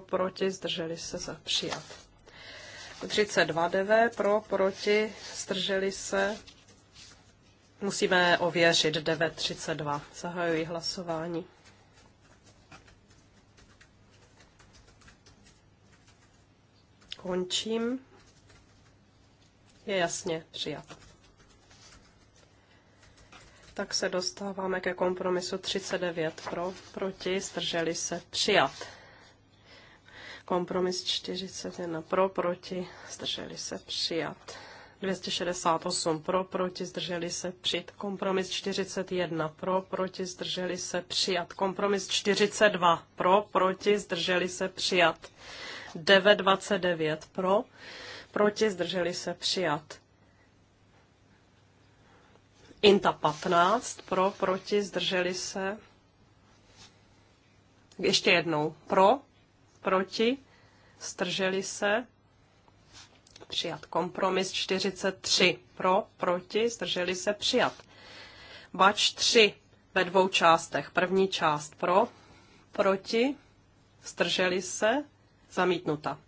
proti, zdrželi se za přijat. 32 DV pro, proti, zdrželi se. Musíme ověřit DV 32. Zahajuji hlasování. Končím. Je jasně přijat. Tak se dostáváme ke kompromisu 39 pro, proti, zdrželi se přijat. Kompromis 41 pro, proti, zdrželi se přijat. 268 pro, proti, zdrželi se přijat. Kompromis 41 pro, proti, zdrželi se přijat. Kompromis 42 pro, proti, zdrželi se přijat. 929 pro, proti, zdrželi se přijat. Inta 15 pro, proti, zdrželi se. Ještě jednou. Pro, proti, strželi se, přijat. Kompromis 43 pro, proti, strželi se, přijat. Bač 3 ve dvou částech. První část pro, proti, strželi se, zamítnuta.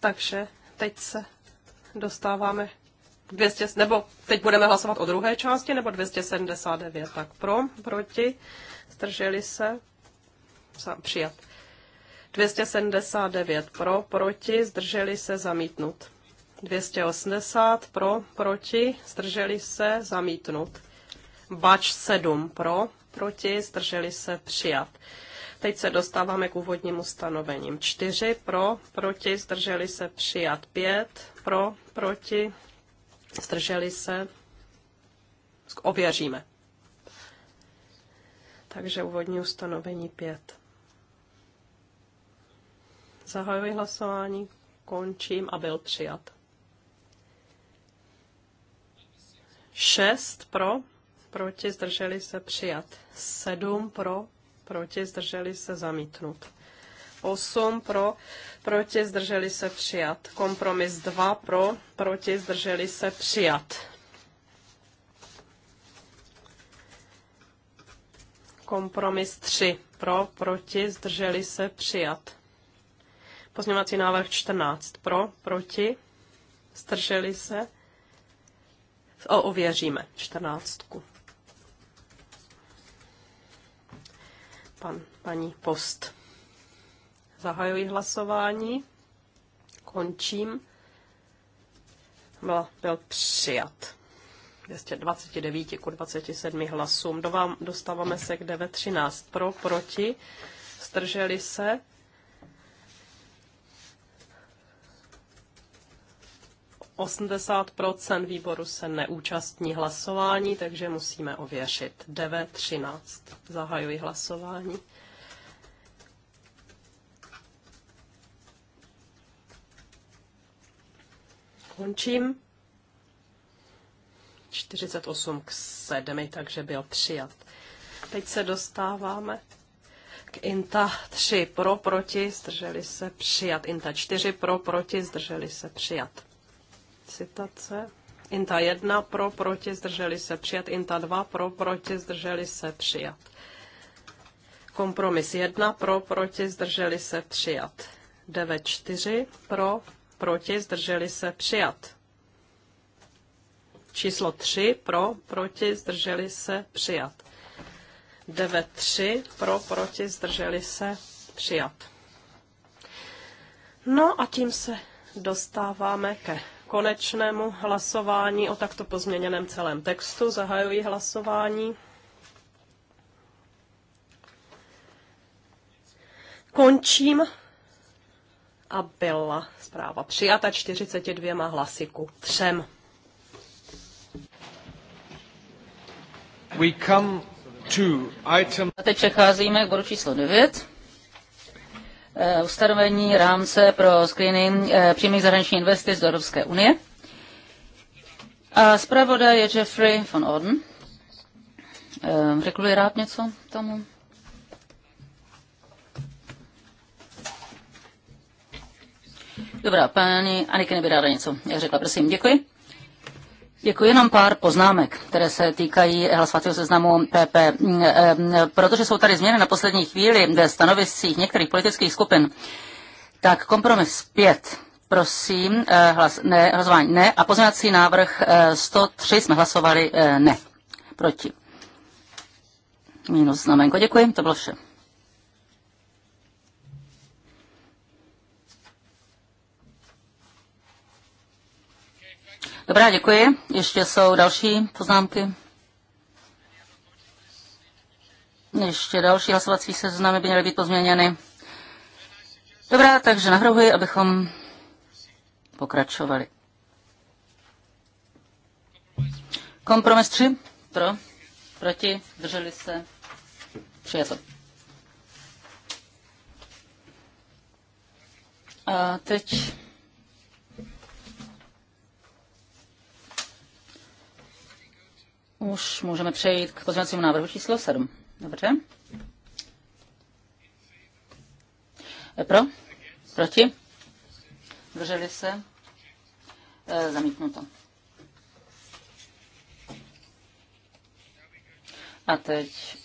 Takže teď se dostáváme 200, nebo teď budeme hlasovat o druhé části, nebo 279, tak pro, proti, strželi se, přijat. 279 pro, proti, zdrželi se, zamítnut. 280 pro, proti, zdrželi se, zamítnut. Bač 7 pro, proti, zdrželi se, přijat. Teď se dostáváme k úvodnímu stanovením. čtyři pro, proti, zdrželi se přijat. pět pro, proti, zdrželi se. Ověříme. Takže úvodní ustanovení pět. Zahajuji hlasování, končím a byl přijat. šest pro, proti, zdrželi se přijat. sedm pro, proti, zdrželi se zamítnut. 8 pro, proti, zdrželi se přijat. Kompromis 2 pro, proti, zdrželi se přijat. Kompromis 3 pro, proti, zdrželi se přijat. Pozměňovací návrh 14 pro, proti, zdrželi se. O, ověříme 14. pan, paní Post. Zahajuji hlasování. Končím. Byl, byl přijat. 229 ku 27 hlasům. dostáváme se k 913 pro, proti. Strželi se. 80 výboru se neúčastní hlasování, takže musíme ověřit. 9.13. Zahajuji hlasování. Končím. 48 k 7, takže byl přijat. Teď se dostáváme k INTA 3 pro, proti, zdrželi se přijat. INTA 4 pro, proti, zdrželi se přijat. Citace. Inta 1 pro, proti, zdrželi se přijat. Inta 2 pro, proti, zdrželi se přijat. Kompromis 1 pro, proti, zdrželi se přijat. 9 4 pro, proti, zdrželi se přijat. Číslo 3 pro, proti, zdrželi se přijat. 9 3 pro, proti, zdrželi se přijat. No a tím se dostáváme ke konečnému hlasování o takto pozměněném celém textu. Zahajuji hlasování. Končím a byla zpráva přijata 42 hlasy ku třem. We come to item... A teď přecházíme k bodu číslo 9. Eh, ustanovení rámce pro screening eh, přímých zahraničních investic do Evropské unie. A zpravoda je Jeffrey von Orden. Eh, řekl rád něco tomu? Dobrá, paní Anike by ráda něco. já řekla, prosím, děkuji. Děkuji, jenom pár poznámek, které se týkají hlasovacího seznamu PP. Mm, eh, mm, protože jsou tady změny na poslední chvíli ve stanoviscích některých politických skupin, tak kompromis 5 prosím, eh, hlas, ne, hlasování ne a pozměňovací návrh 103 eh, jsme hlasovali ne. Proti. Minus znamenko, děkuji, to bylo vše. Dobrá, děkuji. Ještě jsou další poznámky? Ještě další hlasovací seznamy by měly být pozměněny. Dobrá, takže navrhuji, abychom pokračovali. Kompromis 3. Pro. Proti. Drželi se. Přijeto. A teď Už můžeme přejít k pozměňovacímu návrhu číslo 7. Dobře. Pro? Proti? Drželi se? E, zamítnuto. A teď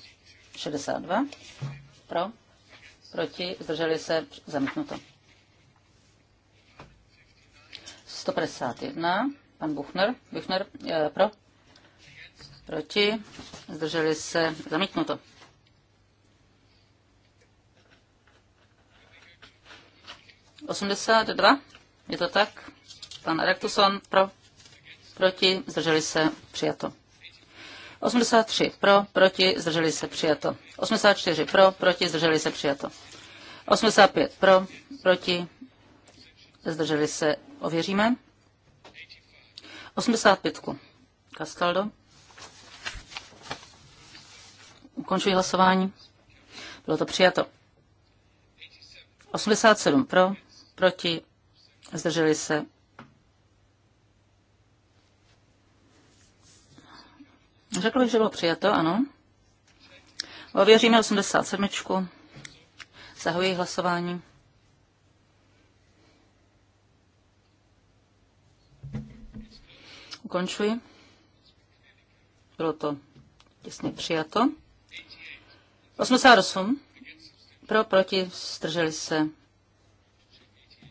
62. Pro? Proti? Zdrželi se? Zamítnuto. 151. Pan Buchner. Buchner e, pro? Proti? Zdrželi se? Zamítnuto. Osmdesát dva? Je to tak? Pan Rektuson pro? Proti? Zdrželi se? Přijato. 83 pro, proti, zdrželi se přijato. 84 pro, proti, zdrželi se přijato. 85 pro, proti, zdrželi se, ověříme. 85. Castaldo. Ukončuji hlasování. Bylo to přijato. 87 pro, proti, zdrželi se. Řekl bych, že bylo přijato, ano. Ověříme 87. Zahoji hlasování. Ukončuji. Bylo to těsně přijato. 88. Pro, proti, strželi se.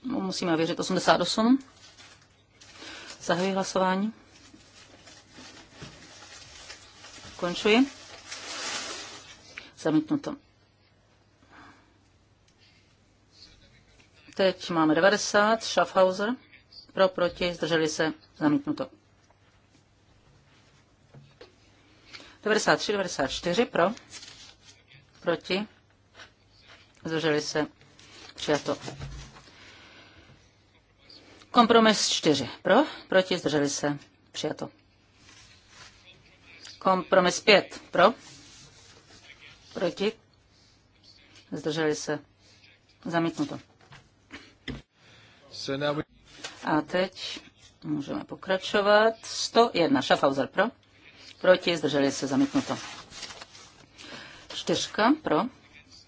No, Musíme věřit 88. Zahajuji hlasování. Končuji. Zamítnuto. Teď máme 90, Schaffhauser. Pro, proti, zdrželi se, zamítnuto. 93, 94, pro Proti? Zdrželi se. Přijato. Kompromis 4. Pro? Proti? Zdrželi se. Přijato. Kompromis 5. Pro? Proti? Zdrželi se. Zamítnuto. A teď můžeme pokračovat. 101. Schaffhauser pro. Proti. Zdrželi se. Zamítnuto. Čtyřka pro,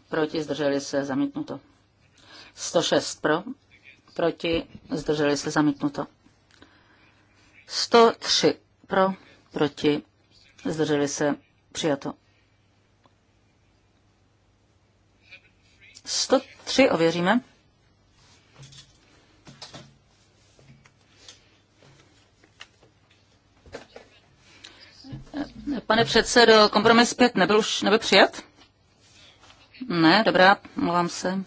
proti, zdrželi se, zamítnuto. 106 pro, proti, zdrželi se, zamítnuto. 103 pro, proti, zdrželi se, přijato. 103 ověříme. Pane předsedo, kompromis 5 nebyl už nebyl přijat? Ne, dobrá, mluvám se.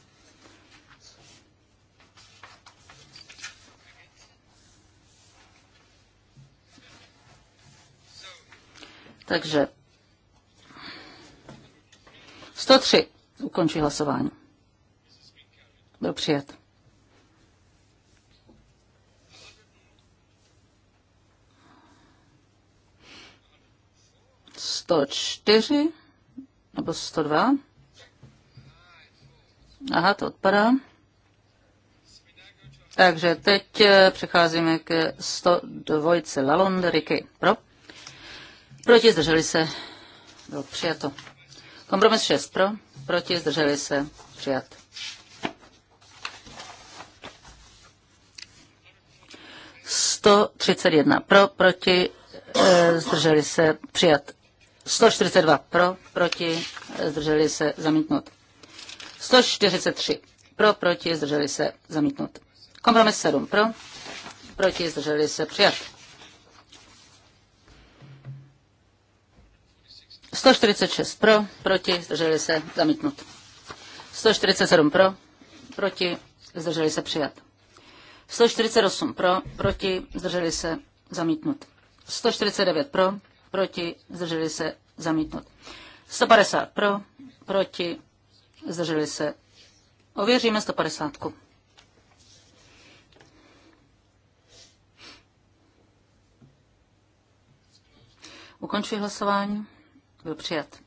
Takže 103. Ukončí hlasování. Byl přijat. 104 nebo 102. Aha, to odpadá. Takže teď eh, přecházíme k 102 Lalonde Riky. Pro? Proti zdrželi se. Bylo přijato. Kompromis 6 pro. Proti zdrželi se. Přijat. Sto třicet jedna pro, proti, e, zdrželi se, přijat. 142 pro, proti, zdrželi se zamítnout. 143 pro, proti, zdrželi se zamítnout. Kompromis 7 pro, proti, zdrželi se přijat. 146 pro, proti, zdrželi se zamítnut. 147 pro, proti, zdrželi se přijat. 148 pro, proti, zdrželi se zamítnut. 149 pro, proti, zdrželi se, zamítnut. 150 pro, proti, zdrželi se. Ověříme 150. Ukončuji hlasování. Byl přijat.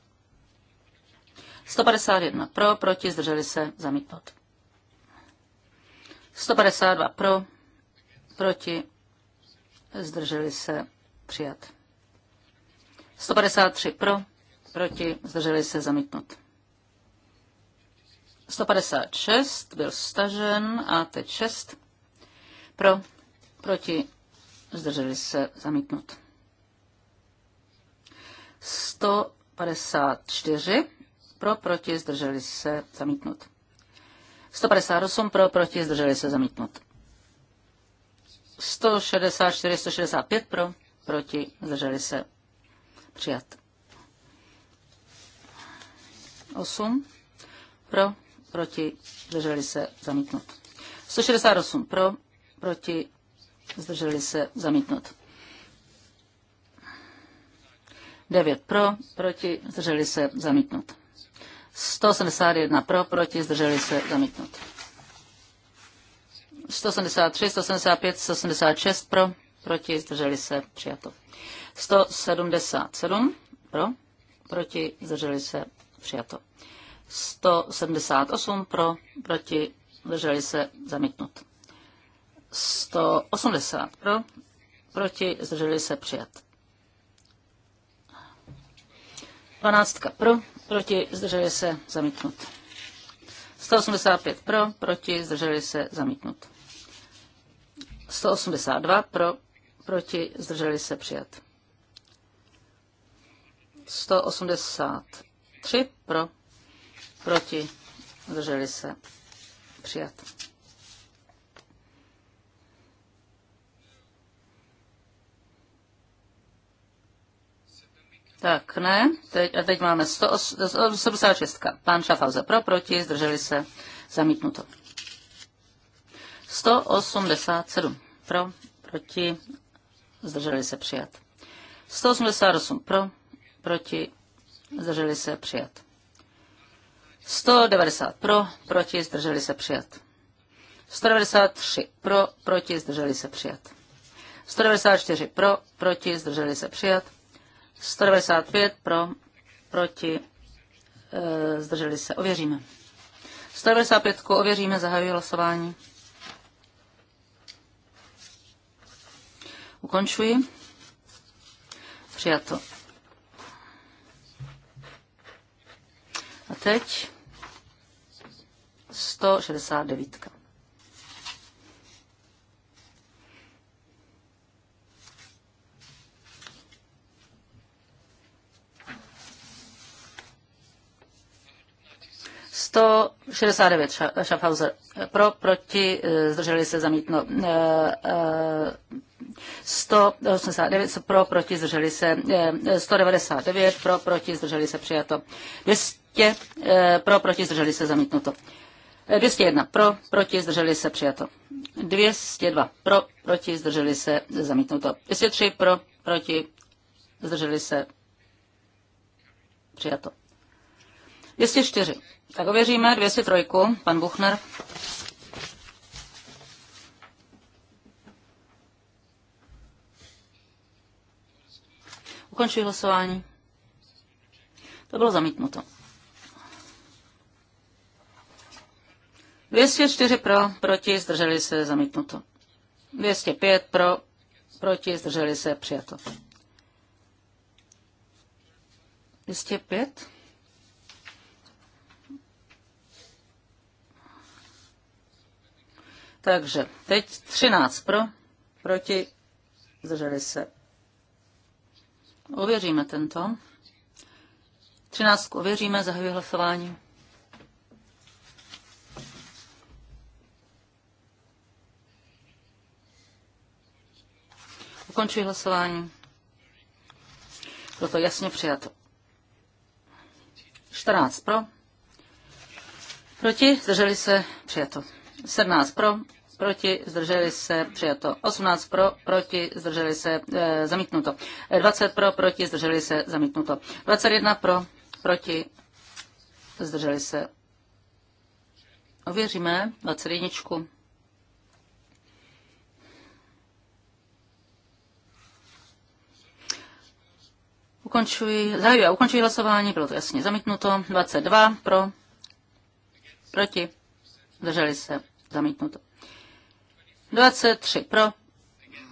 151 pro, proti, zdrželi se, zamítnout. 152 pro, proti, zdrželi se, přijat. 153 pro, proti, zdrželi se zamítnut. 156 byl stažen a teď 6 pro, proti, zdrželi se zamítnut. 154 pro, proti, zdrželi se zamítnut. 158 pro, proti, zdrželi se zamítnut. 164, 165 pro, proti, zdrželi se Přijat. 8. Pro, proti, zdrželi se, zamítnut. 168. Pro, proti, zdrželi se, zamítnut. 9 pro, proti, zdrželi se, zamítnut. 171 pro, proti, zdrželi se, zamítnut. 173, 175, 176 pro, proti, zdrželi se, přijato. 177 pro, proti, zdrželi se, přijato. 178 pro, proti, zdrželi se, zamítnut. 180 pro, proti, zdrželi se, přijat. 12 pro, proti, zdrželi se, zamítnut. 185 pro, proti, zdrželi se, zamítnut. 182 pro, proti, zdrželi se, přijat. 183 pro, proti, zdrželi se, přijat. Tak ne, teď, a teď máme 186. Pán Šafauze pro, proti, zdrželi se, zamítnuto. 187 pro, proti, zdrželi se, přijat. 188 pro, proti, zdrželi se přijat. 190 pro, proti, zdrželi se přijat. 193 pro, proti, zdrželi se přijat. 194 pro, proti, zdrželi se přijat. 195 pro, proti, e, zdrželi se. Ověříme. 195 ověříme, zahajuji hlasování. Ukončuji. Přijato. A teď 169. Sto šedesát devět Schaffhauser E, e, e, pro, proti, zdrželi se zamítno. 189 pro, proti, zdrželi se 199 pro, proti, zdrželi se přijato. 200 pro, proti, zdrželi se zamítnuto. 201 pro, proti, zdrželi se přijato. 202 pro, proti, zdrželi se zamítnuto. 203 pro, proti, zdrželi se přijato. 204. Tak ověříme 203. Pan Buchner. Ukončuji hlasování. To bylo zamítnuto. 204 pro, proti, zdrželi se, zamítnuto. 205 pro, proti, zdrželi se, přijato. 205? Takže teď 13 pro, proti, zdrželi se. Ověříme tento. 13 ověříme, zahajuji hlasování. Ukončuji hlasování. Bylo to jasně přijato. 14 pro. Proti, zdrželi se, přijato. 17 pro, proti, zdrželi se, přijato. 18 pro, proti, zdrželi se, e, zamítnuto. 20 pro, proti, zdrželi se, zamítnuto. 21 pro, proti, zdrželi se. Ověříme 21. Ukončuji, zahajuji a ukončuji hlasování, bylo to jasně zamítnuto. 22 pro, proti, zdrželi se Zamítnuto. 23 pro,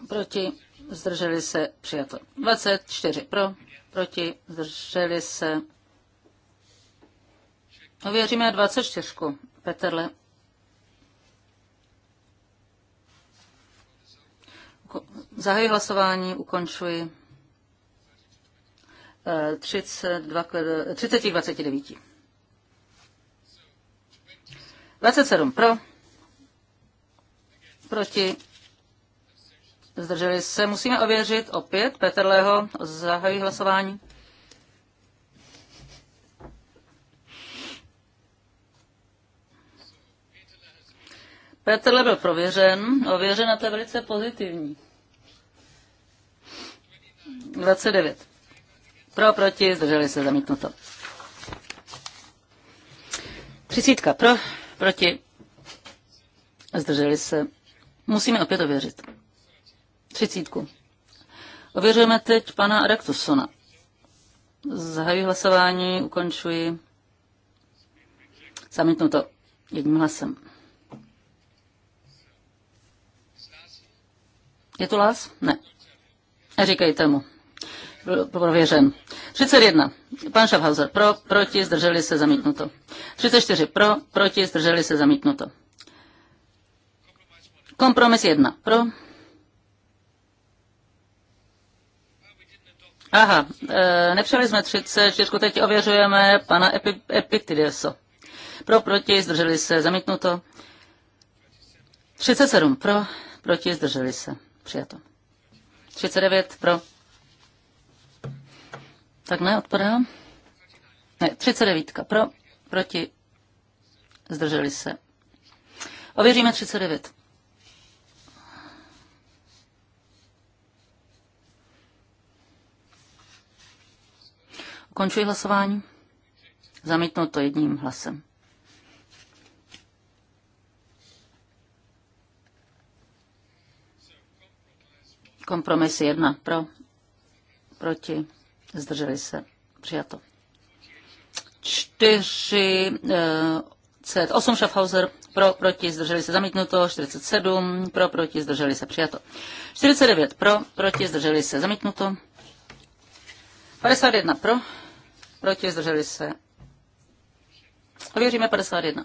proti, zdrželi se, přijato. 24 pro, proti, zdrželi se. Ověříme 24. Petrle. Zahajuji hlasování, ukončuji. 32, 30 29. 27 pro, Proti? Zdrželi se. Musíme ověřit opět Petrlého. zahají hlasování. Petrle byl prověřen. Ověřen a to je velice pozitivní. 29. Pro, proti, zdrželi se, zamítnuto. Třicítka. Pro, proti, zdrželi se, Musíme opět ověřit. Třicítku. Ověřujeme teď pana Adaktusona. Zahajuji hlasování, ukončuji. Zamítnu to jedním hlasem. Je to Lás? Ne. Říkejte mu. Byl prověřen. 31. Pan Schaffhauser pro, proti, zdrželi se, zamítnuto. 34. Pro, proti, zdrželi se, zamítnuto. Kompromis jedna. Pro. Aha, e, nepřijali jsme 30, 34, teď ověřujeme pana Epi, Epitideso. Pro, proti, zdrželi se, zamítnuto. 37 pro, proti, zdrželi se, přijato. 39 pro. Tak ne, odpadá. Ne, 39 pro, proti, zdrželi se. Ověříme 39. Končuji hlasování. Zamítnuto jedním hlasem. Kompromis jedna pro, proti, zdrželi se, přijato. Čtyři, eh, osm Schaffhauser, pro, proti, zdrželi se, zamítnuto, 47, pro, proti, zdrželi se, přijato. 49 pro, proti, zdrželi se, zamítnuto. 51 pro, proti, zdrželi se. Ověříme 51.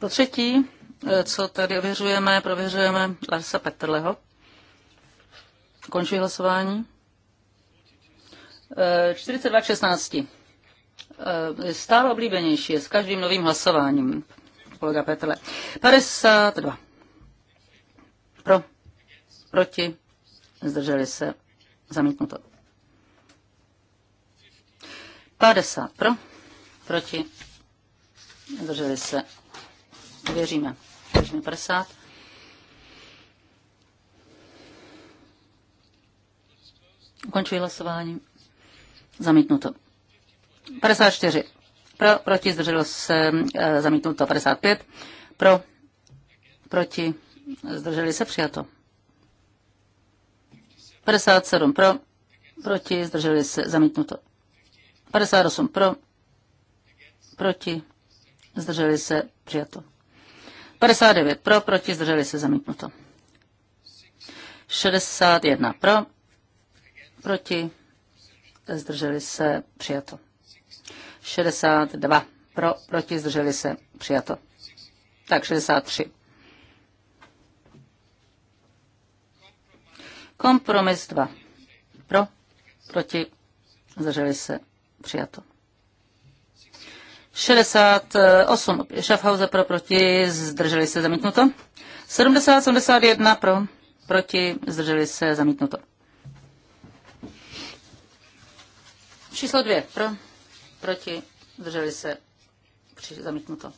Po třetí, eh, co tady ověřujeme, prověřujeme Larsa Petrleho. Končí hlasování. 42 eh, 16. Eh, stále oblíbenější je s každým novým hlasováním, kolega Petrle. 52. Pro. Proti. Zdrželi se. Zamítnuto. 50 pro, proti, zdrželi se, věříme, věříme 50. Ukončuji hlasování. Zamítnuto. 54. Pro, proti, zdrželo se, e, zamítnuto 55. Pro, proti, zdrželi se, přijato. 57. Pro, proti, zdrželi se, zamítnuto. 58 pro, proti, zdrželi se, přijato. 59 pro, proti, zdrželi se, zamítnuto. 61 pro, proti, zdrželi se, přijato. 62 pro, proti, zdrželi se, přijato. Tak 63. Kompromis 2. Pro, proti, zdrželi se, Přijato. 68 Schaffhauser pro proti, zdrželi se zamítnuto. 70, 71 pro proti, zdrželi se zamítnuto. Číslo 2 pro proti, zdrželi se při, zamítnuto.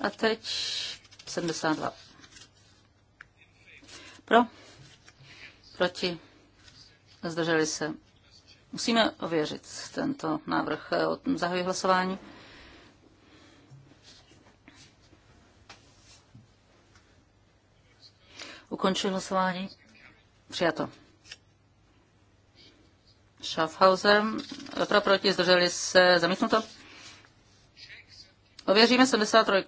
A teď 72. Pro, proti, Zdrželi se. Musíme ověřit tento návrh. Zahajuji hlasování. Ukončuji hlasování. Přijato. Schaffhauser. Pro proti zdrželi se zamítnuto. Ověříme 73.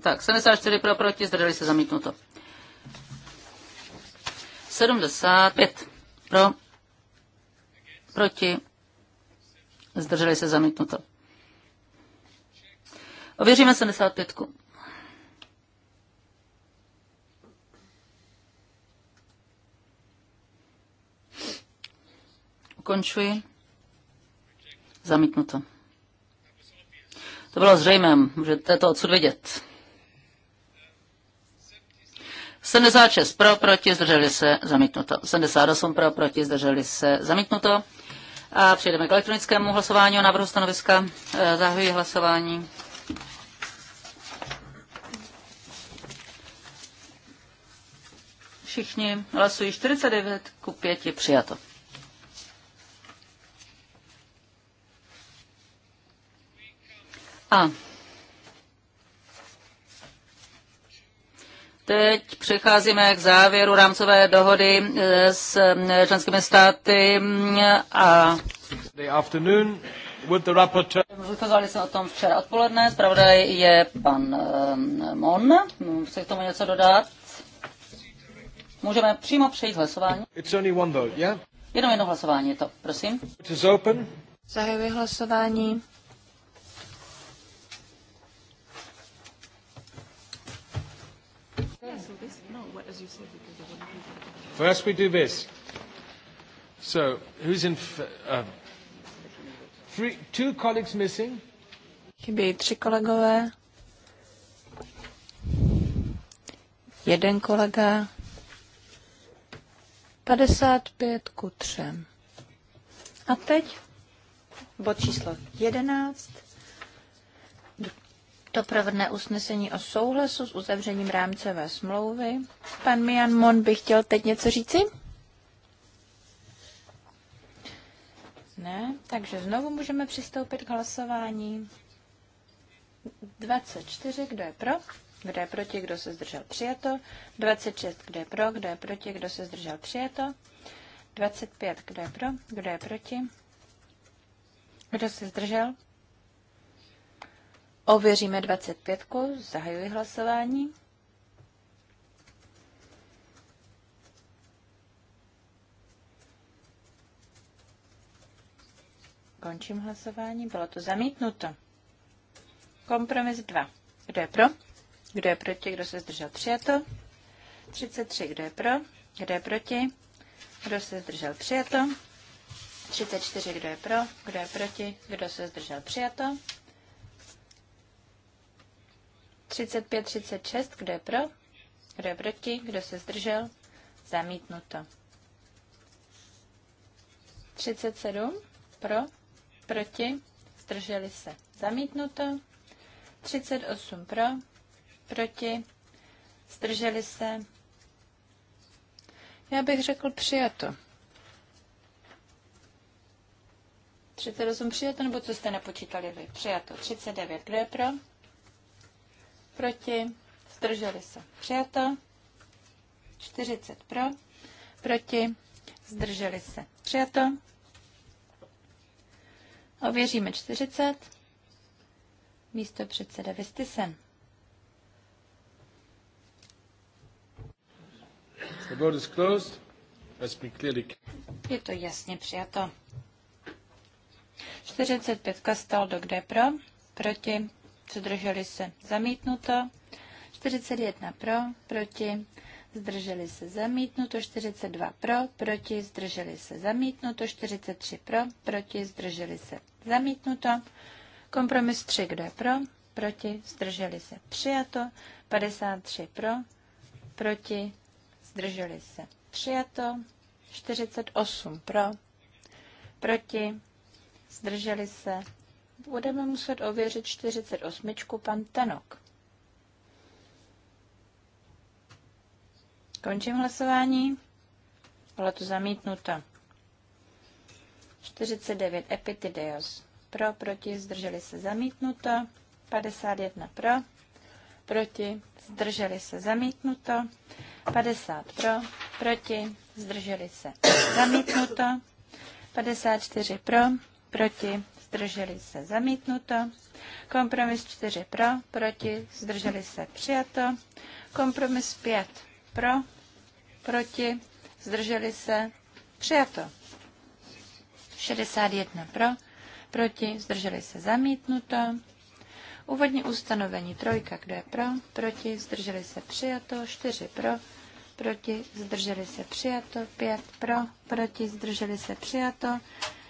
Tak, 74 pro proti zdrželi se zamítnuto. 75 pro, proti, zdrželi se zamítnuto. Ověříme 75. -ku. Ukončuji. Zamítnuto. To bylo zřejmé, můžete to odsud vidět. 76 pro, proti, zdrželi se, zamítnuto. 78 pro, proti, zdrželi se, zamítnuto. A přejdeme k elektronickému hlasování o návrhu stanoviska. E, zahajuji hlasování. Všichni hlasují 49 ku 5 přijato. A Teď přecházíme k závěru rámcové dohody eh, s eh, členskými státy mm, a Ukázali jsme o tom včera odpoledne. Zpravodaj je pan eh, Mon. Chce k tomu něco dodat? Můžeme přímo přejít hlasování. It's only one vote, yeah? Jenom jedno hlasování je to, prosím. Zahajuji hlasování. as you said, because they wouldn't be... First we do this. So, who's in... F- Uh, three, two colleagues missing. Chybějí tři kolegové. Jeden kolega. 55 ku 3. A teď bod číslo 11 doprovodné usnesení o souhlasu s uzavřením rámcové smlouvy. Pan Mian Mon by chtěl teď něco říci? Ne, takže znovu můžeme přistoupit k hlasování. 24, kdo je pro? Kdo je proti, kdo se zdržel přijato? 26, kdo je pro, kdo je proti, kdo se zdržel přijato? 25, kdo je pro, kdo je proti? Kdo se zdržel? Ověříme 25. Zahajuji hlasování. Končím hlasování. Bylo to zamítnuto. Kompromis 2. Kdo je pro? Kdo je proti? Kdo se zdržel? Přijato. 33. Kdo je pro? Kdo je proti? Kdo se zdržel? Přijato. 34. Kdo je pro? Kdo je proti? Kdo se zdržel? Přijato. 35, 36, kdo je pro, kdo je proti, kdo se zdržel, zamítnuto. 37, pro, proti, zdrželi se, zamítnuto. 38 pro, proti, zdrželi se. Já bych řekl přijato. 38 přijato, nebo co jste nepočítali vy? Přijato. 39, kdo je pro? proti, zdrželi se přijato, 40 pro, proti, zdrželi se přijato. Ověříme 40. Místo předseda Vistysen. The vote is closed. Je to jasně přijato. 45 do kde pro? Proti, zdrželi se zamítnuto, 41 pro, proti, zdrželi se zamítnuto, 42 pro, proti, zdrželi se zamítnuto, 43 pro, proti, zdrželi se zamítnuto, kompromis 3, kdo je pro, proti, zdrželi se přijato, 53 pro, proti, zdrželi se přijato, 48 pro, proti, zdrželi se Budeme muset ověřit 48. pan Tenok. Končím hlasování. Bylo to zamítnuto. 49 Epitideos. Pro, proti, zdrželi se zamítnuto. 51 pro, proti, zdrželi se zamítnuto. 50 pro, proti, zdrželi se zamítnuto. 54 pro, proti, zdrželi se zamítnuto. Kompromis 4 pro, proti, zdrželi se přijato. Kompromis 5 pro, proti, zdrželi se přijato. 61 pro, proti, zdrželi se zamítnuto. Úvodní ustanovení trojka, kdo je pro, proti, zdrželi se přijato, 4 pro, proti, zdrželi se přijato, 5 pro, proti, zdrželi se přijato,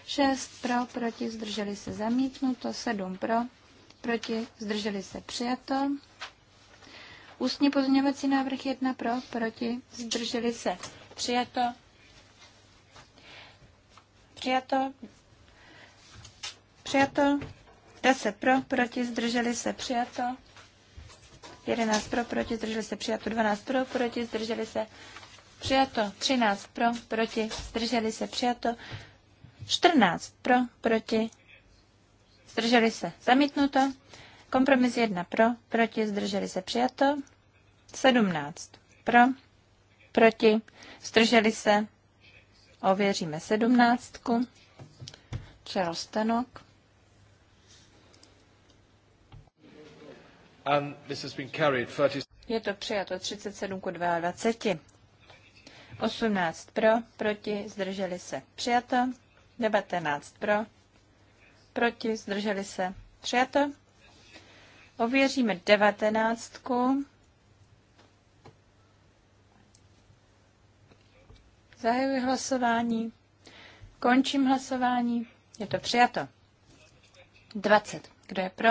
6 pro, proti, zdrželi se zamítnuto, 7 pro, proti, zdrželi se přijato. Ústní pozměňovací návrh 1 pro, proti, zdrželi se přijato. Přijato. Přijato. 10 pro, proti, zdrželi se přijato. 11 pro, proti, zdrželi se přijato. 12 pro, proti, zdrželi se přijato. 13 pro, proti, zdrželi se přijato. 14 pro, proti, zdrželi se zamítnuto. Kompromis 1 pro, proti, zdrželi se přijato. 17 pro, proti, zdrželi se. Ověříme sedmnáctku. Charles Tenok. Je to přijato 37 ku 22. 18 pro, proti, zdrželi se. Přijato. 19 pro, proti, zdrželi se, přijato. Ověříme devatenáctku. Zahajuji hlasování. Končím hlasování. Je to přijato. 20. Kdo je pro?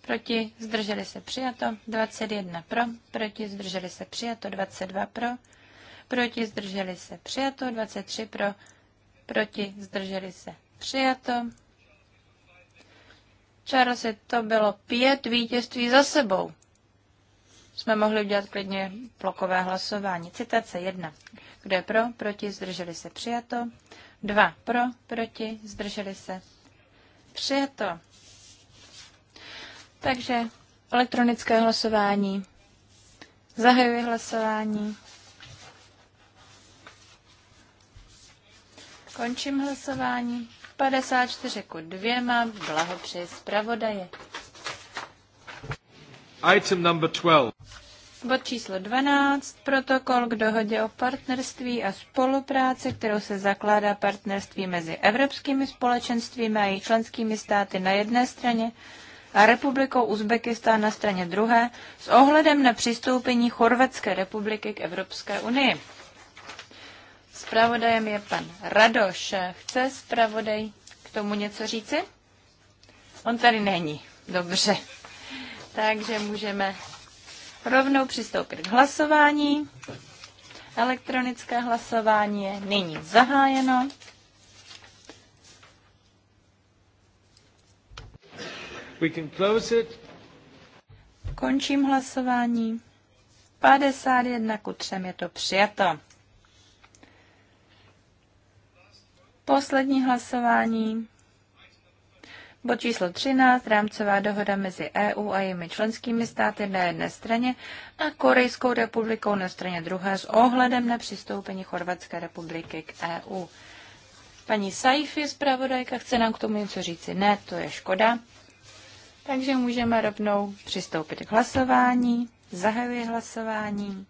Proti zdrželi se přijato. 21 pro. Proti zdrželi se přijato. 22 pro. Proti zdrželi se přijato. 23 pro proti, zdrželi se, přijato. se to bylo pět vítězství za sebou. Jsme mohli udělat klidně blokové hlasování. Citace jedna. Kdo je pro, proti, zdrželi se, přijato. Dva pro, proti, zdrželi se, přijato. Takže elektronické hlasování. Zahajuji hlasování. Končím hlasování. 54 ku dvěma. Blahopřeji zpravodaje. Item number 12. Bod číslo 12. Protokol k dohodě o partnerství a spolupráci, kterou se zakládá partnerství mezi evropskými společenstvími a jejich členskými státy na jedné straně a republikou Uzbekistán na straně druhé s ohledem na přistoupení Chorvatské republiky k Evropské unii. Spravodajem je pan Radoš. Chce zpravodaj k tomu něco říci? On tady není. Dobře. Takže můžeme rovnou přistoupit k hlasování. Elektronické hlasování je nyní zahájeno. We can close it. Končím hlasování. 51 ku 3 je to přijato. Poslední hlasování. Bod číslo 13, rámcová dohoda mezi EU a jejími členskými státy na jedné straně a Korejskou republikou na straně druhé s ohledem na přistoupení Chorvatské republiky k EU. Paní Saifi, zpravodajka, chce nám k tomu něco říci. Ne, to je škoda. Takže můžeme rovnou přistoupit k hlasování. Zahajuji hlasování.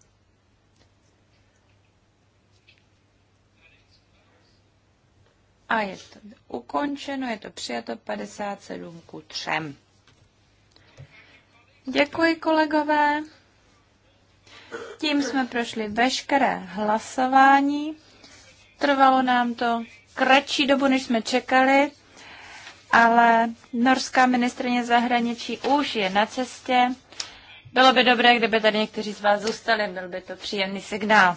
a je to ukončeno, je to přijato 57 ku 3. Děkuji, kolegové. Tím jsme prošli veškeré hlasování. Trvalo nám to kratší dobu, než jsme čekali, ale norská ministrině zahraničí už je na cestě. Bylo by dobré, kdyby tady někteří z vás zůstali, byl by to příjemný signál.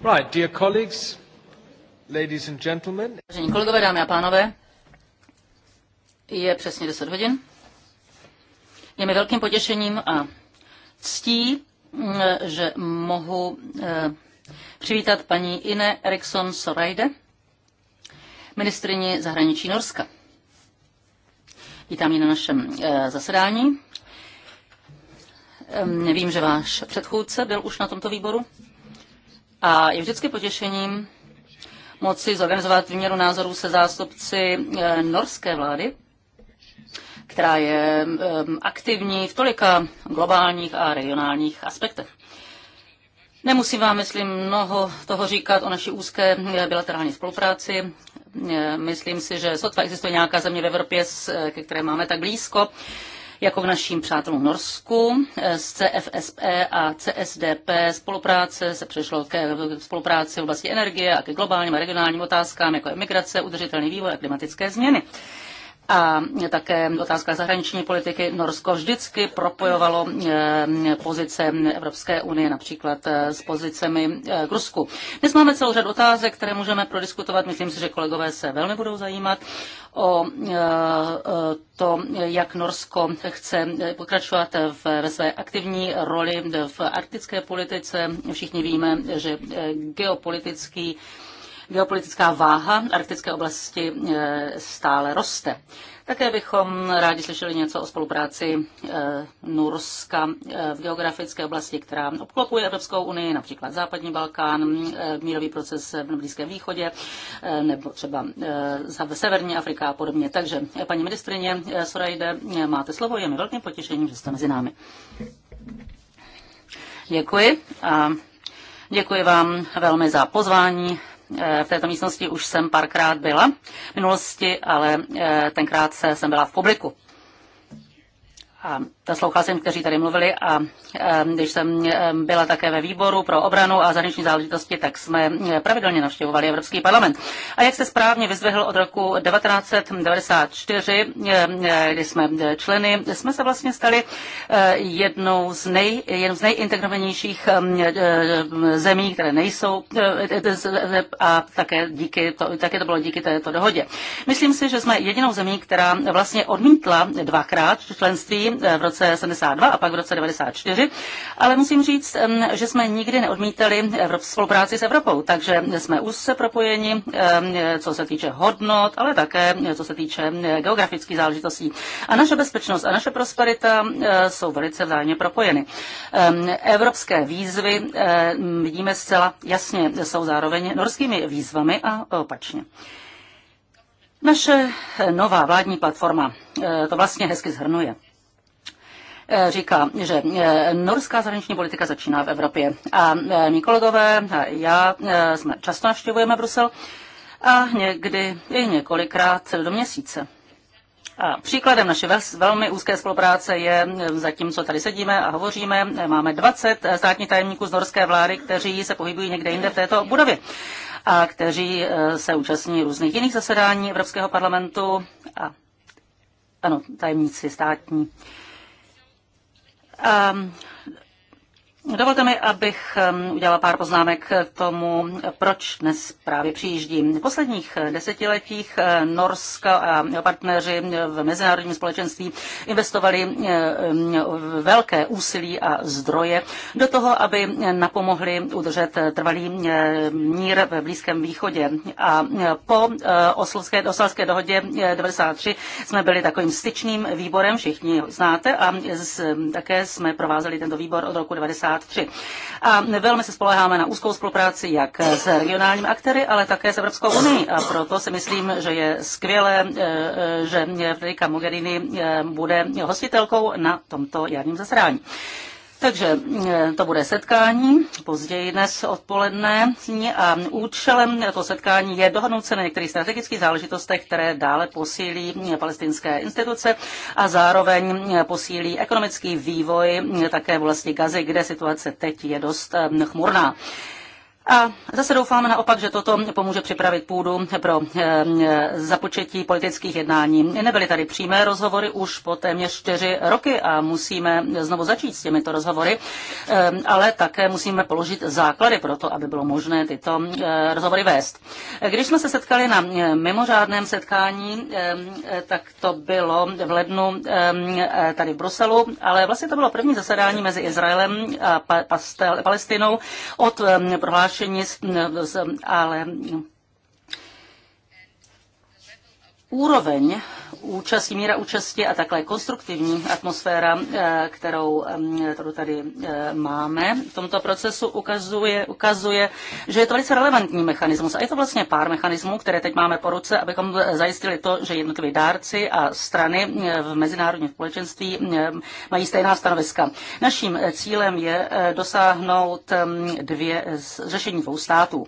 Right, dear colleagues, ladies and gentlemen. Vážení kolegové, dámy a pánové, je přesně 10 hodin. Je mi velkým potěšením a ctí, mm, že mohu eh, přivítat paní Ine Eriksson Soraide, ministrině zahraničí Norska. Vítám ji na našem eh, zasedání. Vím, že váš předchůdce byl už na tomto výboru. A je vždycky potěšením moci zorganizovat výměru názorů se zástupci eh, norské vlády, která je eh, aktivní v tolika globálních a regionálních aspektech. Nemusím vám, myslím, mnoho toho říkat o naší úzké eh, bilaterální spolupráci. Myslím si, že sotva existuje nějaká země v Evropě, ke které máme tak blízko jako k našim přátelům v Norsku eh, z CFSE a CSDP. Spolupráce se přešlo ke spolupráci v oblasti energie a ke globálním a regionálním otázkám, jako je migrace, udržitelný vývoj a klimatické změny a také otázka zahraniční politiky. Norsko vždycky propojovalo eh, pozice Evropské unie například eh, s pozicemi eh, k Rusku. Dnes máme celou řadu otázek, které můžeme prodiskutovat. Myslím si, že kolegové se velmi budou zajímat o to, jak Norsko chce pokračovat ve své aktivní roli v arktické politice. Všichni víme, že geopolitický Geopolitická váha arktické oblasti eh, stále roste. Také bychom rádi slyšeli něco o spolupráci eh, Norska eh, v geografické oblasti, která obklopuje Evropskou unii, například Západní Balkán, mírový proces v Blízkém východě nebo třeba v Severní Afrika a podobně. Takže, paní ministrině Sorajde, máte slovo, je mi velkým potěšením, že jste mezi námi. Děkuji a děkuji vám velmi za pozvání Eh, v této místnosti už jsem párkrát byla v minulosti, ale eh, tenkrát jsem byla v publiku a naslouchal jsem, kteří tady mluvili a e, když jsem e, byla také ve výboru pro obranu a zahraniční záležitosti, tak jsme e, pravidelně navštěvovali Evropský parlament. A jak se správně vyzvehl od roku 1994, kdy jsme členy, jsme se vlastně stali jednou z, nej, jednou z nejintegrovanějších zemí, které nejsou a také, díky to, také to bylo díky této dohodě. Myslím si, že jsme jedinou zemí, která vlastně odmítla dvakrát členství Eh, v roce 72 a pak v roce 94, ale musím říct, že jsme nikdy neodmítali spolupráci s Evropou, takže jsme úzce propojeni, co se týče hodnot, ale také eh, co se týče eh, geografických záležitostí. A naše bezpečnost a naše prosperita jsou velice vzájemně propojeny. Evropské výzvy vidíme zcela jasně, jsou zároveň norskými výzvami a opačně. Naše nová vládní platforma to vlastně hezky zhrnuje. Eh, říká, že eh, norská zahraniční politika začíná v Evropě. A eh, mý kolegové a já jsme často navštěvujeme Brusel a někdy i několikrát do měsíce. A příkladem naší velmi úzké spolupráce je, zatímco tady sedíme a hovoříme, máme 20 státních tajemníků z norské vlády, kteří se pohybují někde jinde v této budově a kteří se účastní různých jiných zasedání Evropského parlamentu a ano, tajemníci státní. Um, Dovolte mi, abych um, udělala pár poznámek k tomu, proč dnes právě přijíždím. V posledních desetiletích eh, Norska a partneři v mezinárodním společenství investovali eh, velké úsilí a zdroje do toho, aby napomohli udržet trvalý eh, mír ve Blízkém východě. A po oslovské, oslovské dohodě 93 jsme byli takovým styčným výborem, všichni ho znáte, a z, také jsme provázeli tento výbor od roku 90 1993. A velmi se spoleháme na úzkou spolupráci jak s regionálními aktéry, ale také s Evropskou unii. A proto si myslím, že je skvělé, eh, eh, že Federica Mogherini eh, bude hostitelkou na tomto jarním zasedání. Takže eh, to bude setkání později dnes odpoledne a účelem toho setkání je dohodnout se na některých strategických záležitostech, které dále posílí eh, palestinské instituce a zároveň eh, posílí ekonomický vývoj také vlastně Gazy, kde situace teď je dost chmurná. A zase doufáme naopak, že toto pomůže připravit půdu pro eh, eh, započetí politických jednání. Nebyly tady přímé rozhovory už po téměř čtyři roky a musíme znovu začít s těmito rozhovory, eh, ale také musíme položit základy pro to, aby bylo možné tyto rozhovory vést. Když jsme se setkali na mimořádném setkání, tak to bylo v lednu tady v Bruselu, ale vlastně to bylo první zasedání mezi Izraelem a Palestinou od prohlášení nadšenic, ale úroveň účastí, míra účasti a takhle konstruktivní atmosféra, eh, kterou, kterou tady eh, máme v tomto procesu, ukazuje, ukazuje, že je to velice relevantní mechanismus. A je to vlastně pár mechanismů, které teď máme po ruce, abychom zajistili to, že jednotliví dárci a strany eh, v mezinárodním společenství mají stejná stanoviska. Naším cílem je dosáhnout dvě, řešení dvou států.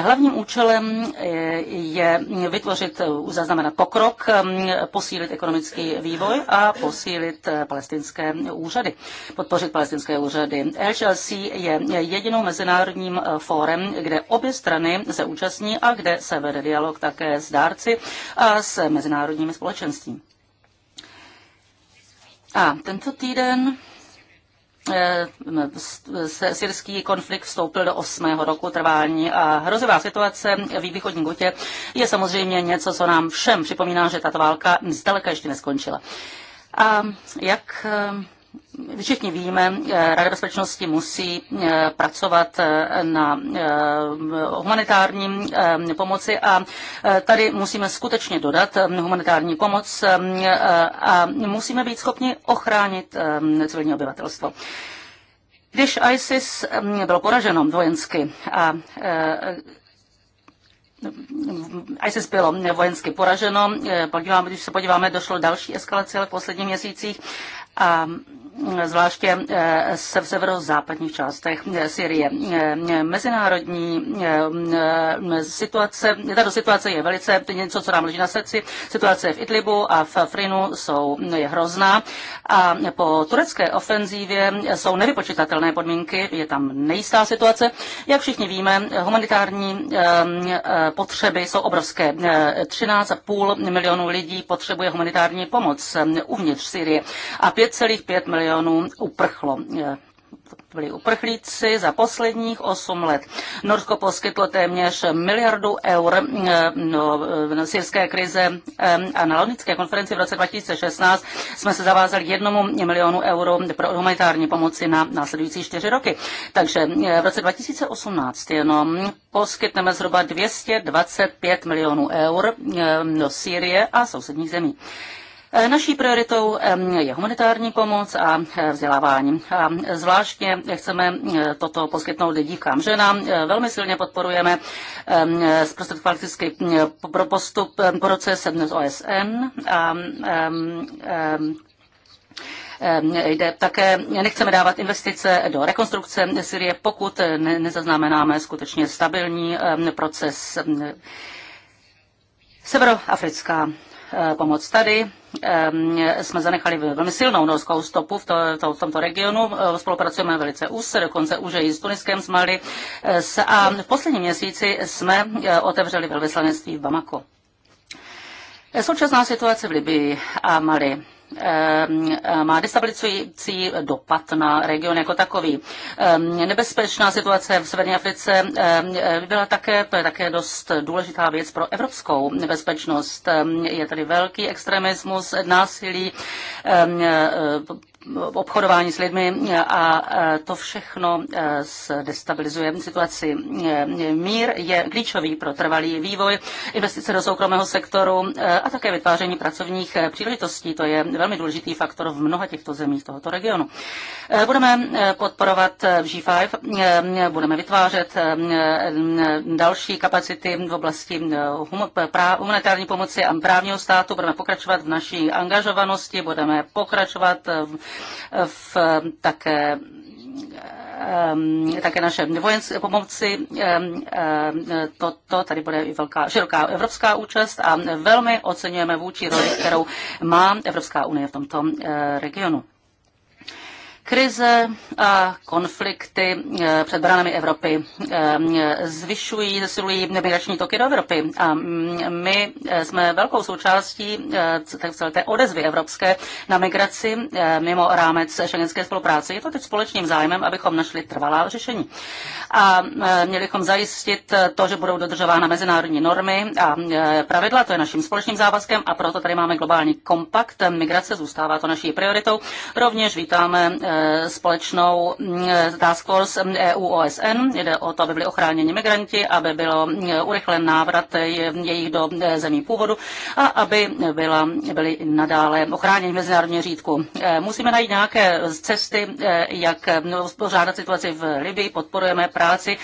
Hlavním účelem eh, je vytvořit, eh, zaznamenat pokrok, mm, posílit ekonomický vývoj a posílit eh, palestinské úřady, podpořit palestinské úřady. HLC je jedinou mezinárodním fórem, kde obě strany se účastní a kde se vede dialog také s dárci a s mezinárodními společenstvím. A tento týden Eh, syrský konflikt vstoupil do osmého roku trvání a hrozivá situace v východní Gutě je samozřejmě něco, co nám všem připomíná, že tato válka zdaleka ještě neskončila. A jak eh, Všichni víme, eh, Rada bezpečnosti musí eh, pracovat eh, na humanitární pomoci a tady musíme skutečně dodat humanitární pomoc a musíme být schopni ochránit civilní obyvatelstvo. Když ISIS bylo poraženo vojensky a ISIS bylo vojensky poraženo, podíváme, když se podíváme, došlo další eskalace v posledních měsících a zvláště se eh, v severozápadních částech eh, Syrie. Eh, mezinárodní situace, ta situace je velice něco, co nám leží na srdci. Situace v Idlibu a v Frinu jsou, je hrozná a po turecké ofenzívě jsou nevypočitatelné podmínky, je tam nejistá situace. Jak všichni víme, humanitární potřeby jsou obrovské. 13,5 milionů lidí potřebuje humanitární pomoc uvnitř Syrie a 5,5 milionů milionů uprchlo byli uprchlíci za posledních 8 let. Norsko poskytlo téměř miliardu eur e, no, e, na syrské krize e, a na Londýnské konferenci v roce 2016 jsme se zavázali jednomu milionu euro pro humanitární pomoci na následující čtyři roky. Takže v roce 2018 jenom poskytneme zhruba 225 milionů eur do Sýrie a sousedních zemí. Eh, naší prioritou je humanitární pomoc a eh, vzdělávání. A eh, zvláštně chceme toto poskytnout dívkám, ženám. Velmi silně podporujeme zprostředkovatelský postup proces z OSN a Jde také, nechceme dávat investice do rekonstrukce Syrie, pokud nezaznamenáme skutečně stabilní proces. Severoafrická pomoc tady Ehm, jsme zanechali velmi silnou norskou stopu v, to, to, v tomto regionu. Ehm, spolupracujeme velice úzce, dokonce už i s Tuniskem, ehm, s Mali. A v posledním měsíci jsme otevřeli velvyslanectví v Bamako. Současná situace v Libii a Mali Eh, má destabilizující dopad na region jako takový. Eh, nebezpečná situace v Severní Africe eh, byla také, to je také dost důležitá věc pro evropskou bezpečnost. Je tady velký extremismus, násilí, obchodování s lidmi a e, to všechno e, destabilizuje situaci. E, mír je klíčový pro trvalý vývoj, investice do soukromého sektoru a také vytváření pracovních příležitostí. To je velmi důležitý faktor v mnoha těchto zemích tohoto regionu. Budeme podporovat G5, budeme vytvářet další kapacity v oblasti humanitární pomoci a právního státu, budeme pokračovat v naší angažovanosti, budeme pokračovat v v také také naše vojenské pomoci. Toto tady bude i velká, široká evropská účast a velmi oceňujeme vůči roli, kterou má Evropská unie v tomto eh, regionu. Krize a konflikty eh, před branami Evropy eh, zvyšují, zesilují migrační toky do Evropy a mm, my eh, jsme velkou součástí celé té odezvy evropské na migraci mimo rámec šengenské spolupráce. Je to teď společným zájmem, abychom našli trvalá řešení. A měli bychom zajistit to, že budou dodržována mezinárodní normy a pravidla, to je naším společným závazkem a proto tady máme globální kompakt. Migrace zůstává to naší prioritou. Rovněž vítáme Eh, společnou mm, eh, task force mm, EU-OSN. Jde o to, aby byli ochráněni migranti, aby bylo mm, urychlen návrat jejich do eh, zemí původu a aby byla, byli nadále ochráněni v mezinárodní řídku. Musíme najít nějaké cesty, jak uspořádat situaci v Libii. Podporujeme práci.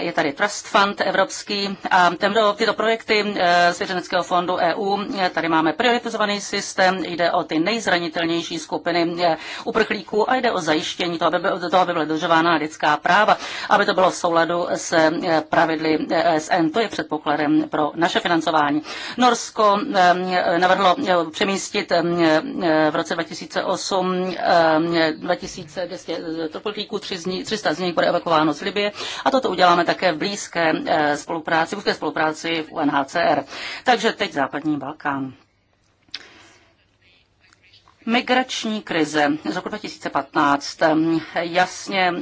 Je tady Trust Fund evropský a tento, tyto projekty Svěřeneckého fondu EU. Tady máme prioritizovaný systém. Jde o ty nejzranitelnější skupiny uprchlíků postupů a jde o zajištění toho, aby, to aby byla dodržována lidská práva, aby to bylo v souladu s eh, pravidly e SN. To je předpokladem pro naše financování. Norsko eh, navrhlo eh, přemístit v roce 2008 2200 trpolíků, 300 z nich bude evakuováno z Libie a toto uděláme také v blízké spolupráci, v spolupráci v UNHCR. Takže teď západní Balkán. Migrační krize z roku 2015 jasně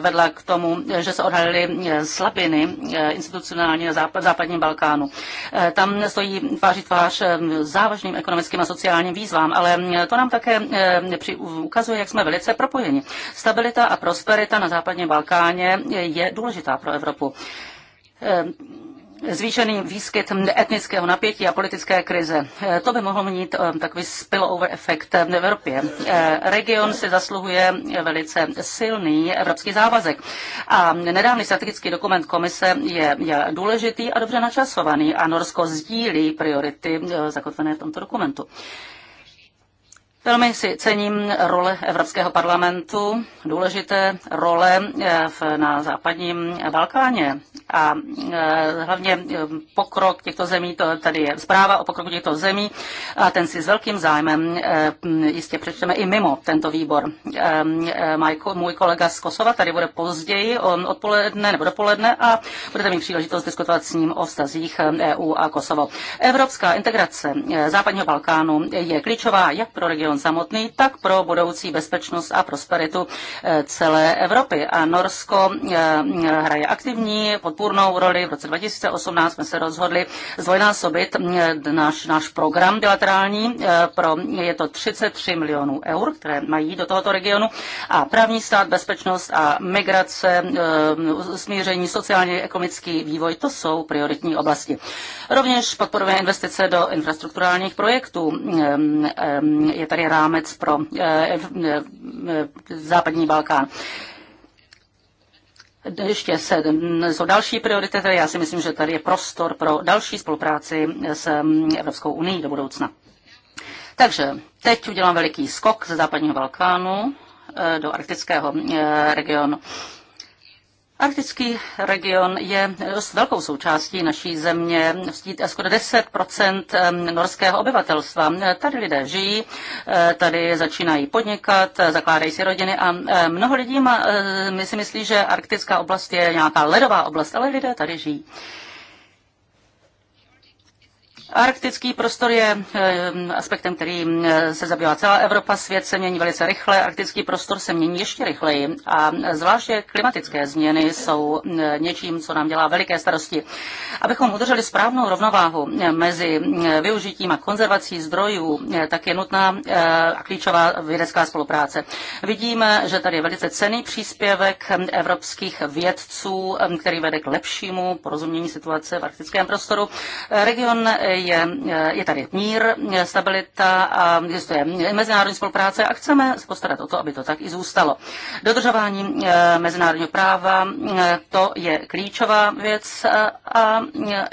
vedla k tomu, že se odhalily slabiny institucionálně na západním Balkánu. E, tam stojí tváří tvář závažným ekonomickým a sociálním výzvám, ale to nám také ukazuje, jak jsme velice propojeni. Stabilita a prosperita na západním Balkáně je důležitá pro Evropu zvýšený výskyt etnického napětí a politické krize. Eh, to by mohlo mít eh, takový spillover efekt v Evropě. Eh, region si zasluhuje velice silný evropský závazek. A nedávný strategický dokument komise je, je důležitý a dobře načasovaný a Norsko sdílí priority zakotvené v tomto dokumentu. Velmi si cením role Evropského parlamentu, důležité role eh, v, na západním Balkáně a eh, hlavně eh, pokrok těchto zemí, to tady je zpráva o pokroku těchto zemí a ten si s velkým zájmem jistě přečteme i mimo tento výbor. Můj kolega z Kosova tady bude později on odpoledne nebo dopoledne a budete mít příležitost diskutovat s ním o vztazích EU a Kosovo. Evropská integrace západního Balkánu je klíčová jak pro region, region samotný, tak pro budoucí bezpečnost a prosperitu eh, celé Evropy. A Norsko eh, eh, hraje aktivní, podpůrnou roli. V roce 2018 jsme se rozhodli zvojnásobit náš, náš program bilaterální. Pro, je to 33 milionů eur, které mají do tohoto regionu. A právní stát, bezpečnost a migrace, smíření, sociálně ekonomický vývoj, to jsou prioritní oblasti. Rovněž podporujeme investice do infrastrukturálních projektů. Ehm, ehm, je tady tedy rámec pro eh, eh, eh, západní Balkán. Ještě se, mm, jsou další priority, tedy já si myslím, že tady je prostor pro další spolupráci s mm, Evropskou unii do budoucna. Takže teď udělám veliký skok ze západního Balkánu do arktického regionu. Arktický region je s velkou součástí naší země, eh, skoro 10 eh, norského obyvatelstva. Tady lidé žijí, eh, tady začínají podnikat, zakládají si rodiny a mnoho lidí má, my si myslí, že arktická oblast je nějaká ledová oblast, ale lidé tady žijí. Arktický prostor je eh, aspektem, který eh, se zabývá celá Evropa, svět se mění velice rychle, arktický prostor se mění ještě rychleji a zvláště klimatické změny jsou eh, něčím, co nám dělá veliké starosti. Abychom udrželi správnou rovnováhu mezi využitím a konzervací zdrojů, tak je nutná a klíčová vědecká spolupráce. Vidíme, že tady je velice cený příspěvek evropských vědců, který vede k lepšímu porozumění situace v arktickém prostoru. Region je, je tady mír, stabilita a existuje mezinárodní spolupráce a chceme se postarat o to, aby to tak i zůstalo. Dodržování eh, mezinárodního práva, eh, to je klíčová věc eh, a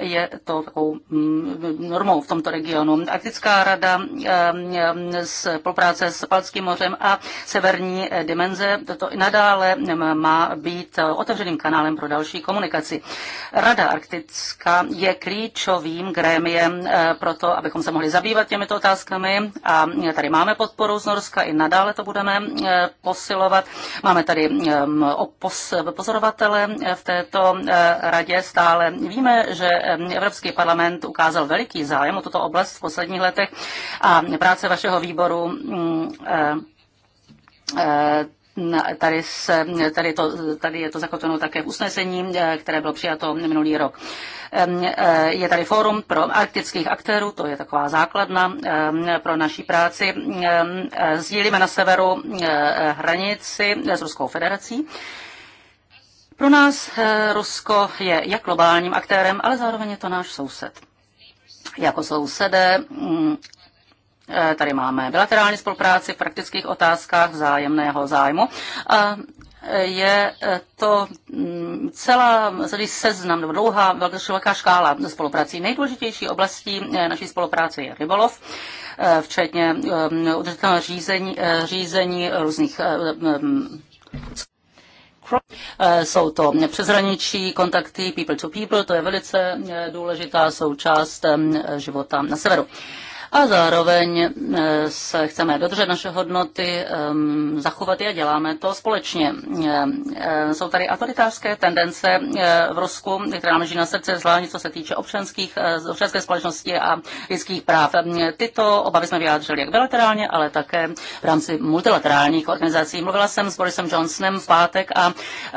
je to takovou mm, normou v tomto regionu. Arktická rada spolupráce s Palckým mořem a severní dimenze, toto i nadále má být otevřeným kanálem pro další komunikaci. Rada Arktická je klíčovým grémiem Eh, pro to, abychom se mohli zabývat těmito otázkami. A eh, tady máme podporu z Norska, i nadále to budeme eh, posilovat. Máme tady pozorovatele v této radě stále. Víme, že Evropský parlament ukázal veliký zájem o tuto oblast v posledních letech a práce vašeho výboru mm, Tady, se, tady, to, tady je to zakotveno také v usnesení, eh, které bylo přijato minulý rok. Eh, je tady fórum pro arktických aktérů, to je taková základna pro naší práci. Eh, sdílíme na severu hranici s Ruskou federací. Pro nás Rusko je jak globálním aktérem, ale zároveň je to náš soused. Jako sousedé mm, Eh, tady máme bilaterální spolupráci v praktických otázkách vzájemného zájmu. A eh, je eh, to mm, celá, celý seznam nebo dlouhá velká škála spoluprací. Nejdůležitější oblastí naší spolupráce je rybolov, včetně udržitelného řízení, řízení různých jsou to přeshraničí kontakty people to people, to je velice důležitá součást života na severu a zároveň eh, se chceme dodržet naše hodnoty, ehm, zachovat je a děláme to společně. Ehm, eh, jsou tady autoritářské tendence eh, v Rusku, které nám leží na srdce, zvláště co se týče občanských, občanské společnosti a lidských práv. Ehm, tyto obavy jsme vyjádřili jak bilaterálně, ale také v rámci multilaterálních organizací. Mluvila jsem s Borisem Johnsonem v pátek a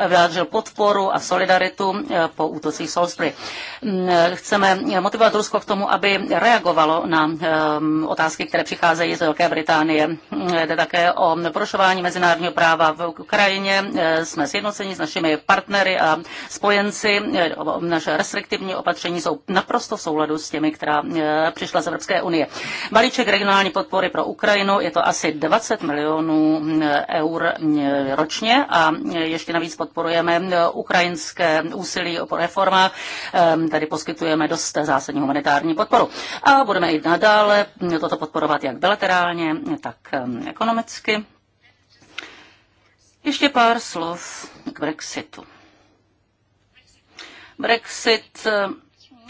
vyjádřil podporu a solidaritu po útocích Salisbury. Chceme motivovat Rusko k tomu, aby reagovalo na Um, otázky, které přicházejí z Velké Británie. Jde také o porušování mezinárodního práva v Ukrajině. Jsme sjednoceni s našimi partnery a spojenci. Naše restriktivní opatření jsou naprosto v souladu s těmi, která uh, přišla z Evropské unie. Balíček regionální podpory pro Ukrajinu je to asi 20 milionů uh, eur uh, ročně a ještě navíc podporujeme ukrajinské úsilí o reformách. Um, tady poskytujeme dost zásadní humanitární podporu. A budeme i nadál ale toto podporovat jak bilaterálně, tak um, ekonomicky. Ještě pár slov k Brexitu. Brexit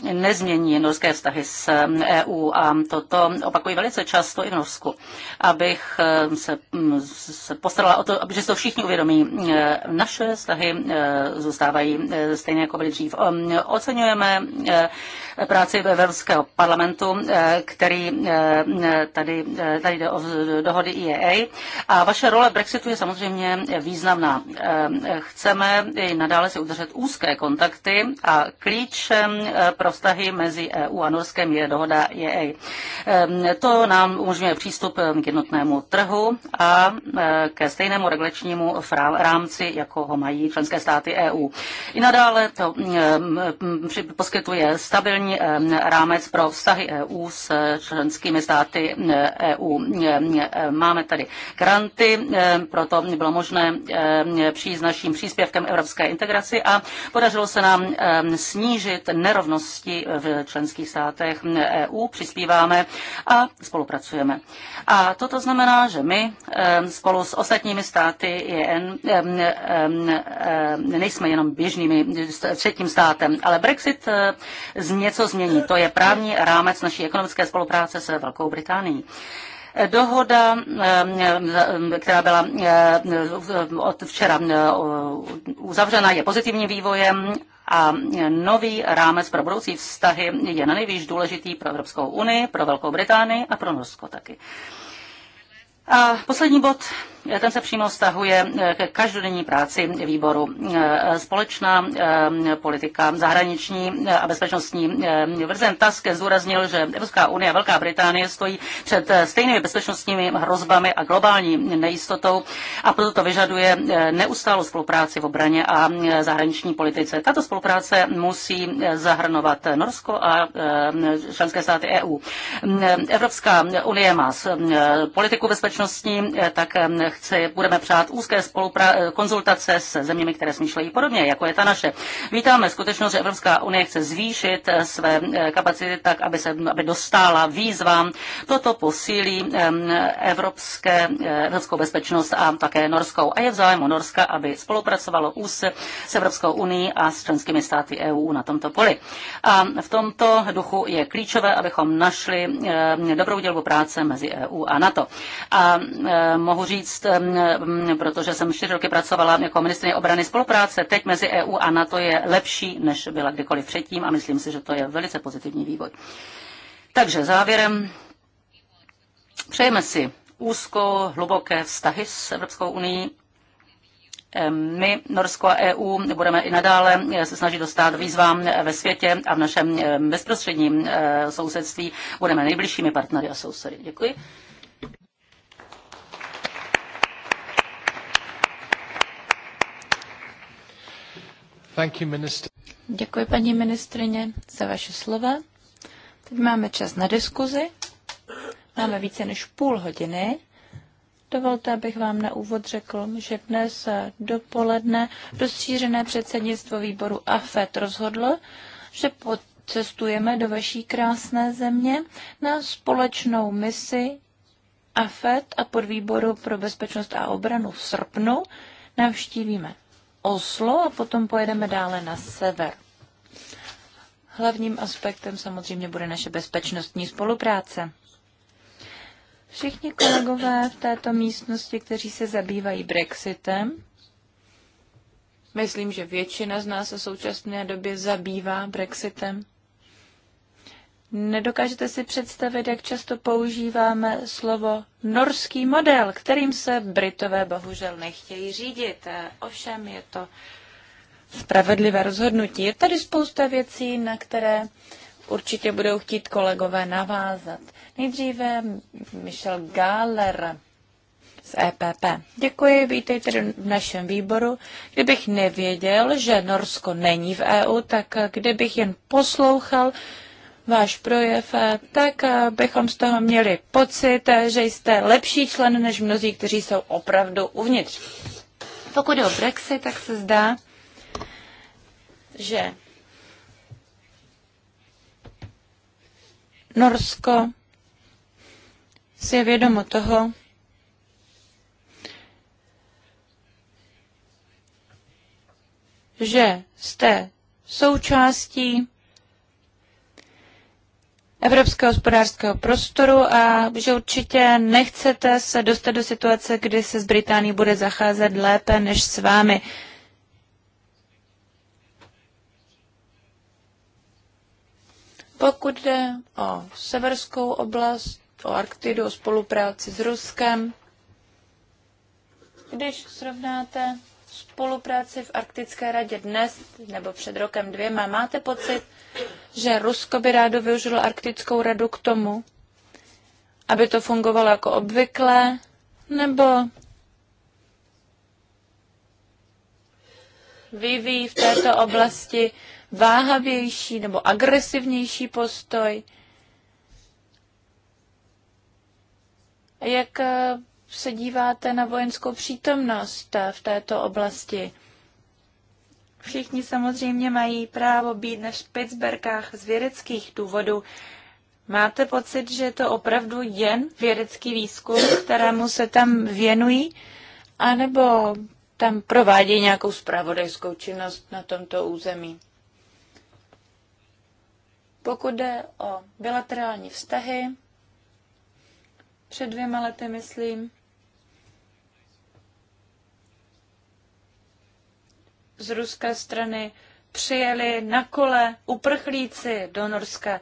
nezmění norské vztahy s EU a toto opakují velice často i v Norsku, abych eh, se, mm, se postarala o to, aby to všichni uvědomí. Eh, naše vztahy eh, zůstávají stejné jako byly dřív. Oceňujeme práci Evropského parlamentu, který tady, tady jde o dohody IEA a vaše role Brexitu je samozřejmě významná. Chceme i nadále si udržet úzké kontakty a klíčem pro vztahy mezi EU a Norskem je dohoda EA. Ehm, to nám umožňuje přístup ehm, k jednotnému trhu a e, ke stejnému regulačnímu rámci, jako ho mají členské státy EU. I nadále to ehm, poskytuje stabilní rámec pro vztahy EU s členskými státy EU. E máme tady granty, proto bylo možné přijít s naším příspěvkem evropské integraci a podařilo se nám snížit nerovnost činnosti v členských státech EU přispíváme a spolupracujeme. A toto znamená, že my spolu s ostatními státy EN nejsme jenom běžnými třetím státem, ale Brexit e, něco změní. To je právní rámec naší ekonomické spolupráce se Velkou Británií dohoda, která byla e, od včera e, uzavřena, je pozitivním vývojem a nový rámec pro budoucí vztahy je na nejvíc důležitý pro Evropskou unii, pro Velkou Británii a pro Norsko taky. A poslední bod ten se přímo vztahuje eh, ke každodenní práci výboru. Eh, společná eh, politika zahraniční a bezpečnostní. Vrzen Tusk zúraznil, že Evropská unie a Velká Británie stojí před stejnými bezpečnostními hrozbami a globální nejistotou a proto to vyžaduje neustálou spolupráci v obraně a zahraniční politice. Tato spolupráce musí zahrnovat Norsko a členské státy EU. Evropská unie má politiku bezpečnostní, tak chce, budeme přát úzké spolupra- eh, konzultace s zeměmi, které smýšlejí podobně, jako je ta naše. Vítáme skutečnost, že Evropská unie chce zvýšit eh, své eh, kapacity tak, aby, se, aby dostála výzvám. Toto posílí evropské, evropskou bezpečnost a také norskou. A je v zájmu Norska, aby spolupracovalo úzce s Evropskou unii a s členskými státy EU na tomto poli. A v tomto duchu je klíčové, abychom našli dobrou dělbu práce mezi EU a NATO. A mohu říct, radost, protože jsem čtyři roky pracovala jako ministrině obrany spolupráce. Teď mezi EU a NATO je lepší, než byla kdykoliv předtím a myslím si, že to je velice pozitivní vývoj. Takže závěrem přejeme si úzko, hluboké vztahy s Evropskou unii. My, Norsko a EU, budeme i nadále eh, se snažit dostat výzvám eh, ve světě a v našem eh, bezprostředním sousedství budeme nejbližšími partnery a sousedy. Děkuji. Děkuji, paní ministrině, za vaše slova. Teď máme čas na diskuzi. Máme více než půl hodiny. Dovolte, abych vám na úvod řekl, že dnes dopoledne rozšířené předsednictvo výboru AFET rozhodlo, že cestujeme do vaší krásné země na společnou misi AFET a podvýboru pro bezpečnost a obranu v srpnu navštívíme Oslo a potom pojedeme dále na sever. Hlavním aspektem samozřejmě bude naše bezpečnostní spolupráce. Všichni kolegové v této místnosti, kteří se zabývají Brexitem, myslím, že většina z nás se současné době zabývá Brexitem, Nedokážete si představit, jak často používáme slovo norský model, kterým se Britové bohužel nechtějí řídit. Ovšem je to spravedlivé rozhodnutí. Je tady spousta věcí, na které určitě budou chtít kolegové navázat. Nejdříve Michel Galler z EPP. Děkuji, vítejte v našem výboru. Kdybych nevěděl, že Norsko není v EU, tak kdybych jen poslouchal, váš projev, eh, tak eh, bychom z toho měli pocit, eh, že jste lepší člen než mnozí, kteří jsou opravdu uvnitř. Pokud je o Brexit, tak se zdá, že Norsko si je vědomo toho, že jste součástí evropského hospodářského prostoru a že určitě nechcete se dostat do situace, kdy se z Británií bude zacházet lépe než s vámi. Pokud jde o severskou oblast, o Arktidu, o spolupráci s Ruskem, když srovnáte spolupráci v Arktické radě dnes nebo před rokem dvěma, máte pocit, že Rusko by rádo využilo Arktickou radu k tomu, aby to fungovalo jako obvykle, nebo vyvíjí v této oblasti váhavější nebo agresivnější postoj? Jak eh, se díváte na vojenskou přítomnost v této oblasti? Všichni samozřejmě mají právo být na Špicberkách z vědeckých důvodů. Máte pocit, že je to opravdu jen vědecký výzkum, kterému se tam věnují? A nebo tam provádějí nějakou zpravodajskou činnost na tomto území? Pokud jde o bilaterální vztahy, před dvěma lety, myslím, z ruské strany přijeli na kole uprchlíci do Norska.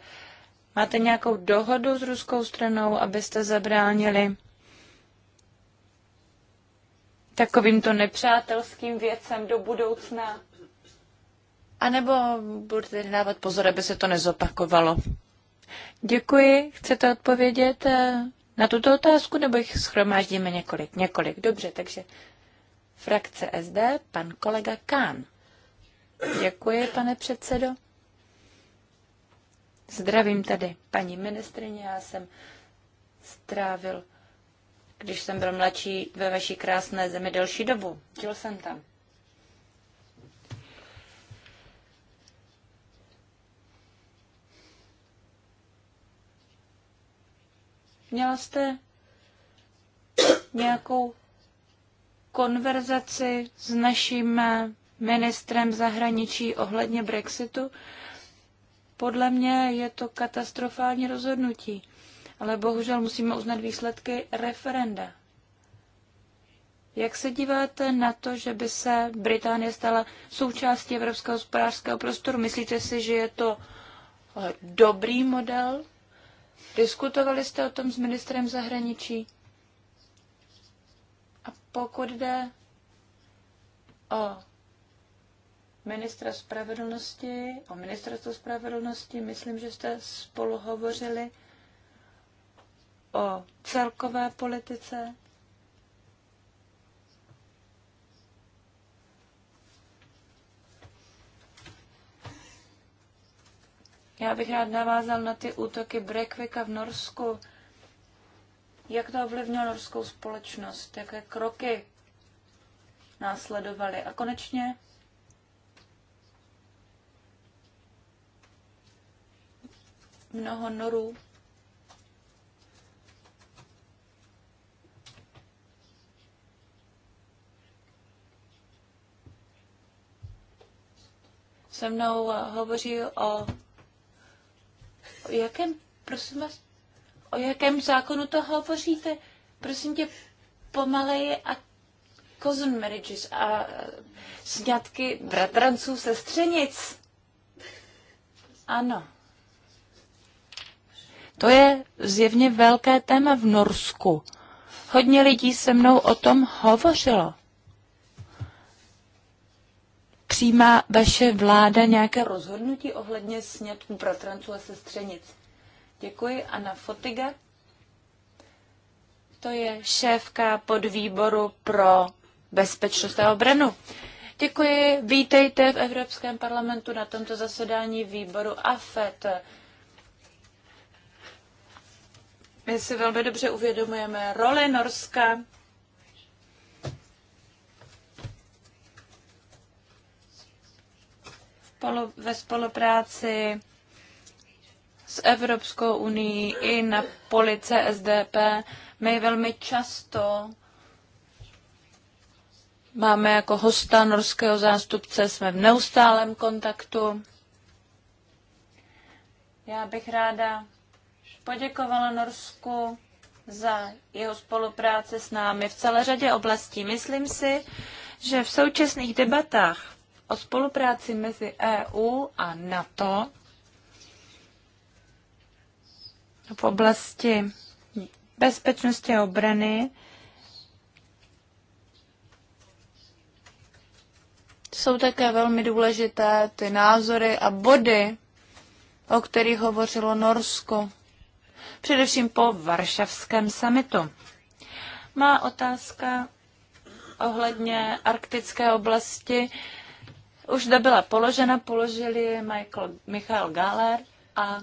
Máte nějakou dohodu s ruskou stranou, abyste zabránili takovýmto nepřátelským věcem do budoucna? A nebo budete dávat pozor, aby se to nezopakovalo? Děkuji. Chcete odpovědět eh, na tuto otázku, nebo jich schromáždíme několik? Několik. Dobře, takže Frakce SD, pan kolega Kán. Děkuji, pane předsedo. Zdravím tady paní ministrině, já jsem strávil, když jsem byl mladší ve vaší krásné zemi delší dobu. Žil jsem tam. Měla jste nějakou konverzaci s naším ministrem zahraničí ohledně Brexitu. Podle mě je to katastrofální rozhodnutí, ale bohužel musíme uznat výsledky referenda. Jak se díváte na to, že by se Británie stala součástí evropského hospodářského prostoru? Myslíte si, že je to eh, dobrý model? Diskutovali jste o tom s ministrem zahraničí? Pokud jde o ministra spravedlnosti, o ministerstvo spravedlnosti, myslím, že jste spolu hovořili o celkové politice. Já bych rád navázal na ty útoky Brekvika v Norsku. Jak to ovlivnilo norskou společnost? Jaké kroky následovaly? A konečně mnoho norů se mnou eh, hovoří o, o jakém, prosím vás, o jakém zákonu to hovoříte? Prosím tě, pomalej a cousin marriages a e, sňatky bratranců sestřenic. Ano. To je zjevně velké téma v Norsku. Hodně lidí se mnou o tom hovořilo. Přijímá vaše vláda nějaké rozhodnutí ohledně snědků bratranců a sestřenic? Děkuji. Anna Fotiga. To je šéfka podvýboru pro bezpečnost a obranu. Děkuji. Vítejte v Evropském parlamentu na tomto zasedání výboru AFET. My si velmi dobře uvědomujeme roli Norska ve spolupráci s Evropskou unii i na police SDP. My velmi často máme jako hosta norského zástupce, jsme v neustálém kontaktu. Já bych ráda poděkovala Norsku za jeho spolupráci s námi v celé řadě oblastí. Myslím si, že v současných debatách o spolupráci mezi EU a NATO v oblasti bezpečnosti a obrany jsou také velmi důležité ty názory a body, o kterých hovořilo Norsko, především po varšavském samitu. Má otázka ohledně arktické oblasti už zde byla položena, položili Michael, Michal a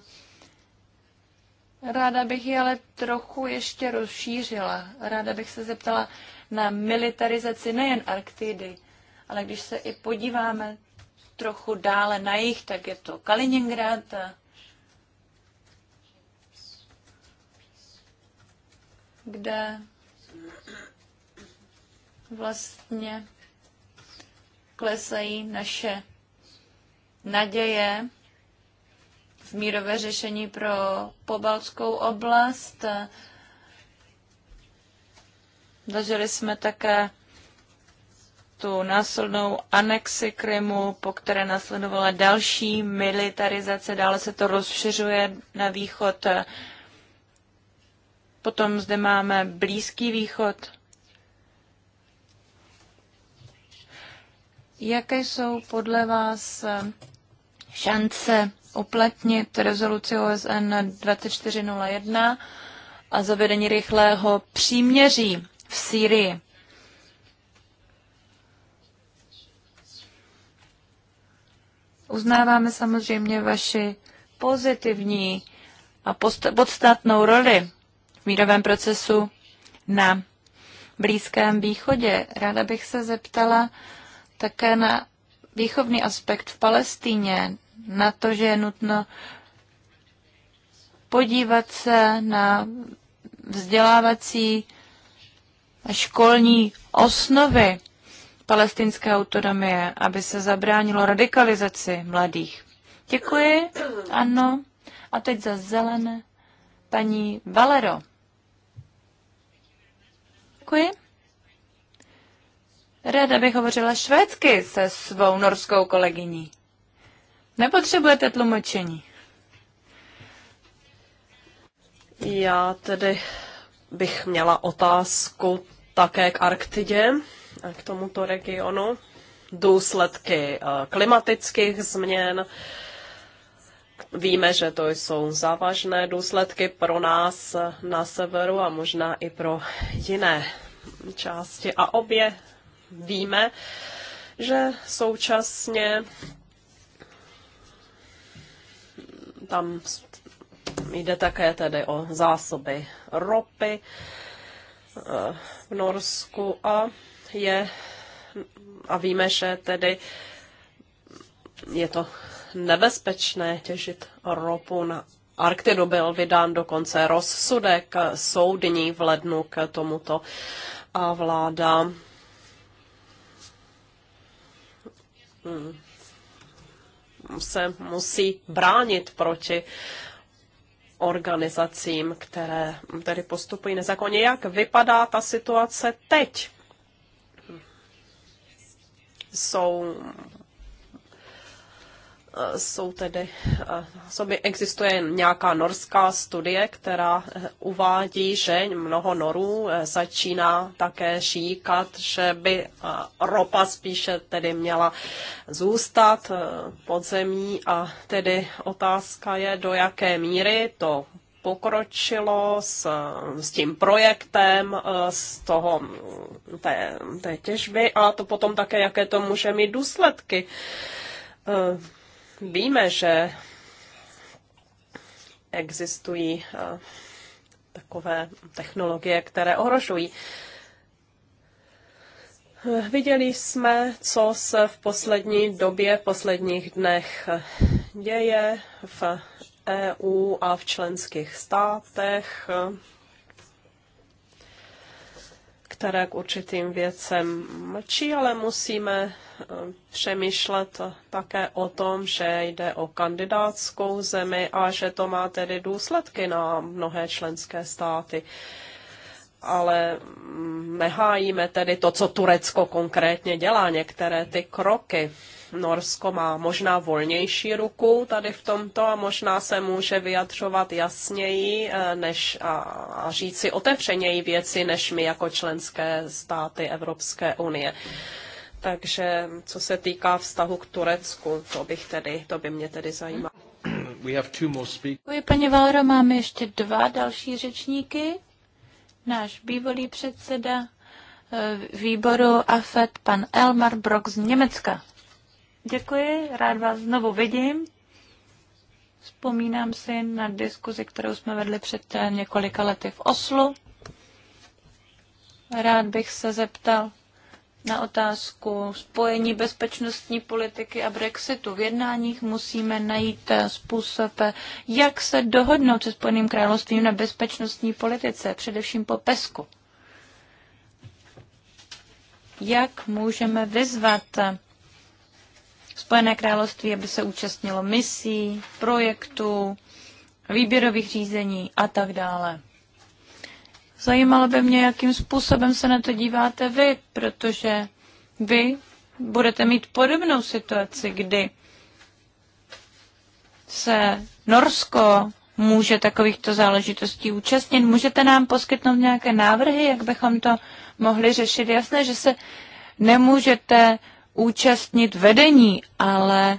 Ráda bych ji ale trochu ještě rozšířila. Ráda bych se zeptala na militarizaci nejen Arktidy, ale když se i podíváme trochu dále na jich, tak je to Kaliningrad. Kde vlastně klesají naše naděje mírové řešení pro pobaltskou oblast. Zažili jsme také tu násilnou anexi Krymu, po které následovala další militarizace, dále se to rozšiřuje na východ. Potom zde máme Blízký východ. Jaké jsou podle vás šance uplatnit rezoluci OSN 2401 a zavedení rychlého příměří v Sýrii. Uznáváme samozřejmě vaši pozitivní a podstatnou roli v mírovém procesu na Blízkém východě. Ráda bych se zeptala také na výchovný aspekt v Palestíně, na to, že je nutno podívat se na vzdělávací a školní osnovy palestinské autonomie, aby se zabránilo radikalizaci mladých. Děkuji, ano. A teď za zelené paní Valero. Děkuji. Ráda bych hovořila švédsky se svou norskou kolegyní. Nepotřebujete tlumočení. Já tedy bych měla otázku také k Arktidě, k tomuto regionu. Důsledky eh, klimatických změn. Víme, že to jsou závažné důsledky pro nás na severu a možná i pro jiné části. A obě víme, že současně tam jde také tedy o zásoby ropy eh, v Norsku a je a víme, že tedy je to nebezpečné těžit ropu na Arktidu. Byl vydán dokonce rozsudek soudní v lednu k tomuto a vláda mm, se musí bránit proti organizacím, které tedy postupují nezákonně. Jak vypadá ta situace teď? Jsou jsou tedy, eh, sobě existuje nějaká norská studie, která eh, uvádí, že mnoho norů eh, začíná také šíkat, že by ropa spíše tedy měla zůstat podzemní a tedy otázka je, do jaké míry to pokročilo s, s tím projektem, z toho mm, té, té těžby a to potom také, jaké to může mít důsledky Víme, že existují eh, takové technologie, které ohrožují. Viděli jsme, co se v poslední době, v posledních dnech eh, děje v EU a v členských státech které k určitým věcem mlčí, ale musíme eh, přemýšlet také o tom, že jde o kandidátskou zemi a že to má tedy důsledky na mnohé členské státy ale nehájíme tedy to, co Turecko konkrétně dělá, některé ty kroky. Norsko má možná volnější ruku tady v tomto a možná se může vyjadřovat jasněji eh, než a, a říci otevřeněji věci než my jako členské státy Evropské unie. Takže co se týká vztahu k Turecku, to, bych tedy, to by mě tedy zajímalo. Děkuji, paní Valero. Máme ještě dva další řečníky náš bývalý předseda eh, výboru AFED, pan Elmar Brock z Německa. Děkuji, rád vás znovu vidím. Vzpomínám si na diskuzi, kterou jsme vedli před eh, několika lety v Oslu. Rád bych se zeptal, na otázku spojení bezpečnostní politiky a Brexitu. V jednáních musíme najít eh, způsob, eh, jak se dohodnout se Spojeným královstvím na bezpečnostní politice, především po pesku. Jak můžeme vyzvat eh, Spojené království, aby se účastnilo misí, projektů, výběrových řízení a tak dále. Zajímalo by mě, jakým způsobem se na to díváte vy, protože vy budete mít podobnou situaci, kdy se Norsko může takovýchto záležitostí účastnit. Můžete nám poskytnout nějaké návrhy, jak bychom to mohli řešit? Jasné, že se nemůžete účastnit vedení, ale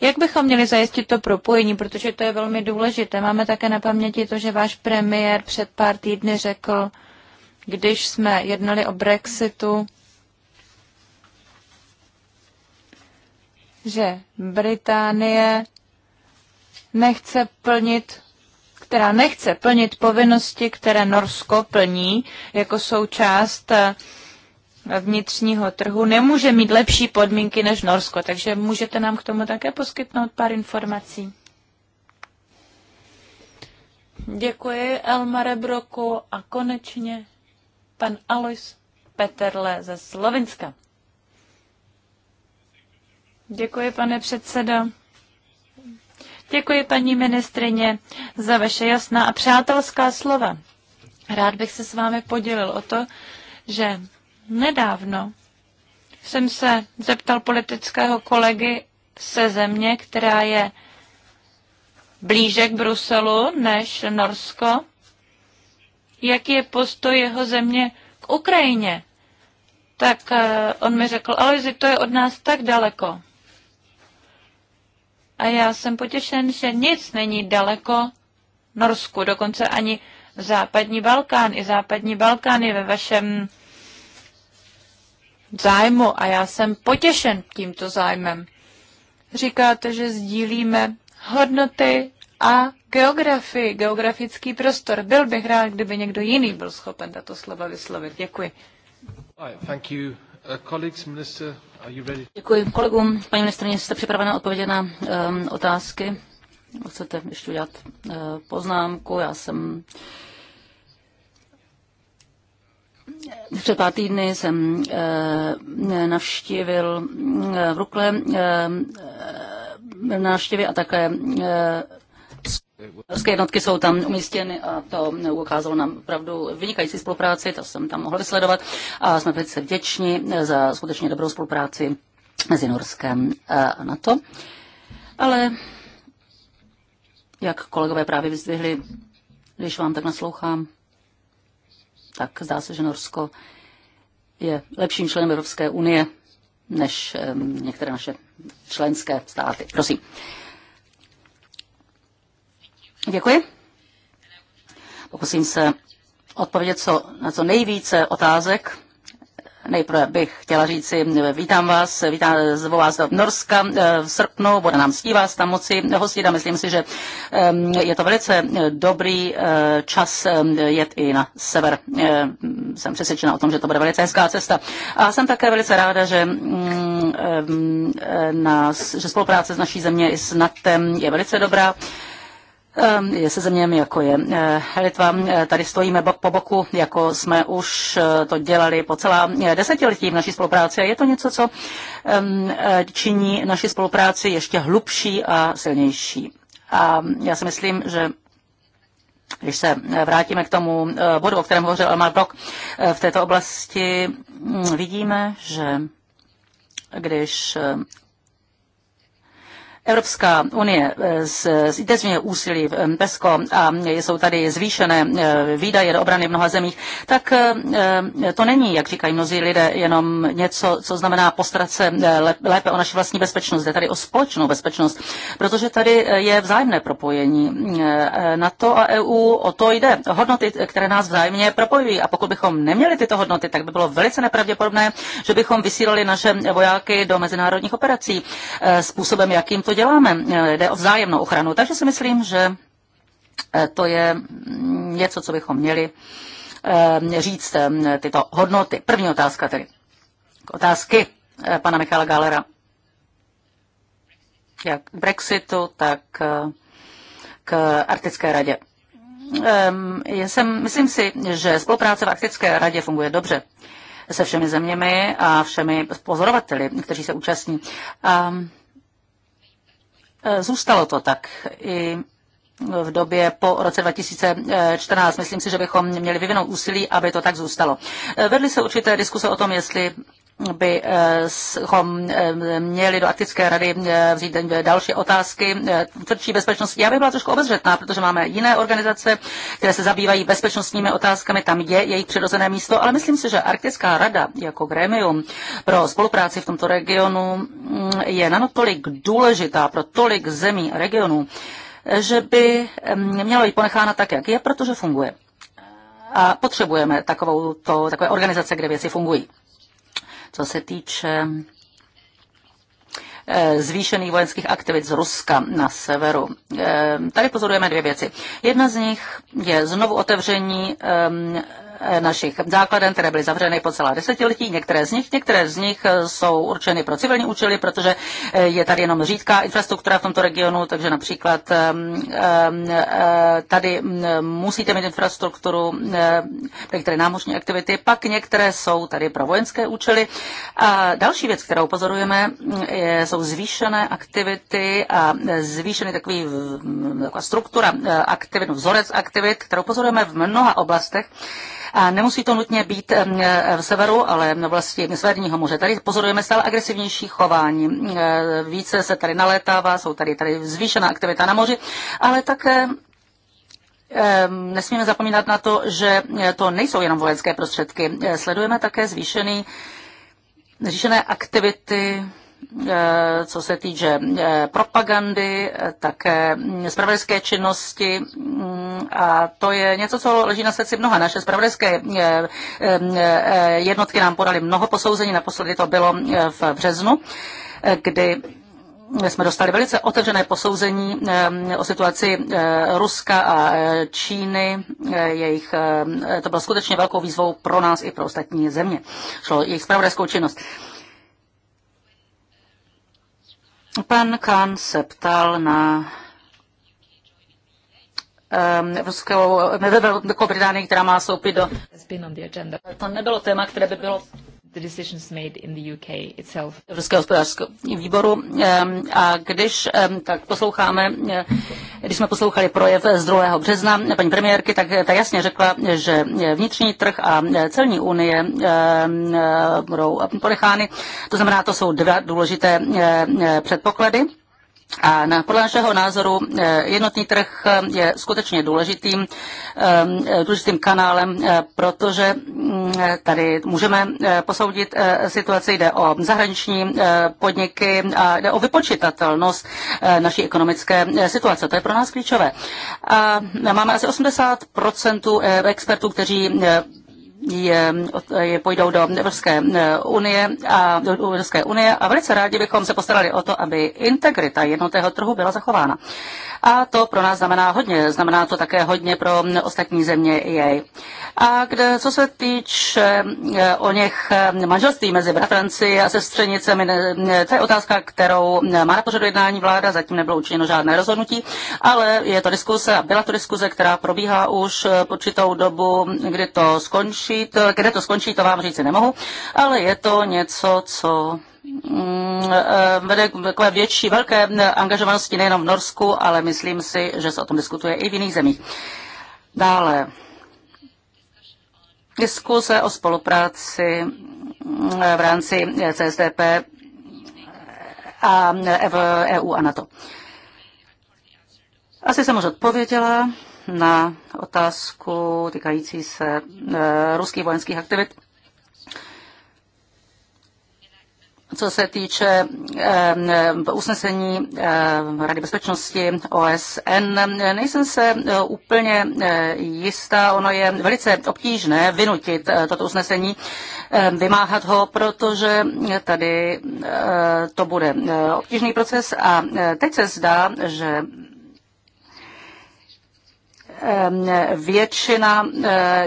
jak bychom měli zajistit to propojení, protože to je velmi důležité. Máme také na paměti to, že váš premiér před pár týdny řekl, když jsme jednali o Brexitu, že Británie nechce plnit, která nechce plnit povinnosti, které Norsko plní jako součást vnitřního trhu nemůže mít lepší podmínky než Norsko, takže můžete nám k tomu také poskytnout pár informací. Děkuji Elmare Broku a konečně pan Alois Peterle ze Slovenska. Děkuji, pane předsedo. Děkuji, paní ministrině, za vaše jasná a přátelská slova. Rád bych se s vámi podělil o to, že Nedávno jsem se zeptal politického kolegy se země, která je blíže k Bruselu než Norsko, jaký je postoj jeho země k Ukrajině. Tak eh, on mi řekl, Alojzi, to je od nás tak daleko. A já jsem potěšen, že nic není daleko Norsku, dokonce ani západní Balkán. I západní Balkán je ve vašem zájmu a já jsem potěšen tímto zájmem. Říkáte, že sdílíme hodnoty a geografii, geografický prostor. Byl bych rád, kdyby někdo jiný byl schopen tato slova vyslovit. Děkuji. Uh, Děkuji kolegům. Paní ministrině, jste připravena odpovědět na um, otázky? Chcete ještě udělat uh, poznámku? Já jsem před pár týdny jsem eh, navštívil eh, v Rukle eh, návštěvy a také Ruské jednotky jsou tam umístěny a to ukázalo nám opravdu vynikající spolupráci, to jsem tam mohl sledovat a jsme velice vděční za skutečně dobrou spolupráci mezi Norskem a NATO. Ale jak kolegové právě vyzdvihli, když vám tak naslouchám, tak zdá se, že Norsko je lepším členem Evropské unie než některé naše členské státy. Prosím. Děkuji. Pokusím se odpovědět co, na co nejvíce otázek Nejprve bych chtěla říci, vítám vás, vítám, zvu vás do Norska eh, v srpnu, bude nám stí vás tam moci hostit a myslím si, že ehm, je to velice eh, dobrý eh, čas ehm, jet i na sever. Ehm, jsem přesvědčena o tom, že to bude velice hezká cesta. A jsem také velice ráda, že, mm, na, že spolupráce s naší země i s NATO je velice dobrá. Ehm, se zeměmi, jako je eh, Litva. Eh, tady stojíme bok po boku, jako jsme už eh, to dělali po celá desetiletí v naší spolupráci. A je to něco, co ehm, činí naši spolupráci ještě hlubší a silnější. A já si myslím, že když se vrátíme k tomu bodu, o kterém hovořil Elmar Brock, v této oblasti hm, vidíme, že když Evropská unie zintenzivně eh, úsilí v eh, PESCO a jsou tady zvýšené eh, výdaje do obrany v mnoha zemích, tak to není, jak říkají mnozí lidé, jenom něco, co znamená postarat se lépe o naši vlastní bezpečnost. Jde tady o společnou bezpečnost, protože tady je vzájemné propojení na to a EU, o to jde. Hodnoty, které nás vzájemně propojují. A pokud bychom neměli tyto hodnoty, tak by bylo velice nepravděpodobné, že bychom vysílali naše vojáky do mezinárodních operací způsobem, jakým to děláme. Eh, jde o vzájemnou ochranu. Takže si myslím, že eh, to je mm, něco, co bychom měli eh, říct tyto hodnoty. První otázka tedy. Otázky pana Michala Galera. Jak k Brexitu, tak k Arktické radě. Ehm, jsem, myslím si, že spolupráce v Arktické radě funguje dobře se všemi zeměmi a všemi pozorovateli, kteří se účastní. Um, Eh, zůstalo to tak i v době po roce 2014. Myslím si, že bychom měli vyvinout úsilí, aby to tak zůstalo. Eh, vedly se určité diskuse o tom, jestli bychom eh, měli do Arktické rady eh, vzít další otázky eh, tvrdší bezpečnosti. Já bych byla trošku obezřetná, protože máme jiné organizace, které se zabývají bezpečnostními otázkami, tam je jejich přirozené místo, ale myslím si, že Arktická rada jako grémium pro spolupráci v tomto regionu mm, je natolik důležitá pro tolik zemí a regionů, že by mm, mělo být ponechána tak, jak je, protože funguje. A potřebujeme takovou to, takové organizace, kde věci fungují co se týče eh, zvýšených vojenských aktivit z Ruska na severu. Eh, tady pozorujeme dvě věci. Jedna z nich je znovu otevření ehm, Eh, našich základen, které byly zavřeny po celá desetiletí. Některé z nich, některé z nich eh, jsou určeny pro civilní účely, protože eh, je tady jenom řídká infrastruktura v tomto regionu, takže například ehm, ehm, tady musíte mít infrastrukturu pro některé námořní aktivity, pak některé jsou tady pro vojenské účely. A další věc, kterou pozorujeme, mm, je, jsou zvýšené aktivity a zvýšený takový taková struktura aktivit, vzorec aktivit, kterou pozorujeme v mnoha oblastech a nemusí to nutně být e, v severu, ale v oblasti Severního moře. Tady pozorujeme stále agresivnější chování. E, více se tady nalétává, jsou tady, tady zvýšená aktivita na moři, ale také nesmíme zapomínat na to, že to nejsou jenom vojenské prostředky. E, sledujeme také zvýšený, zvýšené aktivity Eh, co se týče eh, propagandy, eh, také spravedlské činnosti mm, a to je něco, co leží na srdci mnoha. Naše spravedlské jednotky nám podali mnoho posouzení, naposledy to bylo v březnu, kdy jsme dostali velice otevřené posouzení o situaci Ruska a Číny. Jejich, to bylo skutečně velkou výzvou pro nás i pro ostatní země. Šlo jejich spravodajskou činnost. Pan Kahn se ptal na ehm, Evropskou, Velkou Británii, která má soupit do... To nebylo téma, které by bylo the decisions made in the UK itself. Evropského hospodářského výboru. A když tak posloucháme, e, když jsme poslouchali projev z 2. března paní premiérky, tak ta jasně řekla, že vnitřní trh a celní unie e, budou ponechány. To znamená, to jsou dva důležité e, předpoklady a na, podle našeho názoru eh, jednotný trh eh, je skutečně důležitým, eh, důležitým kanálem, protože mm, tady můžeme posoudit situaci, jde o zahraniční podniky a jde o vypočitatelnost naší ekonomické situace. To je pro nás klíčové. A máme asi 80 expertů, kteří je, je, půjdou do Evropské eh, unie a do Evropské unie a velice rádi bychom se postarali o to, aby integrita jednotného trhu byla zachována. A to pro nás znamená hodně, znamená to také hodně pro ostatní země jej. A kde, co se týče eh, o něch eh, manželství mezi bratranci a sestřenicemi, to je otázka, kterou má na pořadu jednání vláda, zatím nebylo učiněno žádné rozhodnutí, ale je to diskuse a byla to diskuse, která probíhá už určitou dobu, kdy to skončí skončit. Kde to skončí, to vám říci nemohu, ale je to něco, co mm, eh, vede k větší, velké angažovanosti nejenom v Norsku, ale myslím si, že se o tom diskutuje i v jiných zemích. Dále, diskuse o spolupráci eh, v rámci CSDP a EU eh, e a NATO. Asi jsem už odpověděla na otázku týkající se e, ruských vojenských aktivit. Co se týče e, e, usnesení Rady bezpečnosti OSN, nejsem se úplně jistá. Ono je velice obtížné vynutit toto usnesení, vymáhat ho, protože tady to bude obtížný proces a teď se zdá, že Ehm, většina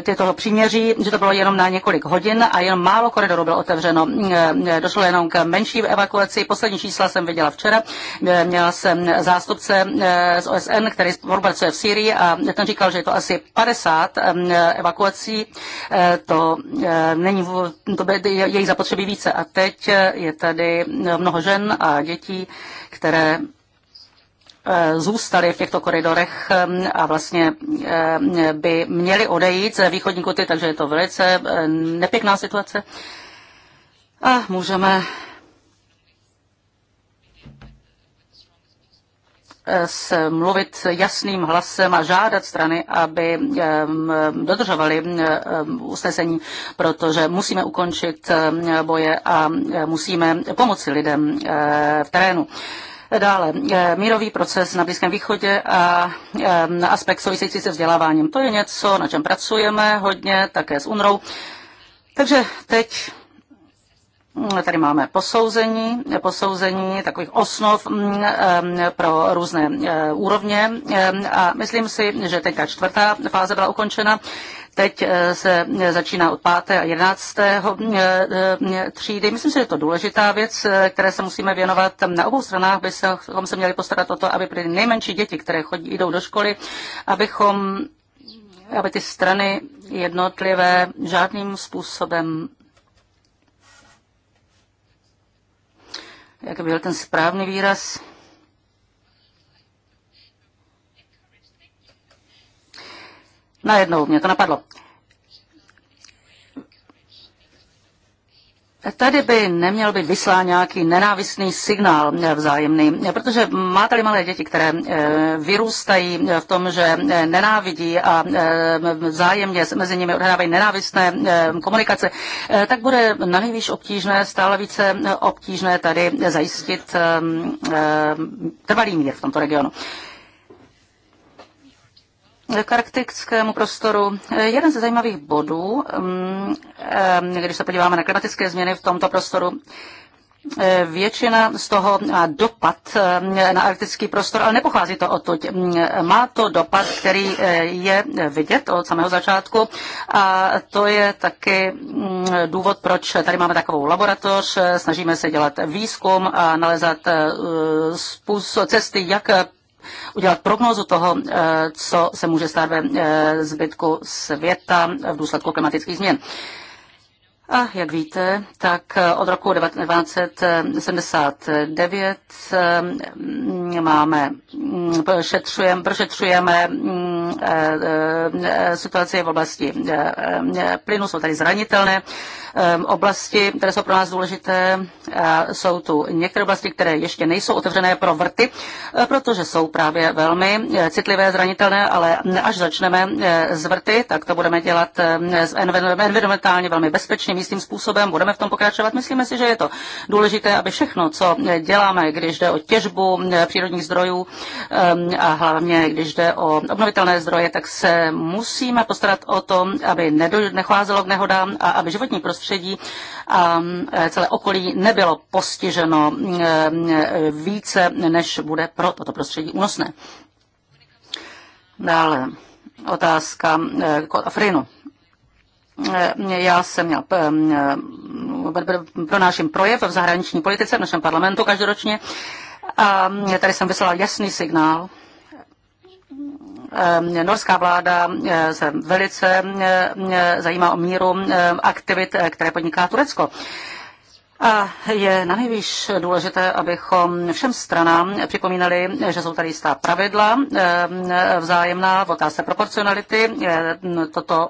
těchto eh, příměří, že to bylo jenom na několik hodin a jen málo koridorů bylo otevřeno. Ehm, eh, došlo jenom k menší evakuaci. Poslední čísla jsem viděla včera. Eh, měla jsem zástupce z OSN, který spolupracuje v Syrii a ten říkal, že je to asi 50 ehm, evakuací. To není, to by, jejich zapotřebí více. A teď je tady mnoho žen a dětí, které Eh, zůstali v těchto koridorech eh, a vlastně eh, by měli odejít ze východní koty, takže je to velice nepěkná situace. A můžeme mluvit jasným hlasem a žádat strany, aby dodržovali usnesení, protože musíme ukončit boje a musíme pomoci lidem v terénu. Dále eh, mírový proces na Blízkém východě a eh, aspekt související se vzděláváním. To je něco, na čem pracujeme hodně, také s UNRO. Takže teď mm, Tady máme posouzení, posouzení takových osnov mm, eh, pro různé úrovně a myslím si, že teď ta čtvrtá fáze byla ukončena teď eh, se eh, začíná od 5. a 11. Eh, třídy. Myslím si, že je to důležitá věc, které se musíme věnovat. Na obou stranách bychom se měli postarat o to, aby pro nejmenší děti, které chodí, jdou do školy, abychom aby ty strany jednotlivé žádným způsobem jak byl ten správný výraz, Najednou mě to napadlo. Tady by neměl být vyslán nějaký nenávistný signál vzájemný, protože máte-li malé děti, které eh, vyrůstají v tom, že eh, nenávidí a eh, vzájemně mezi nimi odhrávají nenávistné komunikace, tak bude na nejvíc obtížné, stále více obtížné tady zajistit trvalý mír v tomto regionu. K arktickému prostoru. Jeden ze zajímavých bodů, mm, eh, když se podíváme na klimatické změny v tomto prostoru, eh, Většina z toho má dopad eh, na arktický prostor, ale nepochází to odtud. Mm, má to dopad, který je vidět od samého začátku a to je taky mm, důvod, proč tady máme takovou laboratoř. Snažíme se dělat výzkum a nalezat způsob cesty, jak udělat prognózu toho, eh, co se může stát ve eh, zbytku světa v důsledku klimatických změn. A jak víte, tak od roku 1979 mm, máme, mm, prošetřujeme, prošetřujeme mm, e, e, situaci v oblasti e, plynu, jsou tady zranitelné oblasti, které jsou pro nás důležité. Jsou tu některé oblasti, které ještě nejsou otevřené pro vrty, protože jsou právě velmi citlivé, zranitelné, ale až začneme z vrty, tak to budeme dělat environmentálně velmi bezpečně jistým způsobem. Budeme v tom pokračovat. Myslíme si, že je to důležité, aby všechno, co děláme, když jde o těžbu eh, přírodních zdrojů eh, a hlavně když jde o obnovitelné zdroje, tak se musíme postarat o to, aby necházelo k nehodám a aby životní prostředí a eh, celé okolí nebylo postiženo více, než bude pro toto prostředí únosné. Dále otázka k Afrinu. Eh, já jsem měl eh, eh, pronáším projev v zahraniční politice v našem parlamentu každoročně a tady jsem vyslala jasný signál norská vláda se velice zajímá o míru aktivit, které podniká Turecko. A je na nejvíc důležité, abychom všem stranám připomínali, že jsou tady jistá pravidla vzájemná v otázce proporcionality. Toto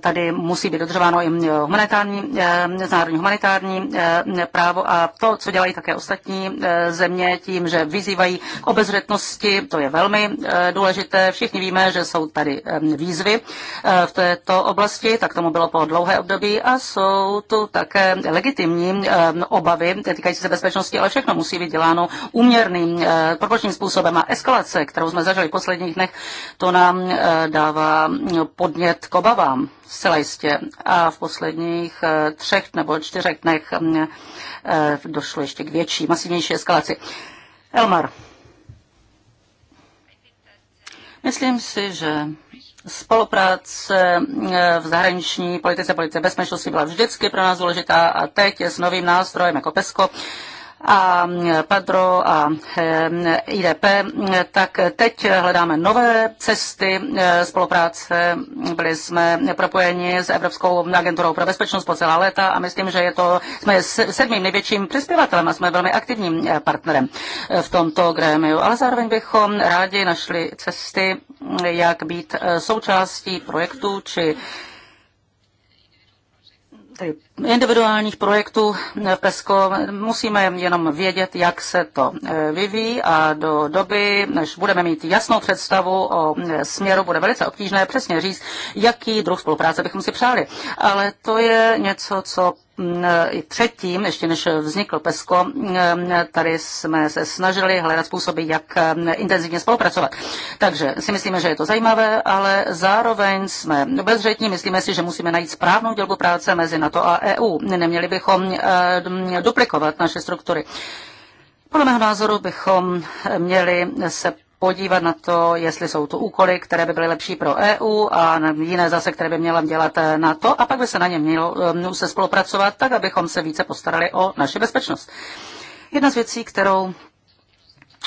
tady musí být dodržováno i e, humanitární, e, národní humanitární e, právo a to, co dělají také ostatní země tím, že vyzývají k obezřetnosti, to je velmi důležité. Všichni víme, že jsou tady výzvy v této oblasti, tak tomu bylo po dlouhé období a jsou tu také legitimní obavy týkající se bezpečnosti, ale všechno musí být děláno úměrným, proporčním způsobem a eskalace, kterou jsme zažili v posledních dnech, to nám dává podnět k obavám jenom, zcela jistě. A v posledních eh, třech nebo čtyřech dnech eh, eh, došlo ještě k větší, masivnější eskalaci. Elmar. Myslím si, že spolupráce v zahraniční politice, politice bezpečnosti byla vždycky pro nás důležitá a teď s novým nástrojem jako PESCO a Pedro a eh, IDP, tak teď hledáme nové cesty eh, spolupráce. Byli jsme propojeni s Evropskou agenturou pro bezpečnost po celá léta a myslím, že je to, jsme sedmým největším přispěvatelem a jsme velmi aktivním eh, partnerem v tomto grémiu. Ale zároveň bychom rádi našli cesty, jak být součástí projektu či tedy individuálních projektů PESCO musíme jenom vědět, jak se to eh, vyvíjí a do doby, než budeme mít jasnou představu o eh, směru, bude velice obtížné přesně říct, jaký druh spolupráce bychom si přáli. Ale to je něco, co mm, i předtím, ještě než vznikl PESCO, mm, tady jsme se snažili hledat způsoby, jak mm, intenzivně spolupracovat. Takže si myslíme, že je to zajímavé, ale zároveň jsme bezřetní, myslíme si, že musíme najít správnou dělbu práce mezi NATO a EU. Neměli bychom eh, duplikovat naše struktury. Podle mého názoru bychom měli se podívat na to, jestli jsou to úkoly, které by byly lepší pro EU a jiné zase, které by měla dělat eh, na to a pak by se na ně eh, mělo se spolupracovat tak, abychom se více postarali o naši bezpečnost. Jedna z věcí, kterou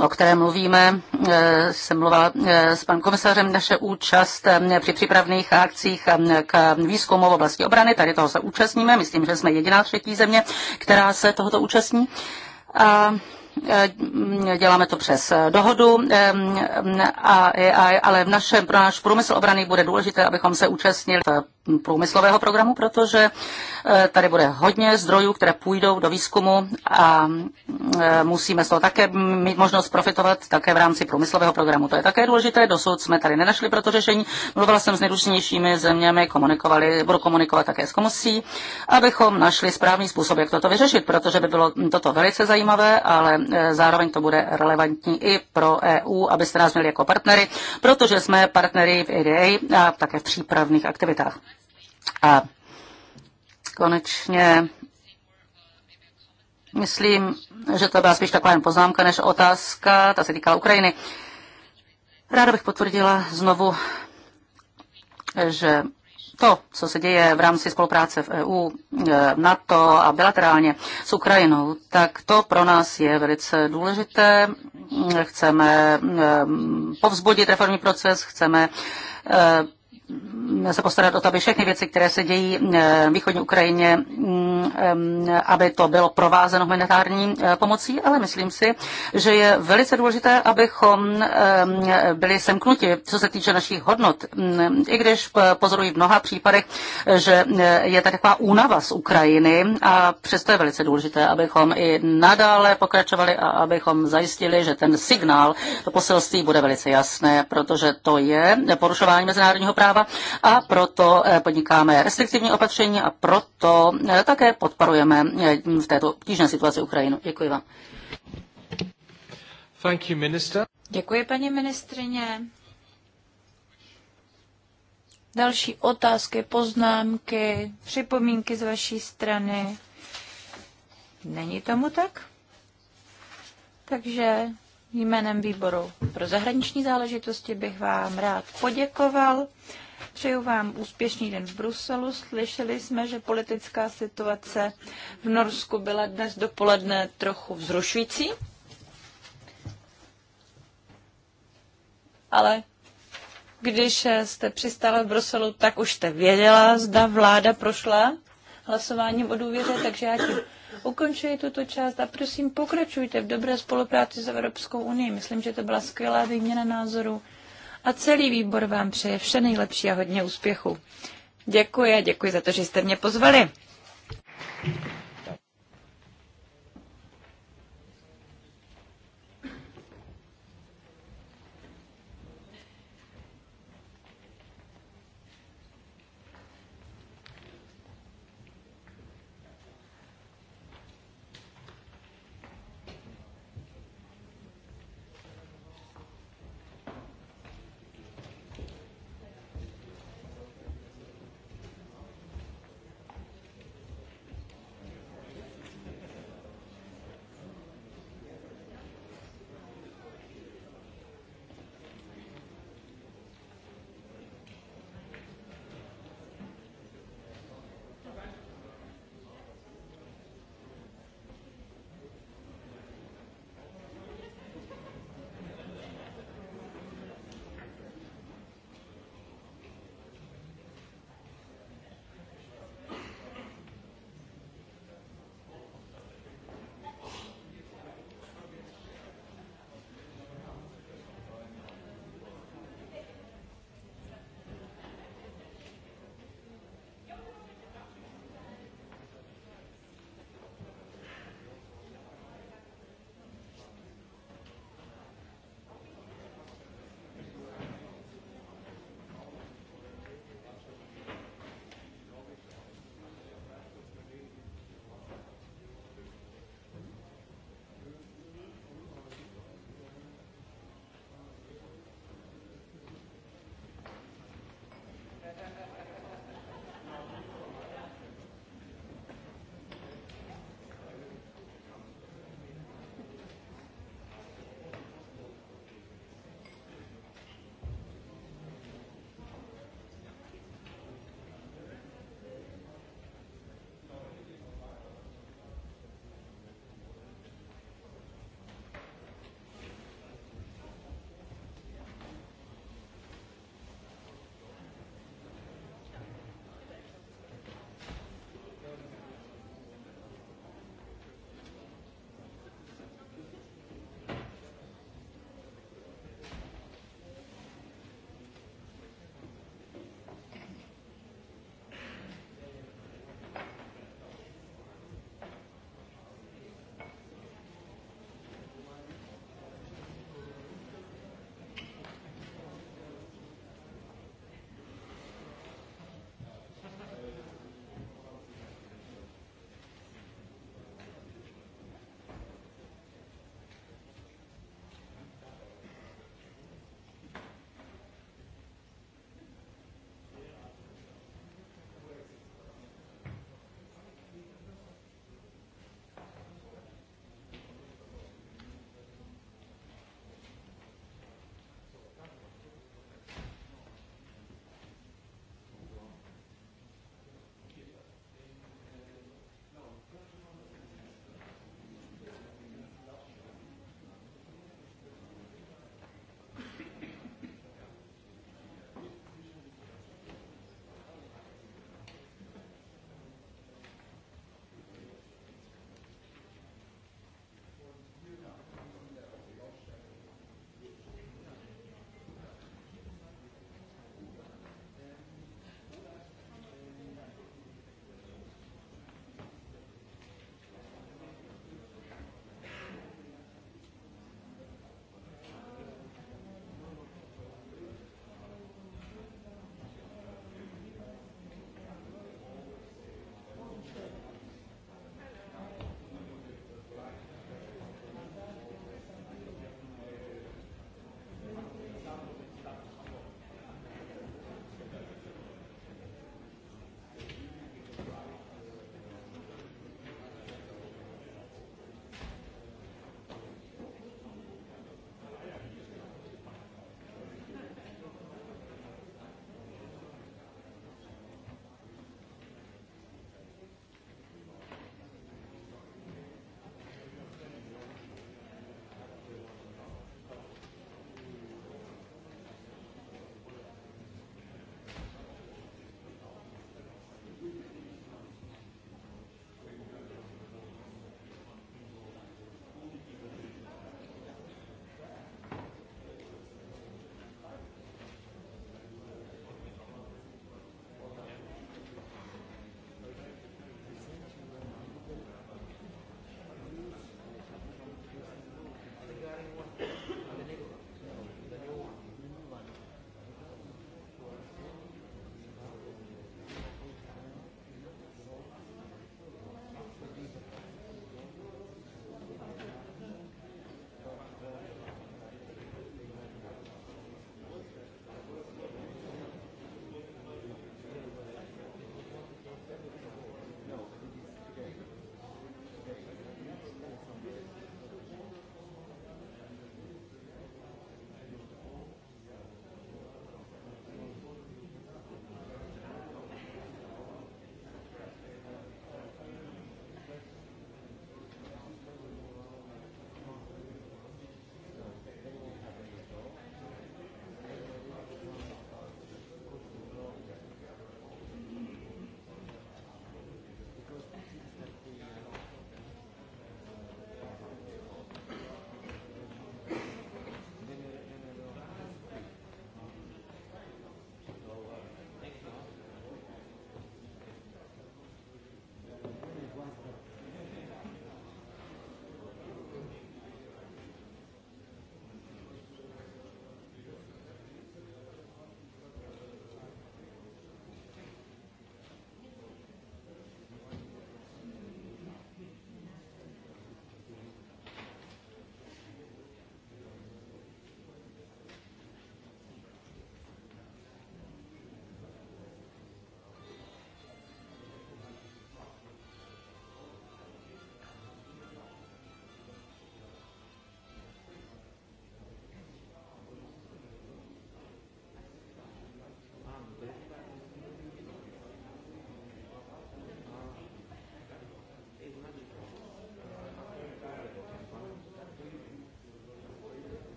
o které mluvíme, eh, jsem mluvila eh, s panem komisařem, naše účast eh, při přípravných akcích k výzkumu v oblasti obrany, tady toho se účastníme, myslím, že jsme jediná třetí země, která se tohoto účastní. A děláme to přes dohodu, ale v našem, pro náš průmysl obrany bude důležité, abychom se účastnili v průmyslového programu, protože eh, tady bude hodně zdrojů, které půjdou do výzkumu a eh, musíme z toho také mít možnost profitovat také v rámci průmyslového programu. To je také důležité, dosud jsme tady nenašli proto řešení. Mluvila jsem s nejrůznějšími zeměmi, komunikovali, budu komunikovat také s komisí, abychom našli správný způsob, jak toto vyřešit, protože by bylo toto velice zajímavé, ale eh, zároveň to bude relevantní i pro EU, abyste nás měli jako partnery, protože jsme partnery v EDA a také v přípravných aktivitách. A konečně myslím, že to byla spíš taková jen poznámka než otázka, ta se týkala Ukrajiny. Ráda bych potvrdila znovu, že to, co se děje v rámci spolupráce v EU, e, NATO a bilaterálně s Ukrajinou, tak to pro nás je velice důležité. Chceme e, povzbudit reformní proces, chceme e, se postarat o to, aby všechny věci, které se dějí eh, v východní Ukrajině, mm, eh, aby to bylo provázeno humanitární eh, pomocí, ale myslím si, že je velice důležité, abychom byli semknuti, co se týče našich hodnot. Mm, I když pozorují v mnoha případech, že je tady taková únava z Ukrajiny a přesto je velice důležité, abychom i nadále pokračovali a abychom zajistili, že ten signál, to poselství bude velice jasné, protože to je porušování mezinárodního práva práva a proto eh, podnikáme restriktivní opatření a proto eh, také podporujeme eh, v této obtížné situaci Ukrajinu. Děkuji vám. Thank you, minister. Děkuji, paní ministrině. Další otázky, poznámky, připomínky z vaší strany. Není tomu tak? Takže jménem výboru pro zahraniční záležitosti bych vám rád poděkoval Přeju vám úspěšný den v Bruselu. Slyšeli jsme, že politická situace v Norsku byla dnes dopoledne trochu vzrušující, ale když jste přistála v Bruselu, tak už jste věděla, zda vláda prošla hlasováním o důvěře, takže já tím ukončuji tuto část a prosím pokračujte v dobré spolupráci s Evropskou unii. Myslím, že to byla skvělá výměna názorů a celý výbor vám přeje vše nejlepší a hodně úspěchu. Děkuji a děkuji za to, že jste mě pozvali.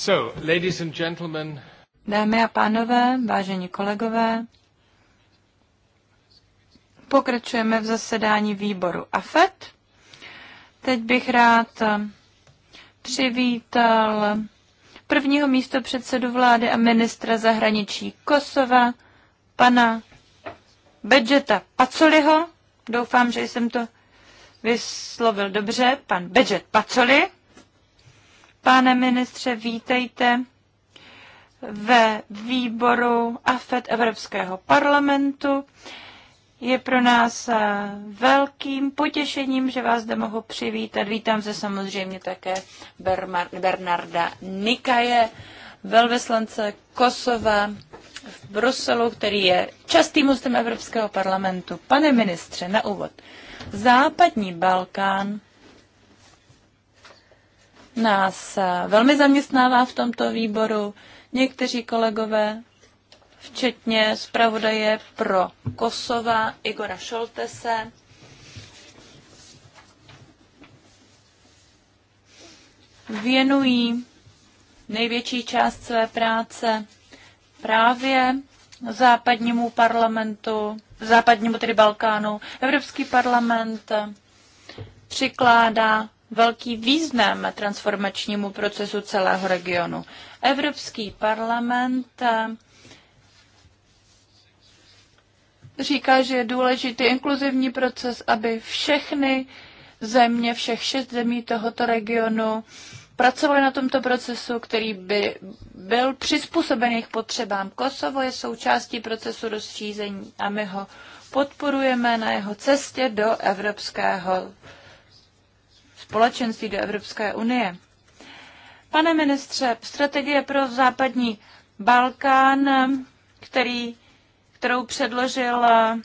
So, ladies and gentlemen. Dámy a pánové, vážení kolegové, pokračujeme v zasedání výboru AFET. Teď bych rád eh, přivítal prvního místo předsedu vlády a ministra zahraničí Kosova, pana Bedžeta Pacoliho. Doufám, že jsem to vyslovil dobře, pan Bedžet Pacoli. Pane ministře, vítejte ve výboru AFED Evropského parlamentu. Je pro nás eh, velkým potěšením, že vás zde mohu přivítat. Vítám se samozřejmě také Bernarda Nikaje, velvyslance Kosova v Bruselu, který je častým hostem Evropského parlamentu. Pane ministře, na úvod. Západní Balkán nás velmi zaměstnává v tomto výboru. Někteří kolegové, včetně zpravodaje pro Kosova Igora Šoltese, věnují největší část své práce právě západnímu parlamentu, západnímu tedy Balkánu. Evropský parlament přikládá velký význam transformačnímu procesu celého regionu. Evropský parlament eh, říká, že je důležitý inkluzivní proces, aby všechny země, všech šest zemí tohoto regionu pracovali na tomto procesu, který by byl přizpůsoben jejich potřebám. Kosovo je součástí procesu rozšíření a my ho podporujeme na jeho cestě do evropského společenství, do Evropské unie. Pane ministře, strategie pro západní Balkán, který, kterou předložila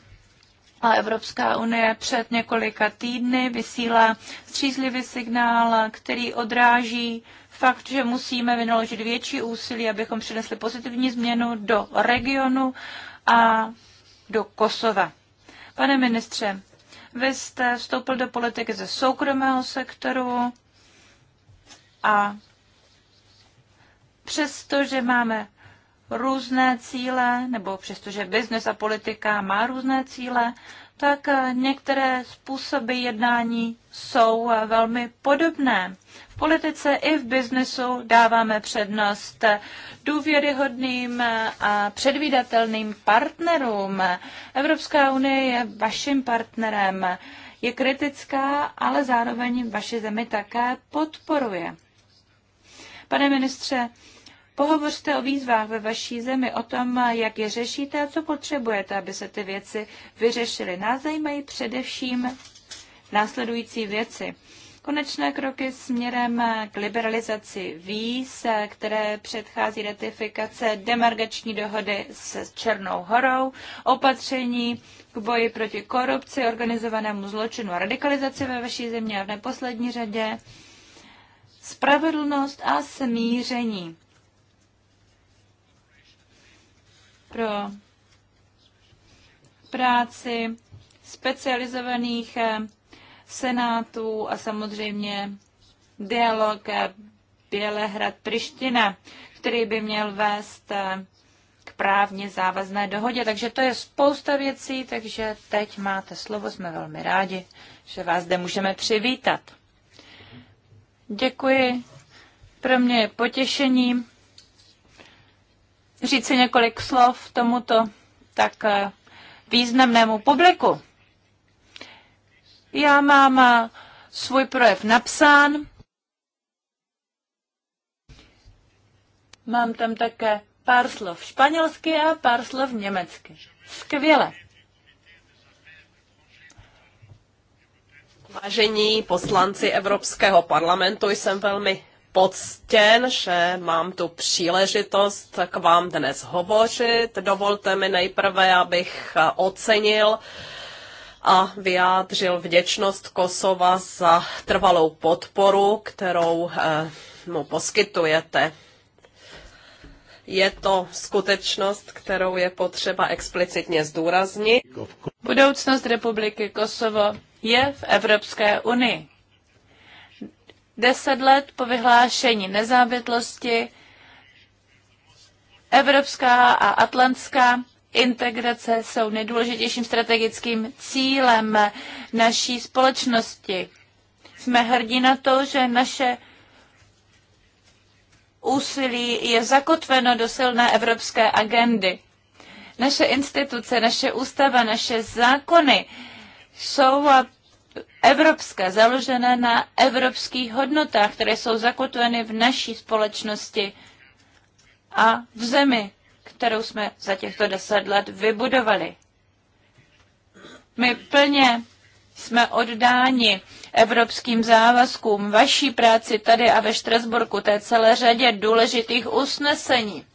eh, Evropská unie před několika týdny, vysílá střízlivý signál, který odráží fakt, že musíme vynaložit větší úsilí, abychom přinesli pozitivní změnu do regionu a do Kosova. Pane ministře, vy jste vstoupil do politiky ze soukromého sektoru a přestože máme různé cíle, nebo přestože biznes a politika má různé cíle, tak eh, některé způsoby jednání jsou eh, velmi podobné. V politice i v biznesu dáváme přednost důvěryhodným eh, a předvídatelným partnerům. Evropská unie je vaším partnerem, je kritická, ale zároveň vaše zemi také podporuje. Pane ministře, Pohovořte o výzvách ve vaší zemi, o tom, jak je řešíte a co potřebujete, aby se ty věci vyřešily. Nás zajímají především následující věci. Konečné kroky směrem k liberalizaci víz, které předchází ratifikace demargační dohody s Černou horou, opatření k boji proti korupci, organizovanému zločinu a radikalizaci ve vaší země a v neposlední řadě spravedlnost a smíření. pro práci specializovaných eh, senátů a samozřejmě dialog eh, Bělehrad-Priština, který by měl vést eh, k právně závazné dohodě. Takže to je spousta věcí, takže teď máte slovo, jsme velmi rádi, že vás zde můžeme přivítat. Děkuji, pro mě je potěšením říci několik slov tomuto tak eh, významnému publiku. Já mám eh, svůj projev napsán. Mám tam také pár slov španělsky a pár slov německy. Skvěle. Vážení poslanci Evropského parlamentu, jsem velmi poctěn, že mám tu příležitost k vám dnes hovořit. Dovolte mi nejprve, abych ocenil a vyjádřil vděčnost Kosova za trvalou podporu, kterou eh, mu poskytujete. Je to skutečnost, kterou je potřeba explicitně zdůraznit. Budoucnost Republiky Kosovo je v Evropské unii. Deset let po vyhlášení nezávislosti evropská a atlantská integrace jsou nejdůležitějším strategickým cílem naší společnosti. Jsme hrdí na to, že naše úsilí je zakotveno do silné evropské agendy. Naše instituce, naše ústava, naše zákony jsou evropské, založené na evropských hodnotách, které jsou zakotveny v naší společnosti a v zemi, kterou jsme za těchto deset let vybudovali. My plně jsme oddáni evropským závazkům, vaší práci tady a ve Štrasburku, té celé řadě důležitých usnesení.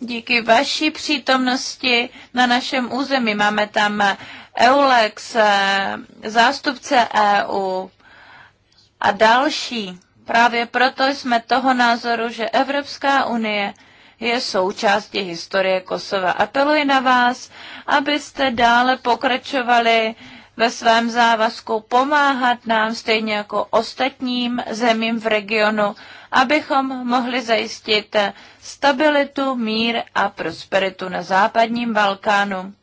díky vaší přítomnosti na našem území. Máme tam eh, EULEX, eh, zástupce EU a další. Právě proto jsme toho názoru, že Evropská unie je součástí historie Kosova. Apeluji na vás, abyste dále pokračovali ve svém závazku pomáhat nám stejně jako ostatním zemím v regionu abychom mohli zajistit stabilitu, mír a prosperitu na západním Balkánu,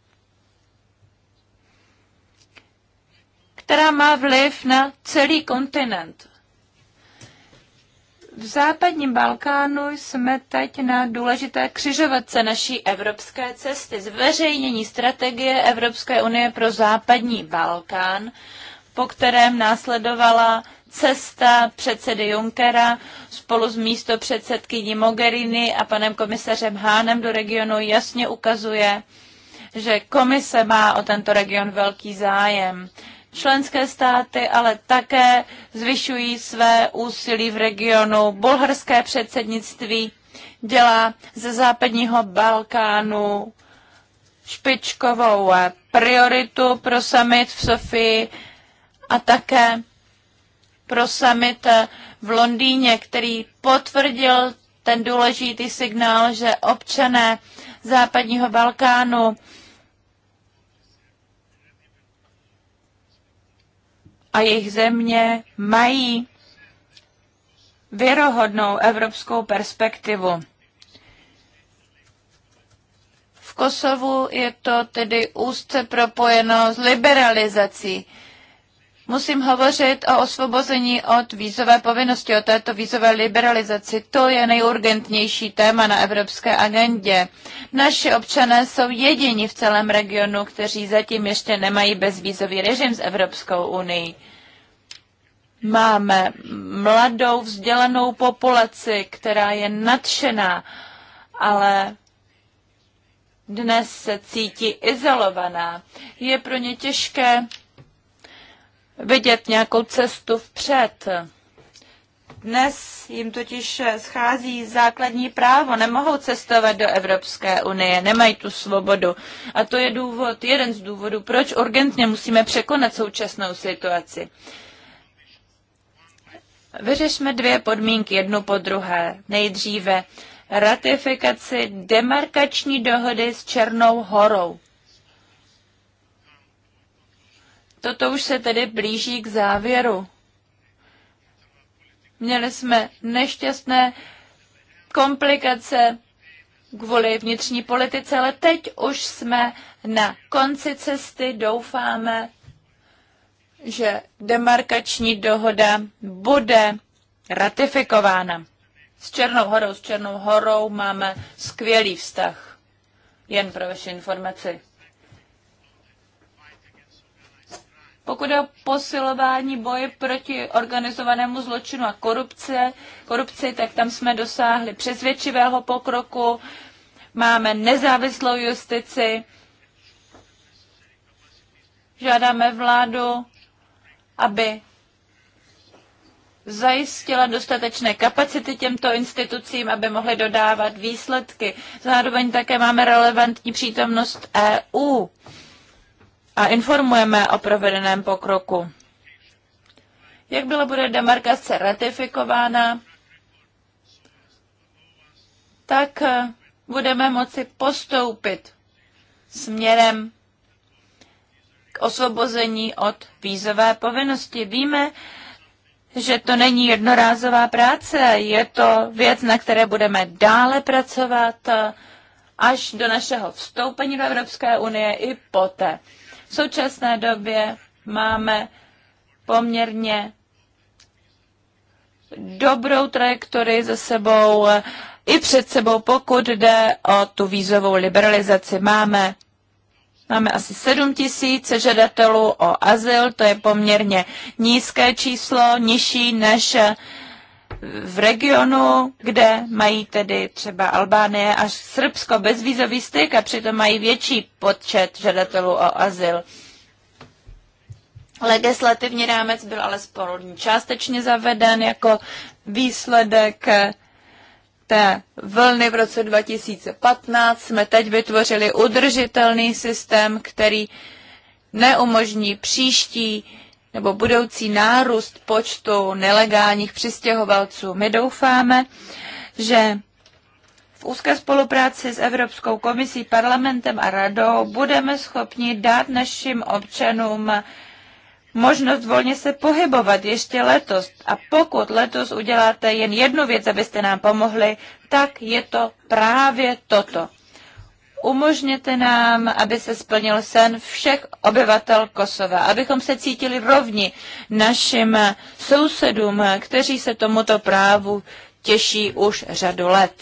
která má vliv na celý kontinent. V západním Balkánu jsme teď na důležité křižovatce naší evropské cesty. Zveřejnění strategie Evropské unie pro západní Balkán, po kterém následovala cesta předsedy Junckera spolu s místopředsedkyní předsedkyní Mogherini a panem komisařem Hánem do regionu jasně ukazuje, že komise má o tento region velký zájem. Členské státy ale také zvyšují své úsilí v regionu. Bulharské předsednictví dělá ze západního Balkánu špičkovou prioritu pro summit v Sofii a také pro summit eh, v Londýně, který potvrdil ten důležitý signál, že občané západního Balkánu a jejich země mají věrohodnou evropskou perspektivu. V Kosovu je to tedy úzce propojeno s liberalizací. Musím hovořit o osvobození od vízové povinnosti, o této vízové liberalizaci. To je nejurgentnější téma na evropské agendě. Naši občané jsou jediní v celém regionu, kteří zatím ještě nemají bezvízový režim s Evropskou unii. Máme mladou, vzdělanou populaci, která je nadšená, ale dnes se cítí izolovaná. Je pro ně těžké vidět nějakou cestu vpřed. Dnes jim totiž schází základní právo, nemohou cestovat do Evropské unie, nemají tu svobodu. A to je důvod, jeden z důvodů, proč urgentně musíme překonat současnou situaci. Vyřešme dvě podmínky jednu po druhé. Nejdříve ratifikaci demarkační dohody s Černou horou. Toto už se tedy blíží k závěru. Měli jsme nešťastné komplikace kvůli vnitřní politice, ale teď už jsme na konci cesty. Doufáme, že demarkační dohoda bude ratifikována. S Černou horou, s Černou horou máme skvělý vztah. Jen pro vaši informaci. Pokud je o posilování boje proti organizovanému zločinu a korupce, korupci, tak tam jsme dosáhli přesvědčivého pokroku, máme nezávislou justici, žádáme vládu, aby zajistila dostatečné kapacity těmto institucím, aby mohly dodávat výsledky. Zároveň také máme relevantní přítomnost EU a informujeme o provedeném pokroku. Jak byla bude demarkace ratifikována, tak eh, budeme moci postoupit směrem k osvobození od vízové povinnosti. Víme, že to není jednorázová práce, je to věc, na které budeme dále pracovat eh, až do našeho vstoupení do Evropské unie i poté. V současné době máme poměrně dobrou trajektorii za sebou i před sebou, pokud jde o tu vízovou liberalizaci. Máme Máme asi 7 tisíc žadatelů o azyl, to je poměrně nízké číslo, nižší než v regionu, kde mají tedy třeba Albánie až Srbsko bezvízový styk a přitom mají větší počet žadatelů o azyl. Legislativní rámec byl alespoň částečně zaveden jako výsledek té vlny v roce 2015. Jsme teď vytvořili udržitelný systém, který neumožní příští nebo budoucí nárůst počtu nelegálních přistěhovalců. My doufáme, že v úzké spolupráci s Evropskou komisí, parlamentem a radou budeme schopni dát našim občanům možnost volně se pohybovat ještě letos. A pokud letos uděláte jen jednu věc, abyste nám pomohli, tak je to právě toto umožněte nám, aby se splnil sen všech obyvatel Kosova, abychom se cítili rovni našim sousedům, kteří se tomuto právu těší už řadu let.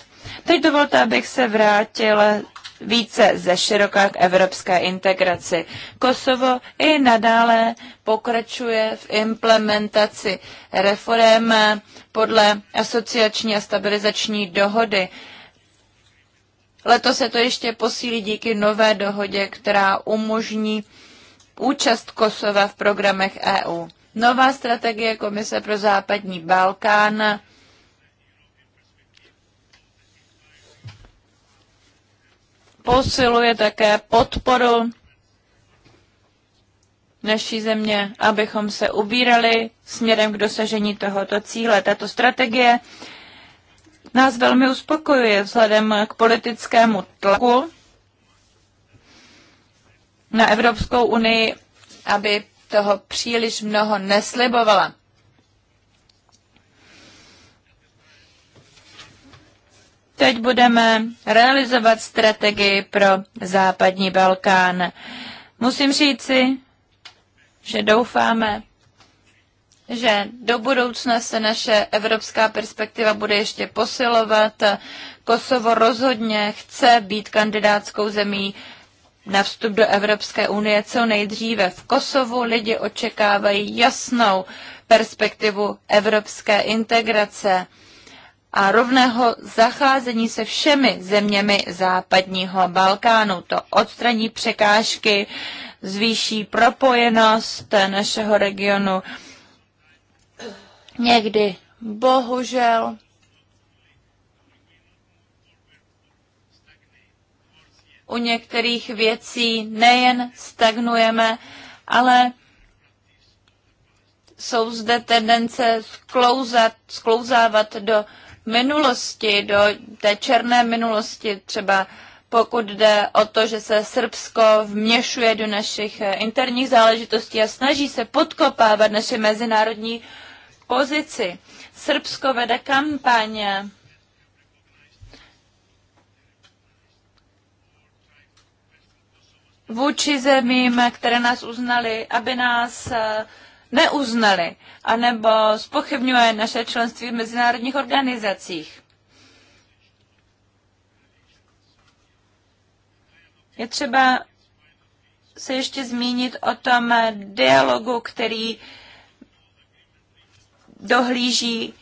Teď dovolte, abych se vrátil více ze široká k evropské integraci. Kosovo i nadále pokračuje v implementaci reform podle asociační a stabilizační dohody. Letos se to ještě posílí díky nové dohodě, která umožní účast Kosova v programech EU. Nová strategie Komise pro západní Balkán posiluje také podporu naší země, abychom se ubírali směrem k dosažení tohoto cíle. Tato strategie nás velmi uspokojuje vzhledem k politickému tlaku na Evropskou unii, aby toho příliš mnoho neslibovala. Teď budeme realizovat strategii pro západní Balkán. Musím říci, že doufáme, že do budoucna se naše evropská perspektiva bude ještě posilovat. Kosovo rozhodně chce být kandidátskou zemí na vstup do Evropské unie co nejdříve. V Kosovu lidi očekávají jasnou perspektivu evropské integrace a rovného zacházení se všemi zeměmi západního Balkánu. To odstraní překážky, zvýší propojenost našeho regionu Někdy bohužel u některých věcí nejen stagnujeme, ale jsou zde tendence sklouzat, sklouzávat do minulosti, do té černé minulosti, třeba pokud jde o to, že se Srbsko vměšuje do našich interních záležitostí a snaží se podkopávat naše mezinárodní pozici. Srbsko vede kampaň vůči zemím, které nás uznali, aby nás eh, neuznali, anebo spochybňuje naše členství v mezinárodních organizacích. Je třeba se ještě zmínit o tom dialogu, který dohlíží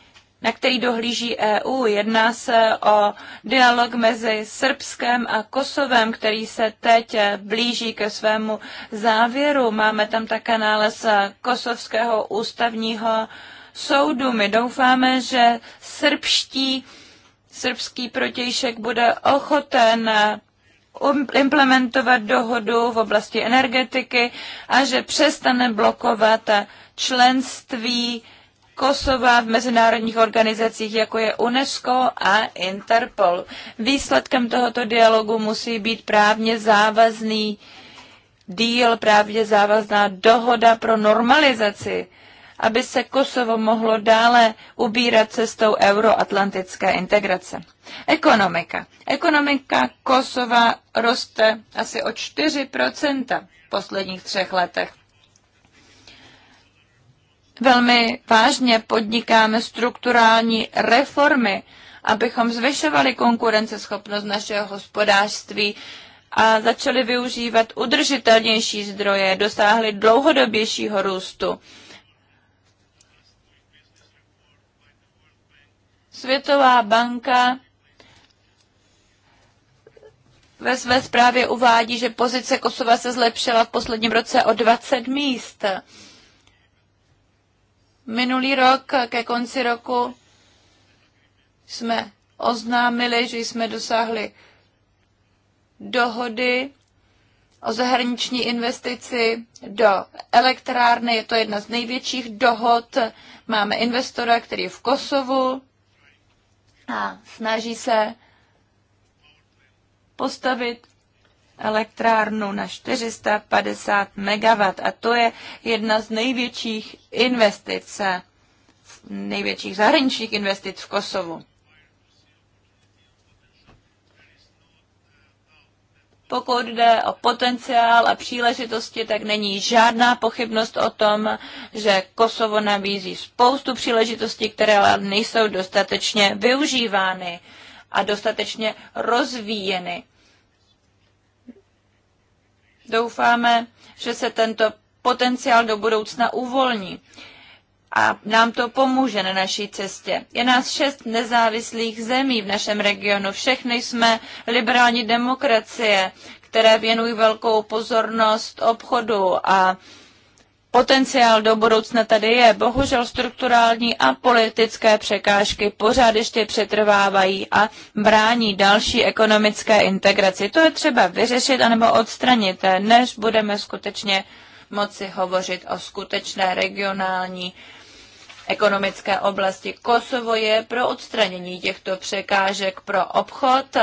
na který dohlíží EU. Jedná se o dialog mezi Srbskem a Kosovem, který se teď blíží ke svému závěru. Máme tam také nález Kosovského ústavního soudu. My doufáme, že srbští, srbský protějšek bude ochoten um, implementovat dohodu v oblasti energetiky a že přestane blokovat členství Kosova v mezinárodních organizacích, jako je UNESCO a Interpol. Výsledkem tohoto dialogu musí být právně závazný díl, právně závazná dohoda pro normalizaci, aby se Kosovo mohlo dále ubírat cestou euroatlantické integrace. Ekonomika. Ekonomika Kosova roste asi o 4% v posledních třech letech velmi vážně podnikáme strukturální reformy, abychom zvyšovali konkurenceschopnost našeho hospodářství a začali využívat udržitelnější zdroje, dosáhli dlouhodobějšího růstu. Světová banka ve své zprávě uvádí, že pozice Kosova se zlepšila v posledním roce o 20 míst. Minulý rok ke konci roku jsme oznámili, že jsme dosáhli dohody o zahraniční investici do elektrárny. Je to jedna z největších dohod. Máme investora, který je v Kosovu a snaží se postavit elektrárnu na 450 MW a to je jedna z největších investic, největších zahraničních investic v Kosovu. Pokud jde o potenciál a příležitosti, tak není žádná pochybnost o tom, že Kosovo nabízí spoustu příležitostí, které ale nejsou dostatečně využívány a dostatečně rozvíjeny. Doufáme, že se tento potenciál do budoucna uvolní a nám to pomůže na naší cestě. Je nás šest nezávislých zemí v našem regionu. Všechny jsme liberální demokracie, které věnují velkou pozornost obchodu a potenciál do budoucna tady je. Bohužel strukturální a politické překážky pořád ještě přetrvávají a brání další ekonomické integraci. To je třeba vyřešit anebo odstranit, než budeme skutečně moci hovořit o skutečné regionální ekonomické oblasti. Kosovo je pro odstranění těchto překážek pro obchod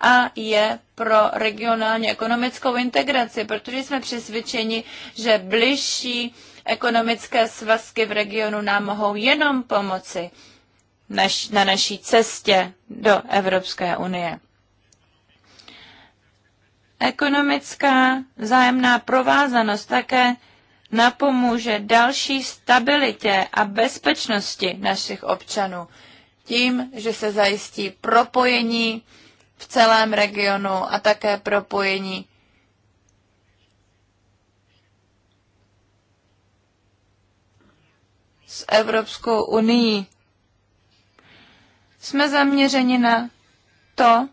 a je pro regionální ekonomickou integraci, protože jsme přesvědčeni, že bližší ekonomické svazky v regionu nám mohou jenom pomoci naš, na naší cestě do Evropské unie. Ekonomická zájemná provázanost také napomůže další stabilitě a bezpečnosti našich občanů tím, že se zajistí propojení v celém regionu a také propojení s Evropskou unii. Jsme zaměřeni na to,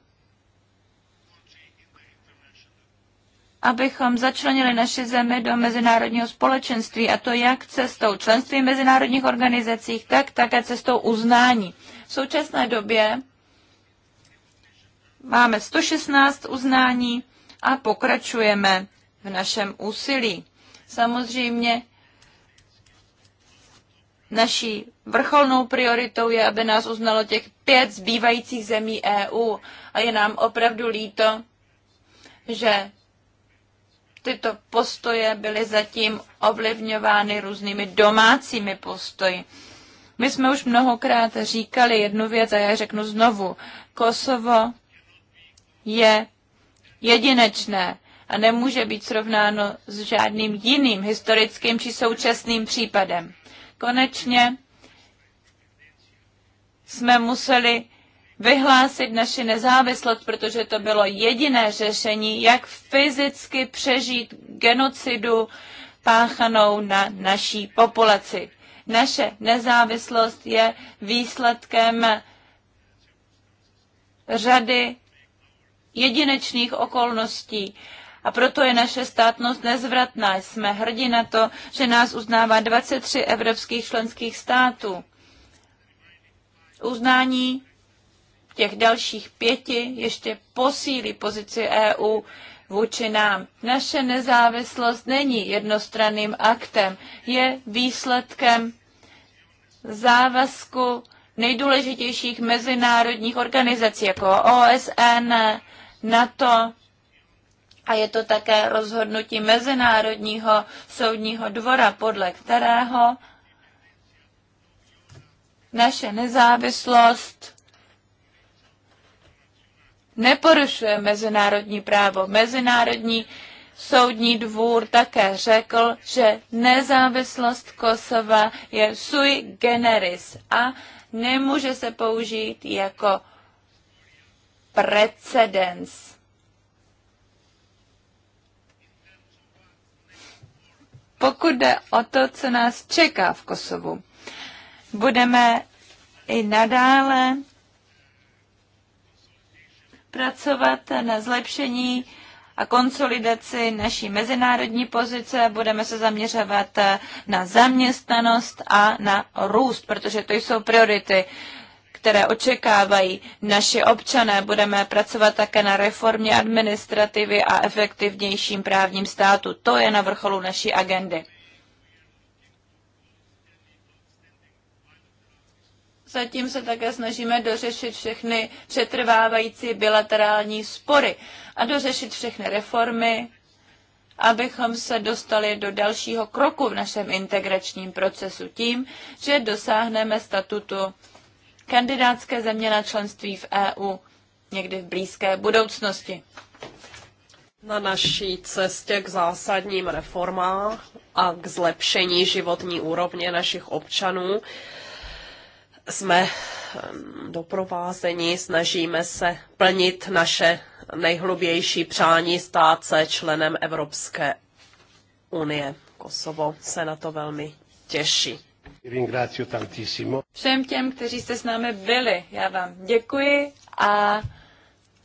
abychom začlenili naši zemi do mezinárodního společenství a to jak cestou členství mezinárodních organizacích, tak také cestou uznání. V současné době Máme 116 uznání a pokračujeme v našem úsilí. Samozřejmě naší vrcholnou prioritou je, aby nás uznalo těch pět zbývajících zemí EU a je nám opravdu líto, že tyto postoje byly zatím ovlivňovány různými domácími postoji. My jsme už mnohokrát říkali jednu věc a já řeknu znovu. Kosovo je jedinečné a nemůže být srovnáno s žádným jiným historickým či současným případem. Konečně jsme museli vyhlásit naši nezávislost, protože to bylo jediné řešení, jak fyzicky přežít genocidu páchanou na naší populaci. Naše nezávislost je výsledkem řady jedinečných okolností. A proto je naše státnost nezvratná. Jsme hrdí na to, že nás uznává 23 evropských členských států. Uznání těch dalších pěti ještě posílí pozici EU vůči nám. Naše nezávislost není jednostranným aktem, je výsledkem závazku nejdůležitějších mezinárodních organizací jako OSN, NATO a je to také rozhodnutí Mezinárodního soudního dvora, podle kterého naše nezávislost neporušuje mezinárodní právo. Mezinárodní soudní dvůr také řekl, že nezávislost Kosova je sui generis a nemůže se použít jako precedens. Pokud jde o to, co nás čeká v Kosovu, budeme i nadále pracovat na zlepšení a konsolidaci naší mezinárodní pozice. Budeme se zaměřovat na zaměstnanost a na růst, protože to jsou priority které očekávají naši občané. Budeme pracovat také na reformě administrativy a efektivnějším právním státu. To je na vrcholu naší agendy. Zatím se také snažíme dořešit všechny přetrvávající bilaterální spory a dořešit všechny reformy, abychom se dostali do dalšího kroku v našem integračním procesu tím, že dosáhneme statutu kandidátské země na členství v EU někdy v blízké budoucnosti. Na naší cestě k zásadním reformám a k zlepšení životní úrovně našich občanů jsme doprovázeni, snažíme se plnit naše nejhlubější přání stát se členem Evropské unie. Kosovo se na to velmi těší. Všem těm, kteří jste s námi byli, já vám děkuji a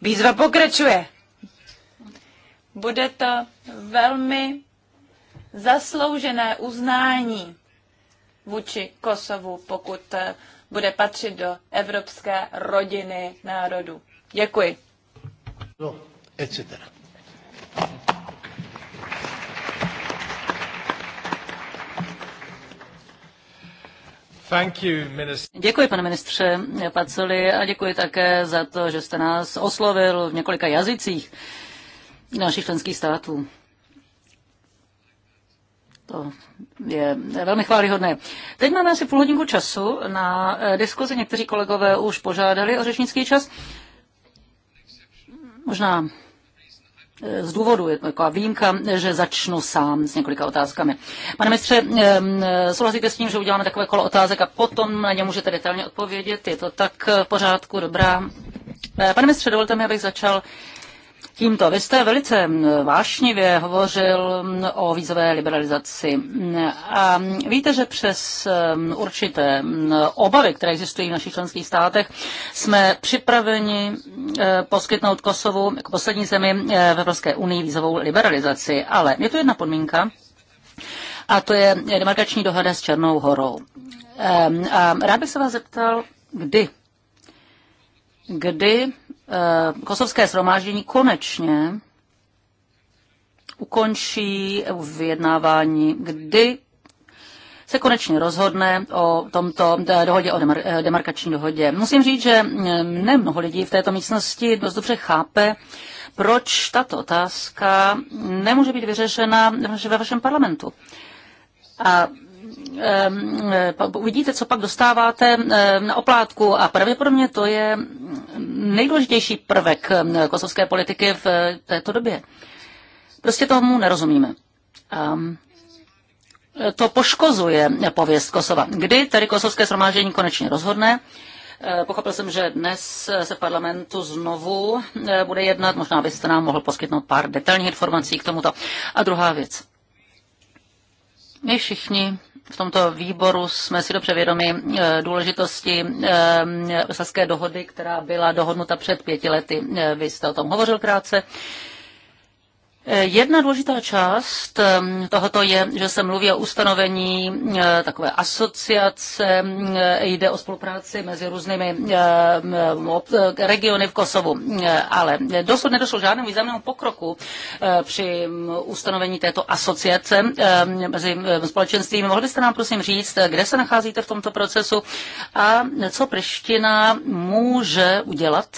výzva pokračuje. Bude to velmi zasloužené uznání vůči Kosovu, pokud eh, bude patřit do evropské rodiny národů. Děkuji. No, etc. děkuji, pane ministře Pacoli, a děkuji také za to, že jste nás oslovil v několika jazycích našich členských států. To je velmi chválihodné. Teď máme asi půl hodinku času na eh, diskuzi. Někteří kolegové už požádali o řečnický čas. Možná Eh, z důvodu, je to jako výjimka, eh, že začnu sám s několika otázkami. Pane mistře, eh, souhlasíte s tím, že uděláme takové kolo otázek a potom na ně můžete detailně odpovědět? Je to tak v pořádku, dobrá? Pane mistře, dovolte mi, abych začal tímto. Vy jste velice vášnivě hovořil o vízové liberalizaci. A víte, že přes určité obavy, které existují v našich členských státech, jsme připraveni poskytnout Kosovu jako poslední zemi e, v Evropské unii vízovou liberalizaci. Ale je tu jedna podmínka, a to je demarkační dohoda s Černou horou. A rád bych se vás zeptal, kdy? Kdy Eh, kosovské shromáždění konečně ukončí vyjednávání, kdy se konečně rozhodne o tomto eh, dohodě, o demar- eh, demarkační dohodě. Musím říct, že mm, nemnoho lidí v této místnosti dost dobře chápe, proč tato otázka nemůže být vyřešena ve vašem parlamentu. A Ehm, ehm, uvidíte, co pak dostáváte ehm, na oplátku a pravděpodobně to je nejdůležitější prvek kosovské politiky v eh, této době. Prostě tomu nerozumíme. A to poškozuje pověst Kosova. Kdy tedy kosovské shromáždění konečně rozhodne? Eh, pochopil jsem, že dnes eh, se v parlamentu znovu bude jednat. Možná byste nám mohl poskytnout pár detailních informací k tomuto. A druhá věc. My všichni v tomto výboru jsme si dobře vědomi eh, důležitosti eh, saské dohody, která byla dohodnuta před pěti lety. Eh, vy jste o tom hovořil krátce. Jedna důležitá část ehm, tohoto je, že se mluví o ustanovení eh, takové asociace, eh, jde o spolupráci mezi různými ehm, eh, regiony v Kosovu, ale dosud nedošlo žádnému významnému pokroku při mm, ustanovení této asociace ehm, mezi společenstvími. Mohli byste nám prosím říct, kde se nacházíte v tomto procesu a co Priština může udělat,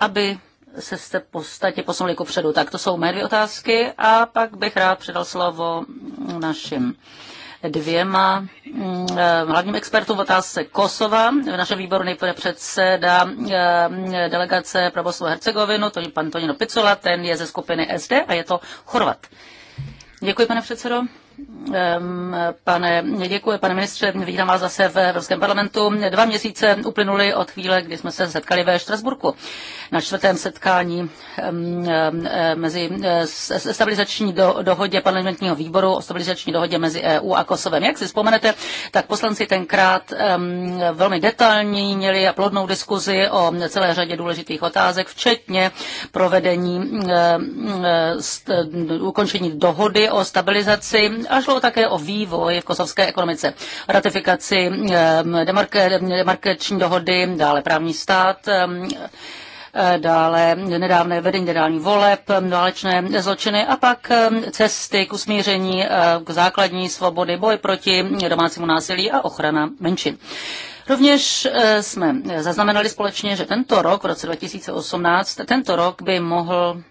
aby se jste podstatě posunuli ku předu. Tak to jsou mé dvě otázky a pak bych rád předal slovo našim dvěma mm, eh, hlavním expertům v otázce Kosova. V našem výboru nejprve předseda eh, delegace pro Bosnu a Hercegovinu, to je pan Tonino Picola, ten je ze skupiny SD a je to Chorvat. Děkuji, pane předsedo pane, děkuji, pane ministře, vítám vás zase v Evropském parlamentu. Dva měsíce uplynuly od chvíle, kdy jsme se setkali ve Štrasburku na čtvrtém setkání mezi stabilizační dohodě parlamentního výboru o stabilizační dohodě mezi EU a Kosovem. Jak si vzpomenete, tak poslanci tenkrát velmi detailní měli a plodnou diskuzi o celé řadě důležitých otázek, včetně provedení ukončení dohody o stabilizaci a šlo také o vývoj v kosovské ekonomice. Ratifikaci demarkační dohody, dále právní stát, e, dále nedávné vedení nedávných voleb, válečné zločiny a pak cesty k usmíření, e, k základní svobody, boj proti domácímu násilí a ochrana menšin. Rovněž e, jsme zaznamenali společně, že tento rok, v roce 2018, tento rok by mohl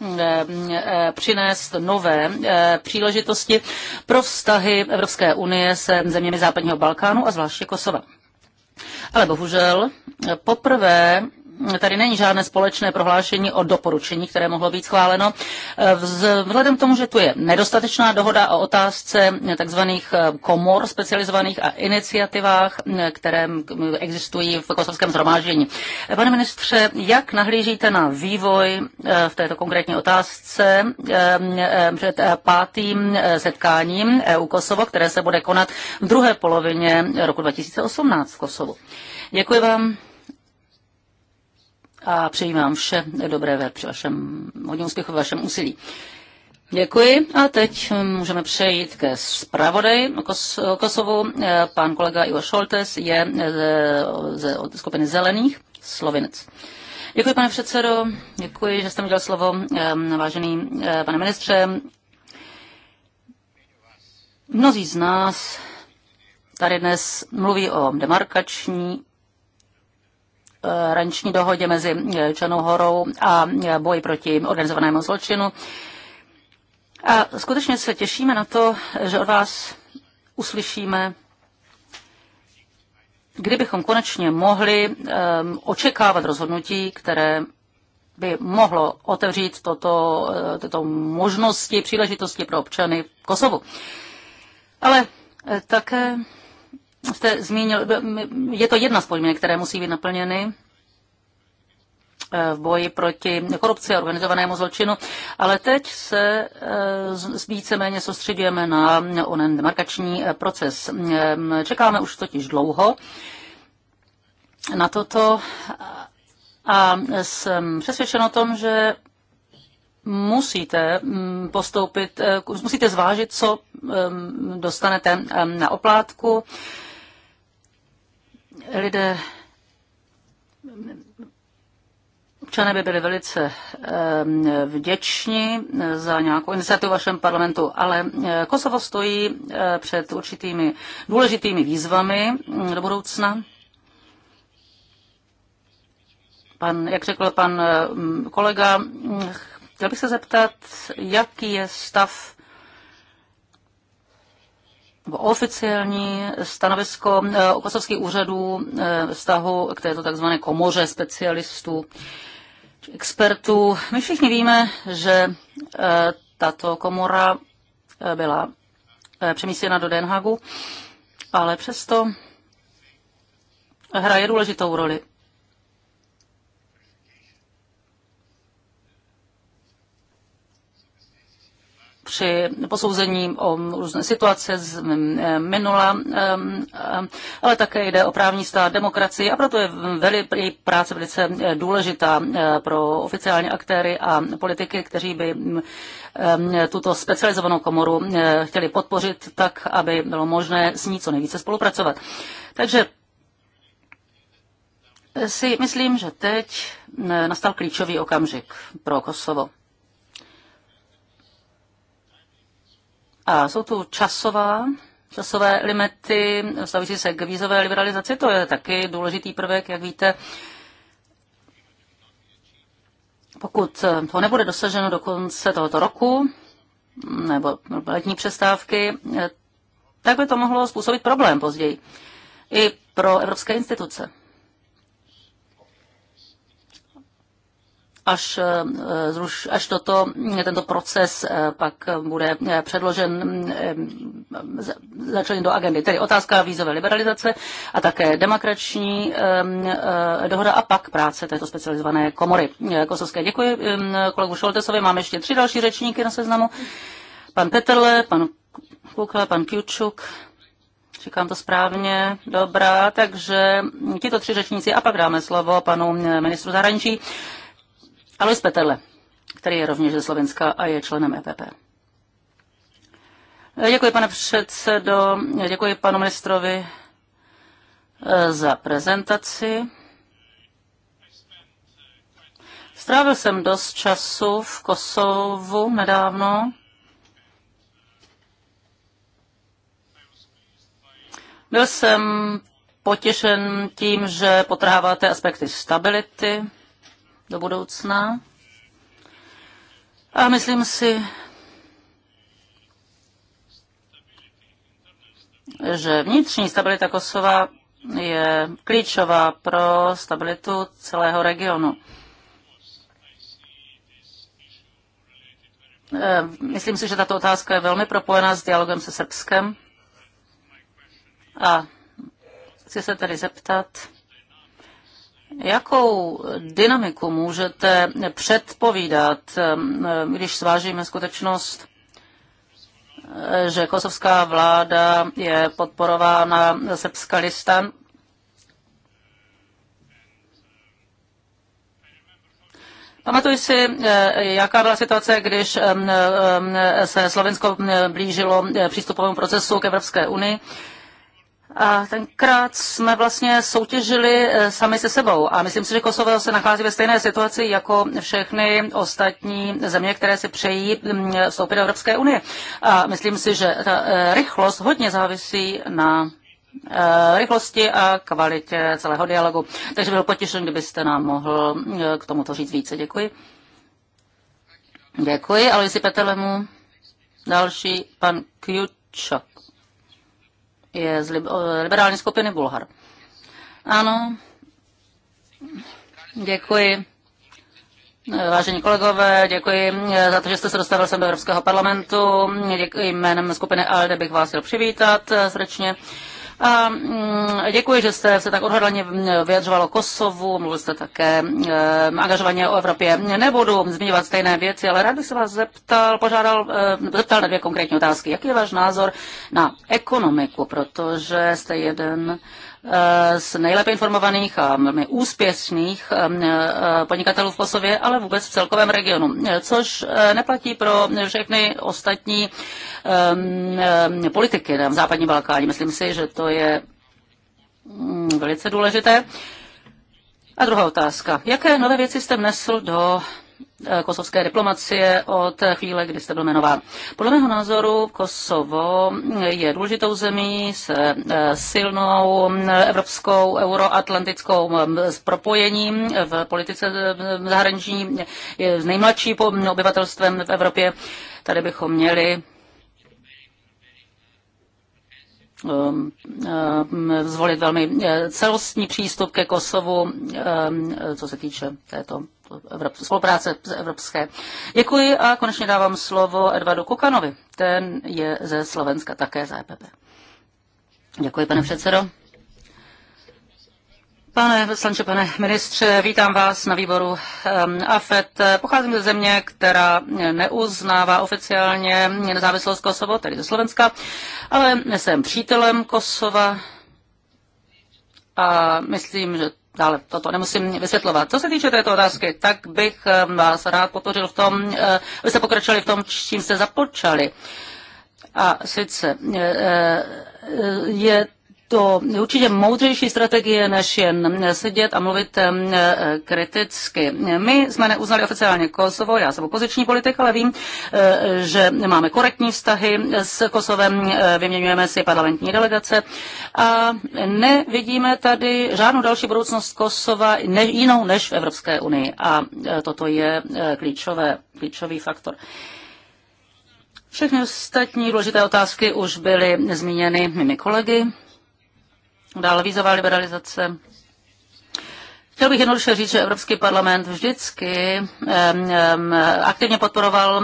Eh, přinést nové eh, příležitosti pro vztahy Evropské unie se zeměmi západního Balkánu a zvláště Kosova. Ale bohužel eh, poprvé tady není žádné společné prohlášení o doporučení, které mohlo být schváleno. Eh, vzhledem k tomu, že tu je nedostatečná dohoda o otázce tzv. Eh, komor specializovaných a iniciativách, eh, které existují v kosovském zhromáždění. Pane ministře, jak nahlížíte na vývoj v této konkrétní otázce před pátým setkáním EU Kosovo, které se bude konat v druhé polovině roku 2018 v Kosovu? Děkuji vám a přeji vám vše dobré ve při vašem, hodně úspěchu ve vašem úsilí. Děkuji a teď můžeme přejít ke zpravodaji Kos- Kosovu. Pán kolega Ivo Šoltes je ze, od skupiny Zelených, Slovinec. Děkuji, pane předsedo, děkuji, že jste mi dal slovo, ehm, vážený eh, pane ministře. Mnozí z nás tady dnes mluví o demarkační Eh, ranční dohodě mezi eh, Černou horou a eh, boji proti organizovanému zločinu. A skutečně se těšíme na to, že od vás uslyšíme, kdybychom konečně mohli um, očekávat rozhodnutí, které by mohlo otevřít toto, tyto možnosti, příležitosti pro občany v Kosovu. Ale také jste zmínil, je to jedna z podmínek, které musí být naplněny eh, v boji proti korupci a organizovanému zločinu, ale teď se eh, víceméně soustředujeme na onen demarkační eh, proces. Čekáme už totiž dlouho na toto a jsem přesvědčen o tom, že musíte mm, postoupit, musíte zvážit, co dostanete na oplátku lidé Občané by byli velice vděční za nějakou iniciativu v vašem parlamentu, ale eh, Kosovo stojí eh, před určitými důležitými výzvami mm, do budoucna. Pan, jak řekl pan eh, kolega, mm, chtěl bych se zeptat, jaký je stav oficiální stanovisko eh, kosovských úřadů eh, vztahu k této takzvané komoře specialistů či expertů. My všichni víme, že eh, tato komora byla přemístěna do Denhagu, ale přesto hraje důležitou roli při posouzení o různé situace z minula, ale také jde o právní stát, demokracii a proto je veli, její práce velice e, důležitá e, pro oficiální aktéry a politiky, kteří by tuto specializovanou komoru e, chtěli podpořit tak, aby bylo možné s ní co nejvíce spolupracovat. Takže si myslím, že teď nastal klíčový okamžik pro Kosovo. A jsou tu časová, časové limity, stavící se k vízové liberalizaci, to je taky důležitý prvek, jak víte. Pokud to nebude dosaženo do konce tohoto roku, nebo letní přestávky, tak by to mohlo způsobit problém později i pro evropské instituce. až, eh, až toto, eh, tento proces eh, pak bude předložen, začlen do agendy. Tedy otázka vízové liberalizace a také demokrační dohoda a pak práce této specializované komory. Kosovské děkuji kolegu Šoltesovi. Máme ještě tři další řečníky na seznamu. Pan Petrle, pan Kukle, pan Kjučuk, Říkám to správně, dobrá, takže tito tři řečníci a pak dáme slovo panu ministru zahraničí. Alois Peterle, který je rovněž ze Slovenska a je členem EPP. Děkuji, pane předsedo, děkuji panu ministrovi eh, za prezentaci. Strávil jsem dost času v Kosovu nedávno. Byl jsem potěšen tím, že potrháváte aspekty stability do budoucna. A myslím si, že vnitřní stabilita Kosova je klíčová pro stabilitu celého regionu. Eh, myslím si, že tato otázka je velmi propojená s dialogem se Srbskem. A chci se tedy zeptat, Jakou dynamiku můžete předpovídat, když svážíme skutečnost, eh, že kosovská vláda je podporována Srbskalistan? Pamatuji si, eh, jaká byla situace, když se Slovensko blížilo eh, přístupovému procesu k Evropské unii. A tenkrát jsme vlastně soutěžili eh, sami se sebou a myslím si, že Kosovo se nachází ve stejné situaci jako všechny ostatní země, které si přejí mm, vstoupit do Evropské unie. A myslím si, že ta eh, rychlost hodně závisí na eh, rychlosti a kvalitě celého dialogu. Takže byl potěšen, kdybyste nám mohl k tomuto říct více. Děkuji. Děkuji Aloisi Petelemu. Další pan Kjučok je z liberální skupiny Bulhar. Ano, děkuji. Vážení kolegové, děkuji za to, že jste se dostavil sem do Evropského parlamentu. Děkuji jménem skupiny ALDE bych vás chtěl přivítat srdečně. A mm, děkuji, že jste se tak odhodlaně vyjadřovalo Kosovu, mluvil jste také eh, angažovaně o Evropě. Nebudu zmiňovat stejné věci, ale rád bych se vás zeptal, požádal, eh, zeptal na dvě konkrétní otázky. Jaký je váš názor na ekonomiku, protože jste jeden Eh, z nejlépe informovaných a velmi úspěšných eh, podnikatelů v Kosově, ale vůbec v celkovém regionu, což eh, neplatí pro všechny ostatní politiky v západní Balkáni. Myslím si, že to je mm, velice důležité. A druhá otázka. Jaké nové věci jste vnesl do Eh, kosovské diplomacie od chvíle, kdy jste byl jmenován. Podle mého názoru Kosovo je důležitou zemí s eh, silnou eh, evropskou, euroatlantickou mm, propojením v politice zahraniční, je s nejmladší mm, obyvatelstvem v Evropě. Tady bychom měli Um, um, zvolit velmi eh, celostní přístup ke Kosovu, um, co se týče této spolupráce evropské. Děkuji a konečně dávám slovo Edvardu Kukanovi. Ten je ze Slovenska také za EPP. Děkuji, pane předsedo. Pane poslanče, pane ministře, vítám vás na výboru ehm, AFET. Pocházím ze země, která neuznává oficiálně nezávislost Kosovo, tedy ze Slovenska, ale jsem přítelem Kosova a myslím, že dále toto nemusím vysvětlovat. Co se týče této otázky, tak bych ehm, vás rád podpořil v tom, eh, se pokračovali v tom, čím jste započali. A sice eh, eh, je to určitě moudřejší strategie, než jen sedět a mluvit e, kriticky. My jsme neuznali oficiálně Kosovo, já jsem opoziční politik, ale vím, e, že máme korektní vztahy s Kosovem, e, vyměňujeme si parlamentní delegace a nevidíme tady žádnou další budoucnost Kosova ne, jinou než v Evropské unii a toto je klíčové, klíčový faktor. Všechny ostatní důležité otázky už byly zmíněny mými kolegy. Dále vízová liberalizace. Chtěl bych jednoduše říct, že Evropský parlament vždycky aktivně podporoval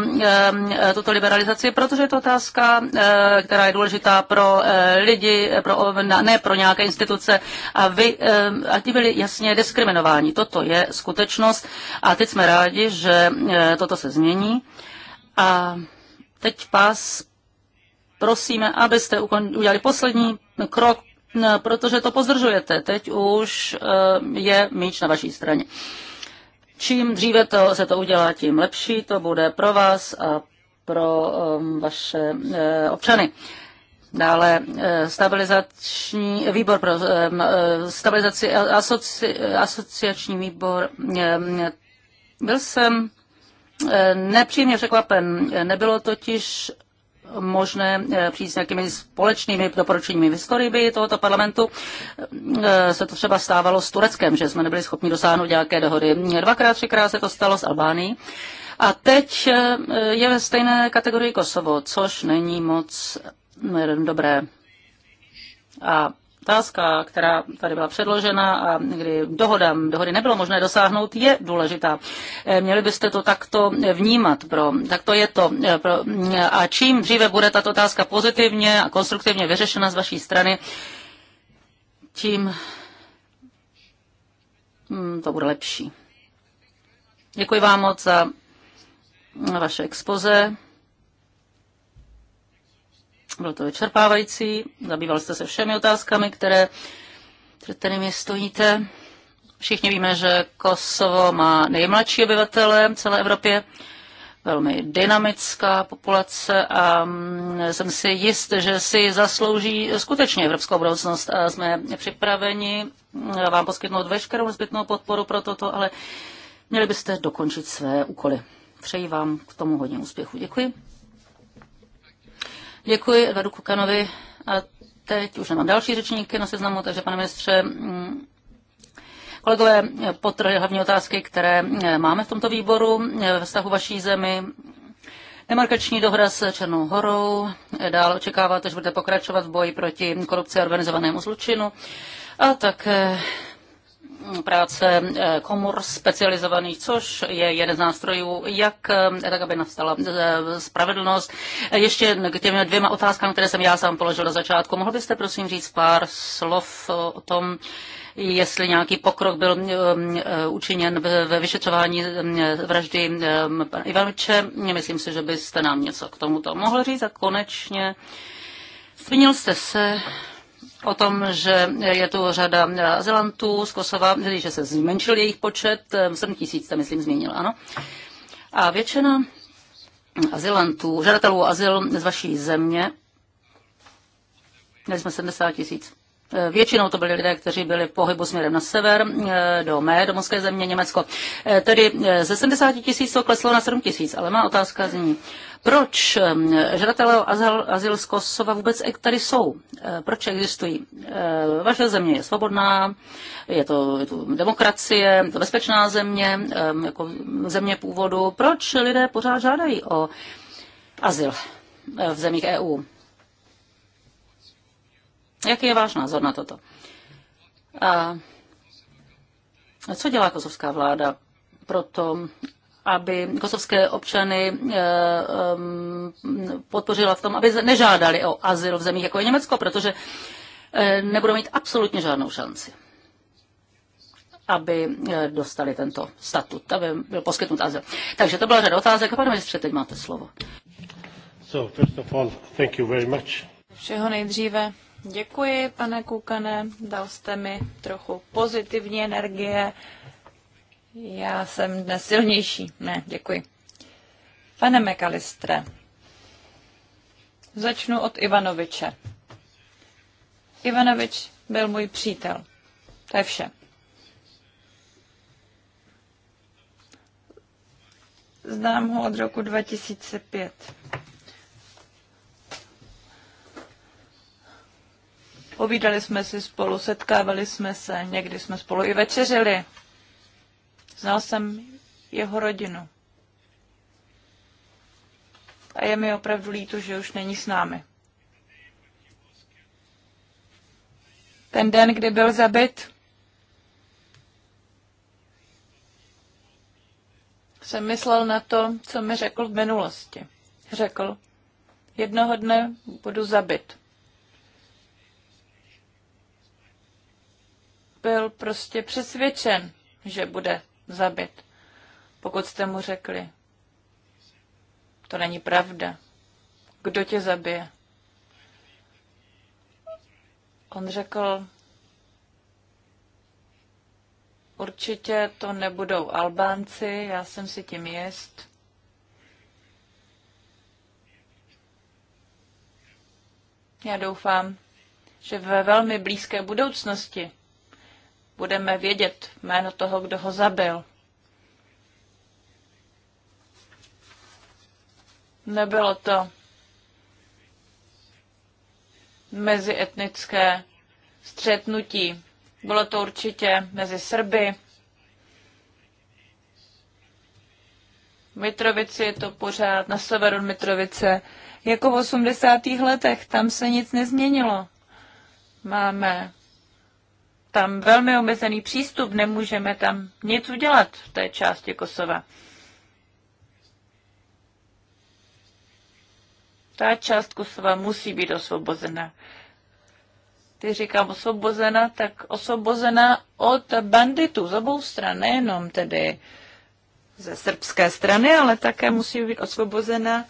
tuto liberalizaci, protože je to otázka, eh, která je důležitá pro eh, lidi, pro, ne pro nějaké instituce. A vy, a ti byli jasně diskriminováni. Toto je skutečnost a teď jsme rádi, že eh, toto se změní. A teď vás prosíme, abyste udělali poslední krok No, protože to pozdržujete. Teď už eh, je míč na vaší straně. Čím dříve to, se to udělá, tím lepší to bude pro vás a pro ehm, vaše eh, občany. Dále eh, stabilizační výbor pro ehm, stabilizaci asoci, asociační výbor. Ehm, byl jsem nepříjemně překvapen. Nebylo totiž možné eh, přijít s nějakými společnými doporučeními. V historii by tohoto parlamentu eh, se to třeba stávalo s Tureckem, že jsme nebyli schopni dosáhnout nějaké dohody. Dvakrát, třikrát se to stalo s Albánií. A teď eh, je ve stejné kategorii Kosovo, což není moc no, dobré. A otázka, která tady byla předložena a kdy dohodám, dohody nebylo možné dosáhnout, je důležitá. Eh, měli byste to takto vnímat, pro, tak to je to. Eh, pro, a čím dříve bude tato otázka pozitivně a konstruktivně vyřešena z vaší strany, tím hm, to bude lepší. Děkuji vám moc za vaše expoze. Bylo to vyčerpávající, zabýval jste se všemi otázkami, které před kterými stojíte. Všichni víme, že Kosovo má nejmladší obyvatele v celé Evropě, velmi dynamická populace a mm, jsem si jist, že si zaslouží skutečně evropskou budoucnost a jsme připraveni mm, vám poskytnout veškerou zbytnou podporu pro toto, ale měli byste dokončit své úkoly. Přeji vám k tomu hodně úspěchu. Děkuji. Děkuji Edvardu Kukanovi a teď už nemám další řečníky na seznamu, takže pane ministře, mm, kolegové potrhli hlavní otázky, které eh, máme v tomto výboru eh, ve vztahu vaší zemi. Demarkační dohra s Černou horou. Eh, dál očekáváte, že budete pokračovat v boji proti korupci a organizovanému zločinu. A tak. Mm, práce eh, komor specializovaných, což je jeden z nástrojů, jak eh, tak, aby nastala eh, spravedlnost. Ještě k těm dvěma otázkám, které jsem já sám položil na začátku. Mohl byste prosím říct pár slov o tom, jestli nějaký pokrok byl učiněn ve vyšetřování vraždy pana Ivanče. Myslím si, že byste nám něco k tomuto mohl říct. A konečně zmínil jste se o tom, že je tu řada azylantů z Kosova, tedy že se zmenšil jejich počet, 7 eh, tisíc, tam myslím změnil, ano. A většina azylantů, žadatelů azyl z vaší země, měli jsme 70 tisíc. Eh, většinou to byli lidé, kteří byli v pohybu směrem na sever, eh, do mé domovské země Německo. Tedy ze 70 tisíc to kleslo na 7 tisíc, ale má otázka zní. Proč ehm, žadatelé o azyl, azyl z Kosova vůbec tady jsou? Eh, proč existují? Eh, vaše země je svobodná, je to, je to demokracie, je to bezpečná země, ehm, jako země původu. Proč lidé pořád žádají o azyl eh, v zemích EU? Jaký je váš názor na toto? A co dělá kosovská vláda pro to, aby kosovské občany eh, eh, podpořila v tom, aby nežádali o azyl v zemích jako je Německo, protože eh, nebudou mít absolutně žádnou šanci aby dostali tento statut, aby byl poskytnut azyl. Takže to byla řada otázek pane ministře, teď máte slovo. So, first of all, thank you very much. Všeho nejdříve děkuji, pane Kukane, dal jste mi trochu pozitivní energie já jsem dnes silnější. Ne, děkuji. Pane Mekalistre, začnu od Ivanoviče. Ivanovič byl můj přítel. To je vše. Znám ho od roku 2005. Povídali jsme si spolu, setkávali jsme se, někdy jsme spolu i večeřili. Znal jsem jeho rodinu. A je mi opravdu líto, že už není s námi. Ten den, kdy byl zabit, jsem myslel na to, co mi řekl v minulosti. Řekl, jednoho dne budu zabit. Byl prostě přesvědčen, že bude zabit. Pokud jste mu řekli, to není pravda. Kdo tě zabije? On řekl, určitě to nebudou Albánci, já jsem si tím jist. Já doufám, že ve velmi blízké budoucnosti budeme vědět jméno toho, kdo ho zabil. Nebylo to mezietnické střetnutí. Bylo to určitě mezi Srby. Mitrovici je to pořád na severu Mitrovice. Jako v 80. letech, tam se nic nezměnilo. Máme tam velmi omezený přístup, nemůžeme tam nic udělat v té části Kosova. Ta část Kosova musí být osvobozena. Ty říkám osvobozena, tak osvobozena od banditů z obou stran, nejenom tedy ze srbské strany, ale také musí být osvobozena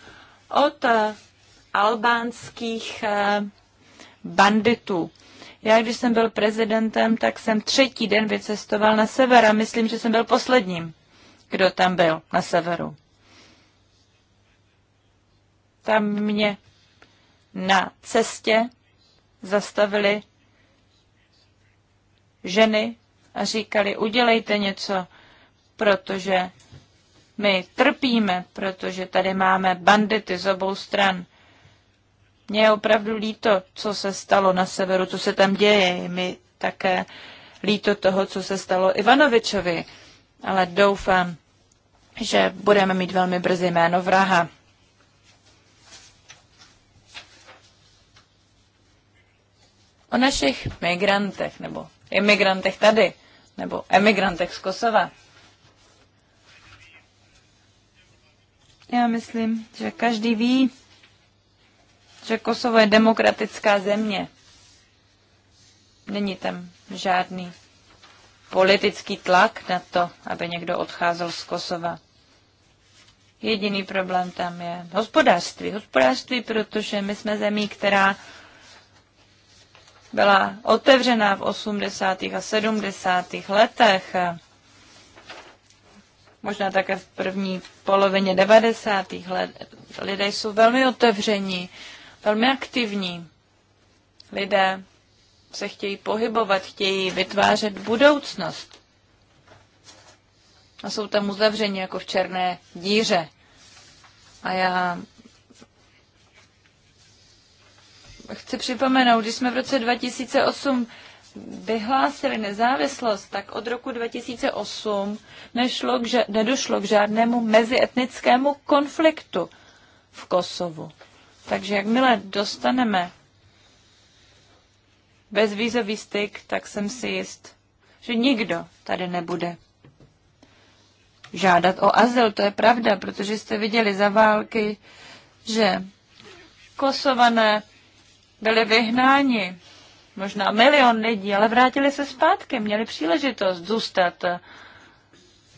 od eh, albánských eh, banditů. Já, když jsem byl prezidentem, tak jsem třetí den vycestoval na sever a myslím, že jsem byl posledním, kdo tam byl na severu. Tam mě na cestě zastavili ženy a říkali, udělejte něco, protože my trpíme, protože tady máme bandity z obou stran. Mně je opravdu líto, co se stalo na severu, co se tam děje. Mi také líto toho, co se stalo Ivanovičovi, ale doufám, že budeme mít velmi brzy jméno vraha. O našich migrantech, nebo imigrantech tady, nebo emigrantech z Kosova. Já myslím, že každý ví, že Kosovo je demokratická země. Není tam žádný politický tlak na to, aby někdo odcházel z Kosova. Jediný problém tam je hospodářství. Hospodářství, protože my jsme zemí, která byla otevřená v 80. a 70. letech, možná také v první polovině 90. let. Lidé jsou velmi otevření velmi aktivní. Lidé se chtějí pohybovat, chtějí vytvářet budoucnost. A jsou tam uzavřeni jako v černé díře. A já chci připomenout, když jsme v roce 2008 vyhlásili nezávislost, tak od roku 2008 nešlo k, nedošlo k žádnému mezietnickému konfliktu v Kosovu. Takže jakmile dostaneme bezvízový styk, tak jsem si jist, že nikdo tady nebude žádat o azyl. To je pravda, protože jste viděli za války, že Kosované byli vyhnáni, možná milion lidí, ale vrátili se zpátky, měli příležitost zůstat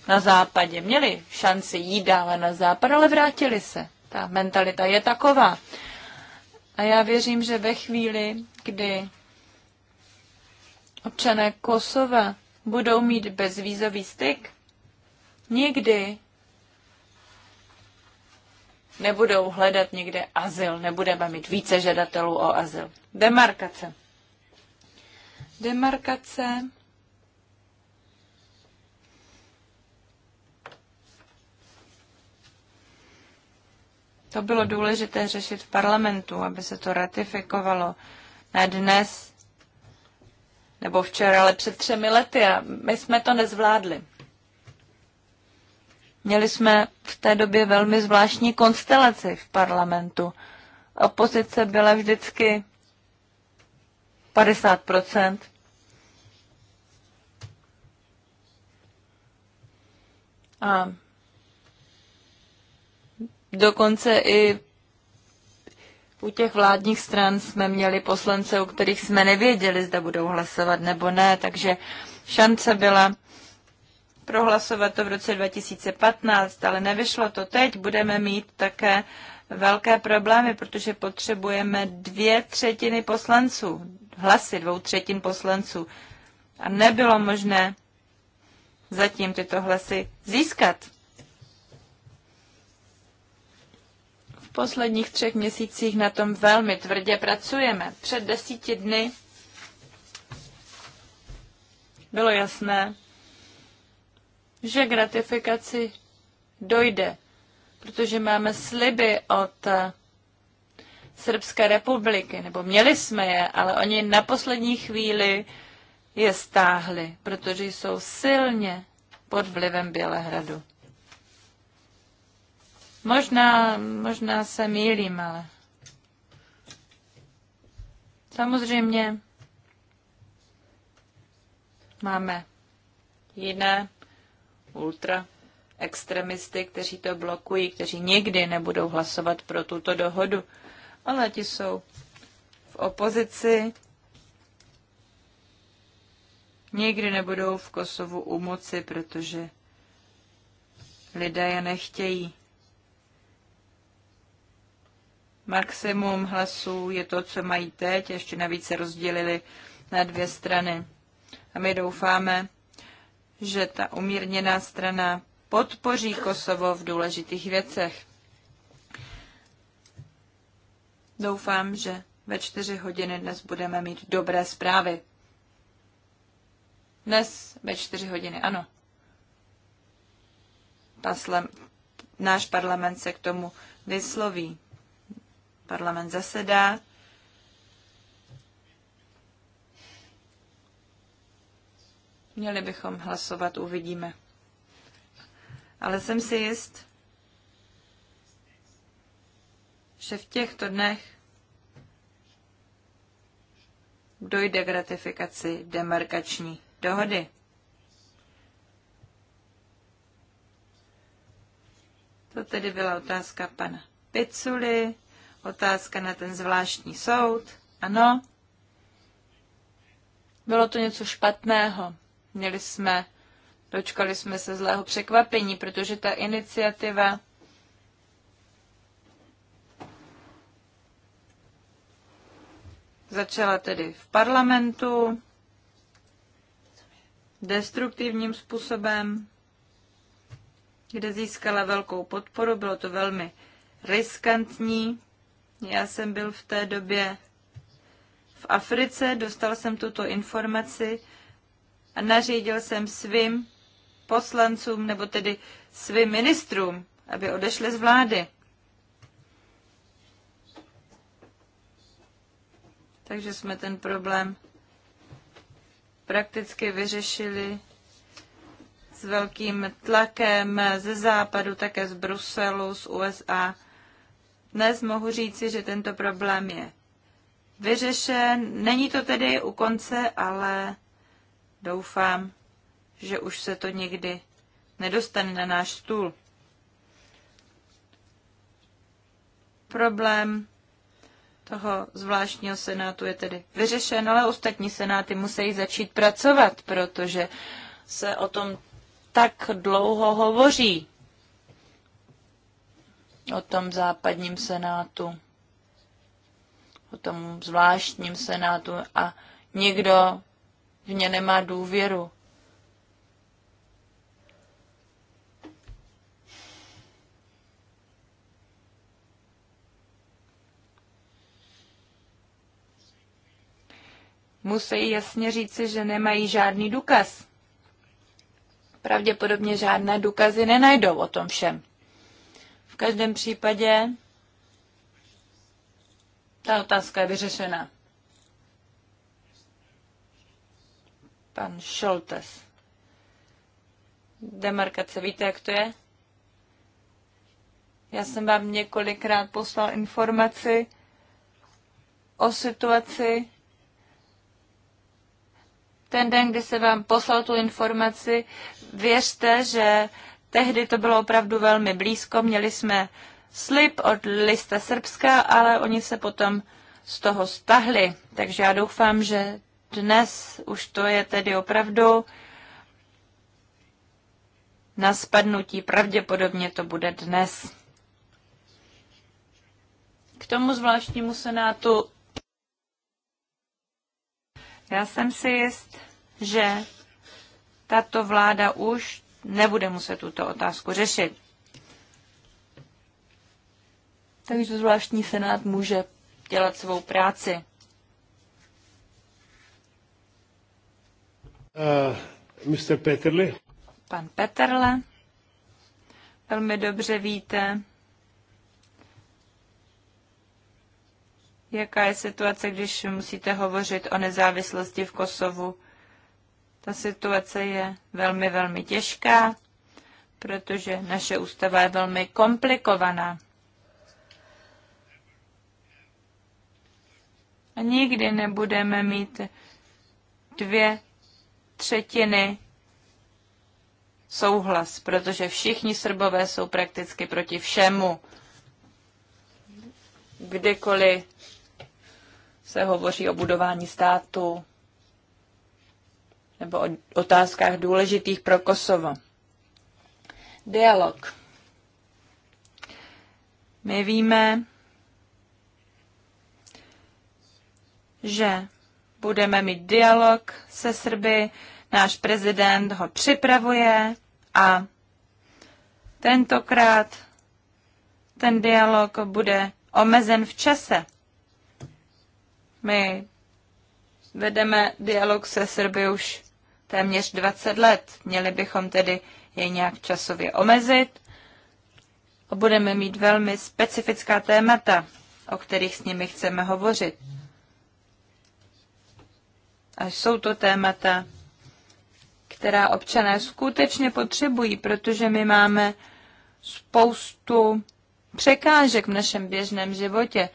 na západě, měli šanci jít dále na západ, ale vrátili se. Ta mentalita je taková. A já věřím, že ve chvíli, kdy občané Kosova budou mít bezvízový styk, nikdy nebudou hledat někde azyl, nebudeme mít více žadatelů o azyl. Demarkace. Demarkace To bylo důležité řešit v parlamentu, aby se to ratifikovalo. Ne dnes, nebo včera, ale před třemi lety a my jsme to nezvládli. Měli jsme v té době velmi zvláštní konstelaci v parlamentu. Opozice byla vždycky 50 A dokonce i u těch vládních stran jsme měli poslance, u kterých jsme nevěděli, zda budou hlasovat nebo ne, takže šance byla prohlasovat to v roce 2015, ale nevyšlo to teď. Budeme mít také velké problémy, protože potřebujeme dvě třetiny poslanců, hlasy dvou třetin poslanců. A nebylo možné zatím tyto hlasy získat. posledních třech měsících na tom velmi tvrdě pracujeme. Před desíti dny bylo jasné, že k ratifikaci dojde, protože máme sliby od Srbské republiky, nebo měli jsme je, ale oni na poslední chvíli je stáhli, protože jsou silně pod vlivem Bělehradu. Možná, možná se mýlím, ale samozřejmě máme jiné ultra extremisty, kteří to blokují, kteří nikdy nebudou hlasovat pro tuto dohodu, ale ti jsou v opozici, nikdy nebudou v Kosovu u moci, protože lidé je nechtějí. Maximum hlasů je to, co mají teď, ještě navíc se rozdělili na dvě strany. A my doufáme, že ta umírněná strana podpoří Kosovo v důležitých věcech. Doufám, že ve čtyři hodiny dnes budeme mít dobré zprávy. Dnes ve čtyři hodiny, ano. Paslem, náš parlament se k tomu vysloví parlament zasedá. Měli bychom hlasovat, uvidíme. Ale jsem si jist, že v těchto dnech dojde k ratifikaci demarkační dohody. To tedy byla otázka pana Piculi. Otázka na ten zvláštní soud. Ano. Bylo to něco špatného. Měli jsme, dočkali jsme se zlého překvapení, protože ta iniciativa začala tedy v parlamentu destruktivním způsobem, kde získala velkou podporu, bylo to velmi riskantní. Já jsem byl v té době v Africe, dostal jsem tuto informaci a nařídil jsem svým poslancům, nebo tedy svým ministrům, aby odešli z vlády. Takže jsme ten problém prakticky vyřešili s velkým tlakem ze západu, také z Bruselu, z USA dnes mohu říci, že tento problém je vyřešen. Není to tedy u konce, ale doufám, že už se to někdy nedostane na náš stůl. Problém toho zvláštního senátu je tedy vyřešen, ale ostatní senáty musí začít pracovat, protože se o tom tak dlouho hovoří o tom západním senátu, o tom zvláštním senátu a nikdo v ně nemá důvěru. Musí jasně říci, že nemají žádný důkaz. Pravděpodobně žádné důkazy nenajdou o tom všem. V každém případě ta otázka je vyřešena. Pan Šoltes. Demarkace, víte, jak to je? Já jsem vám několikrát poslal informaci o situaci. Ten den, kdy jsem vám poslal tu informaci, věřte, že Tehdy to bylo opravdu velmi blízko, měli jsme slib od lista Srbska, ale oni se potom z toho stahli. Takže já doufám, že dnes už to je tedy opravdu na spadnutí. Pravděpodobně to bude dnes. K tomu zvláštnímu senátu já jsem si jist, že tato vláda už nebude muset tuto otázku řešit. Takže zvláštní senát může dělat svou práci. Uh, Mr. Peterle. Pan Peterle. Velmi dobře víte, jaká je situace, když musíte hovořit o nezávislosti v Kosovu ta situace je velmi, velmi těžká, protože naše ústava je velmi komplikovaná. A nikdy nebudeme mít dvě třetiny souhlas, protože všichni Srbové jsou prakticky proti všemu. Kdykoliv se hovoří o budování státu, nebo o otázkách důležitých pro Kosovo. Dialog. My víme, že budeme mít dialog se Srby, náš prezident ho připravuje a tentokrát ten dialog bude omezen v čase. My vedeme dialog se Srby už téměř 20 let. Měli bychom tedy je nějak časově omezit a budeme mít velmi specifická témata, o kterých s nimi chceme hovořit. A jsou to témata, která občané skutečně potřebují, protože my máme spoustu překážek v našem běžném životě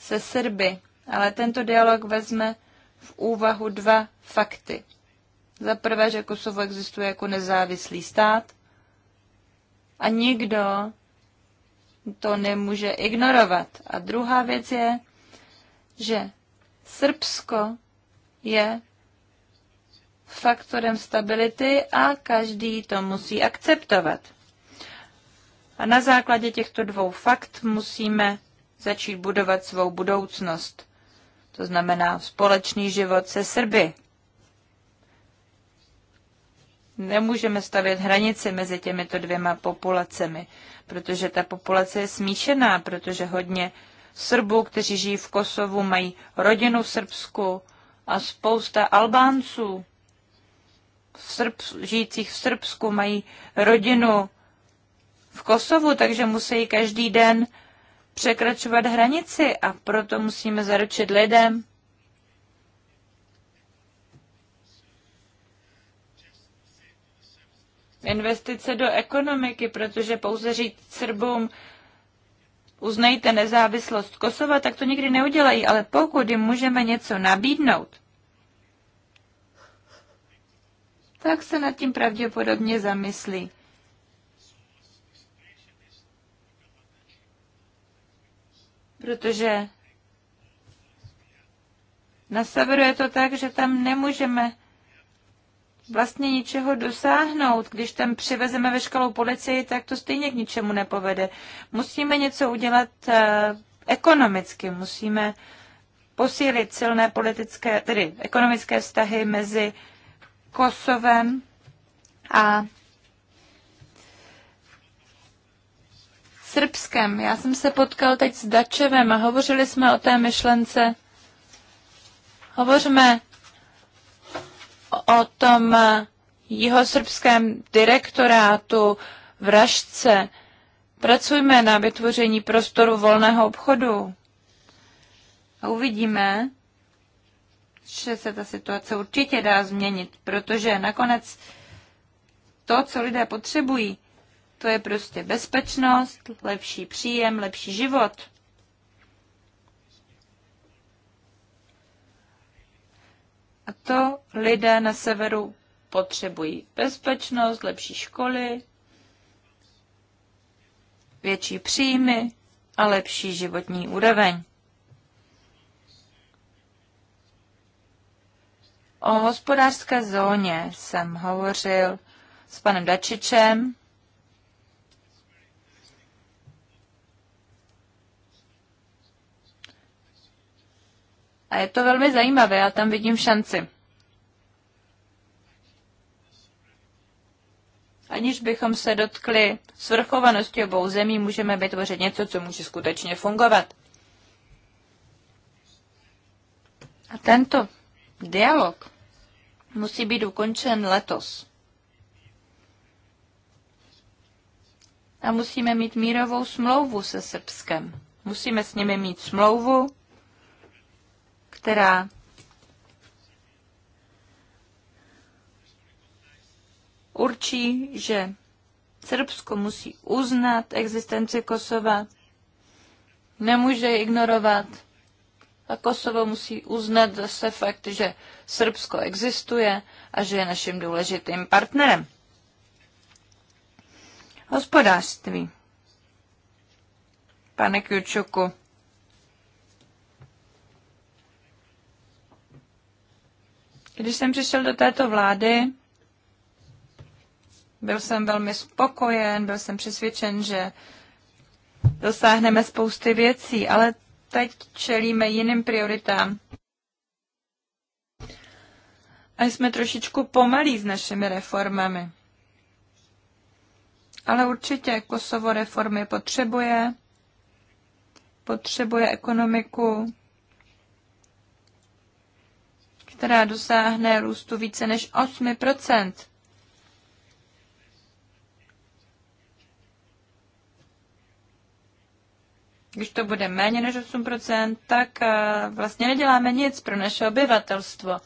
se Srby, ale tento dialog vezme v úvahu dva fakty. Za prvé, že Kosovo existuje jako nezávislý stát a nikdo to nemůže ignorovat. A druhá věc je, že Srbsko je faktorem stability a každý to musí akceptovat. A na základě těchto dvou fakt musíme začít budovat svou budoucnost. To znamená společný život se Srby, nemůžeme stavět hranici mezi těmito dvěma populacemi, protože ta populace je smíšená, protože hodně Srbů, kteří žijí v Kosovu, mají rodinu v Srbsku a spousta Albánců v Srbs, žijících v Srbsku mají rodinu v Kosovu, takže musí každý den překračovat hranici a proto musíme zaručit lidem, investice do ekonomiky, protože pouze říct Srbům, uznejte nezávislost Kosova, tak to nikdy neudělají, ale pokud jim můžeme něco nabídnout, tak se nad tím pravděpodobně zamyslí. Protože na severu je to tak, že tam nemůžeme vlastně ničeho dosáhnout. Když tam přivezeme veškerou policii, tak to stejně k ničemu nepovede. Musíme něco udělat eh, ekonomicky, musíme posílit silné politické, tedy ekonomické vztahy mezi Kosovem a Srbskem. Já jsem se potkal teď s Dačevem a hovořili jsme o té myšlence. Hovořme o tom jihosrbském direktorátu v Ražce. Pracujme na vytvoření prostoru volného obchodu. A uvidíme, že se ta situace určitě dá změnit, protože nakonec to, co lidé potřebují, to je prostě bezpečnost, lepší příjem, lepší život. A to lidé na severu potřebují. Bezpečnost, lepší školy, větší příjmy a lepší životní úroveň. O hospodářské zóně jsem hovořil s panem Dačičem, A je to velmi zajímavé, já tam vidím šanci. Aniž bychom se dotkli svrchovanosti obou zemí, můžeme vytvořit něco, co může skutečně fungovat. A tento dialog musí být ukončen letos. A musíme mít mírovou smlouvu se Srbskem. Musíme s nimi mít smlouvu, která určí, že Srbsko musí uznat existenci Kosova, nemůže je ignorovat a Kosovo musí uznat zase fakt, že Srbsko existuje a že je naším důležitým partnerem. Hospodářství. Pane Kjučuku, Když jsem přišel do této vlády, byl jsem velmi spokojen, byl jsem přesvědčen, že dosáhneme spousty věcí, ale teď čelíme jiným prioritám. A jsme trošičku pomalí s našimi reformami. Ale určitě Kosovo reformy potřebuje. Potřebuje ekonomiku, která dosáhne růstu více než 8 Když to bude méně než 8 tak eh, vlastně neděláme nic pro naše obyvatelstvo,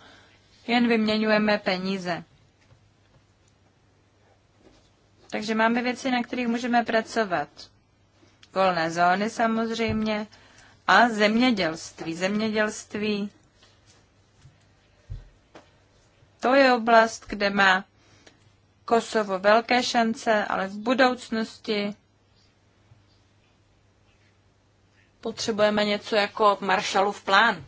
jen vyměňujeme peníze. Takže máme věci, na kterých můžeme pracovat. Volné zóny samozřejmě a zemědělství. Zemědělství to je oblast, kde má Kosovo velké šance, ale v budoucnosti potřebujeme něco jako Marshallův plán.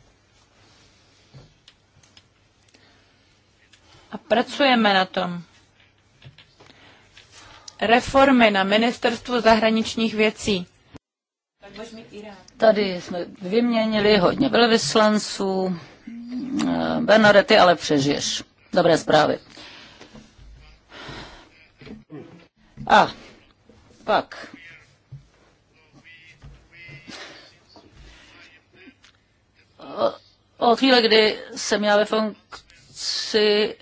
A pracujeme na tom. Reformy na ministerstvu zahraničních věcí. Tady jsme vyměnili hodně velvyslanců. Eh, Benarety, ale přežiješ dobré zprávy. A pak od chvíle, kdy jsem já ve funkci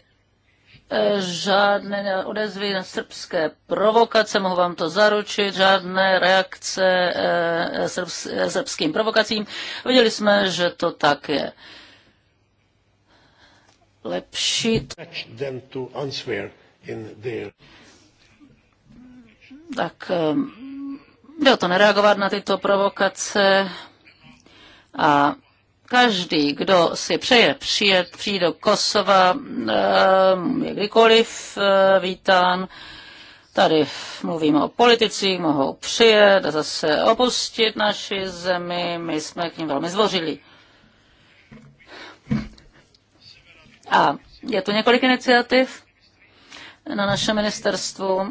eh, žádné odezvy na srbské provokace, mohu vám to zaručit, žádné reakce eh, eh, srbským provokacím. Viděli jsme, že to tak je lepší. Tak ehm, jde o to nereagovat na tyto provokace a každý, kdo si přeje přijet, přijít do Kosova, ehm, je kdykoliv eh, vítán. Tady mluvíme o politicích, mohou přijet a zase opustit naši zemi. My jsme k ním velmi zvořili. A je tu několik iniciativ na našem ministerstvu.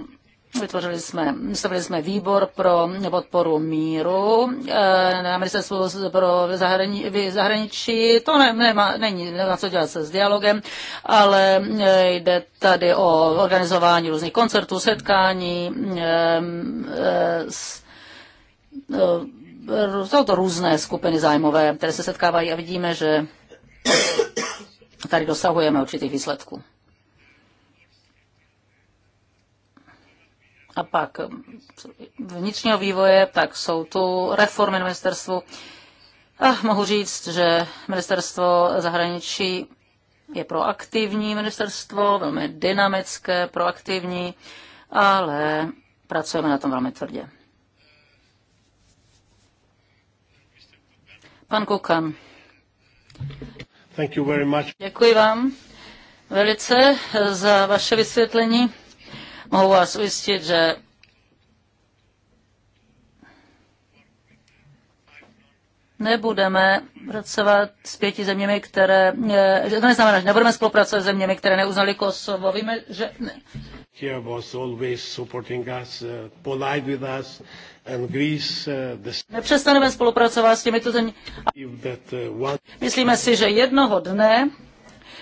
Vytvořili jsme, vystavili jsme výbor pro podporu míru eh, na ministerstvu pro zahrani, zahraničí. To ne, nema, není, na co dělat se s dialogem, ale eh, jde tady o organizování různých koncertů, setkání. Eh, s, jsou to různé skupiny zájmové, které se setkávají a vidíme, že tady dosahujeme určitých výsledků. A pak vnitřního vývoje, tak jsou tu reformy na ministerstvu. A mohu říct, že ministerstvo zahraničí je proaktivní ministerstvo, velmi dynamické, proaktivní, ale pracujeme na tom velmi tvrdě. Pan Kukan. Děkuji vám velice eh, za vaše vysvětlení. Mohu vás ujistit, že nebudeme pracovat s pěti zeměmi, které, eh, to neznamená, že nebudeme spolupracovat s zeměmi, které neuznali Kosovo. Víme, že... Ne. Here was always supporting us, uh, polite with us, and Greece, uh, the... Nepřestaneme spolupracovat s těmito zeměmi. Myslíme si, že jednoho dne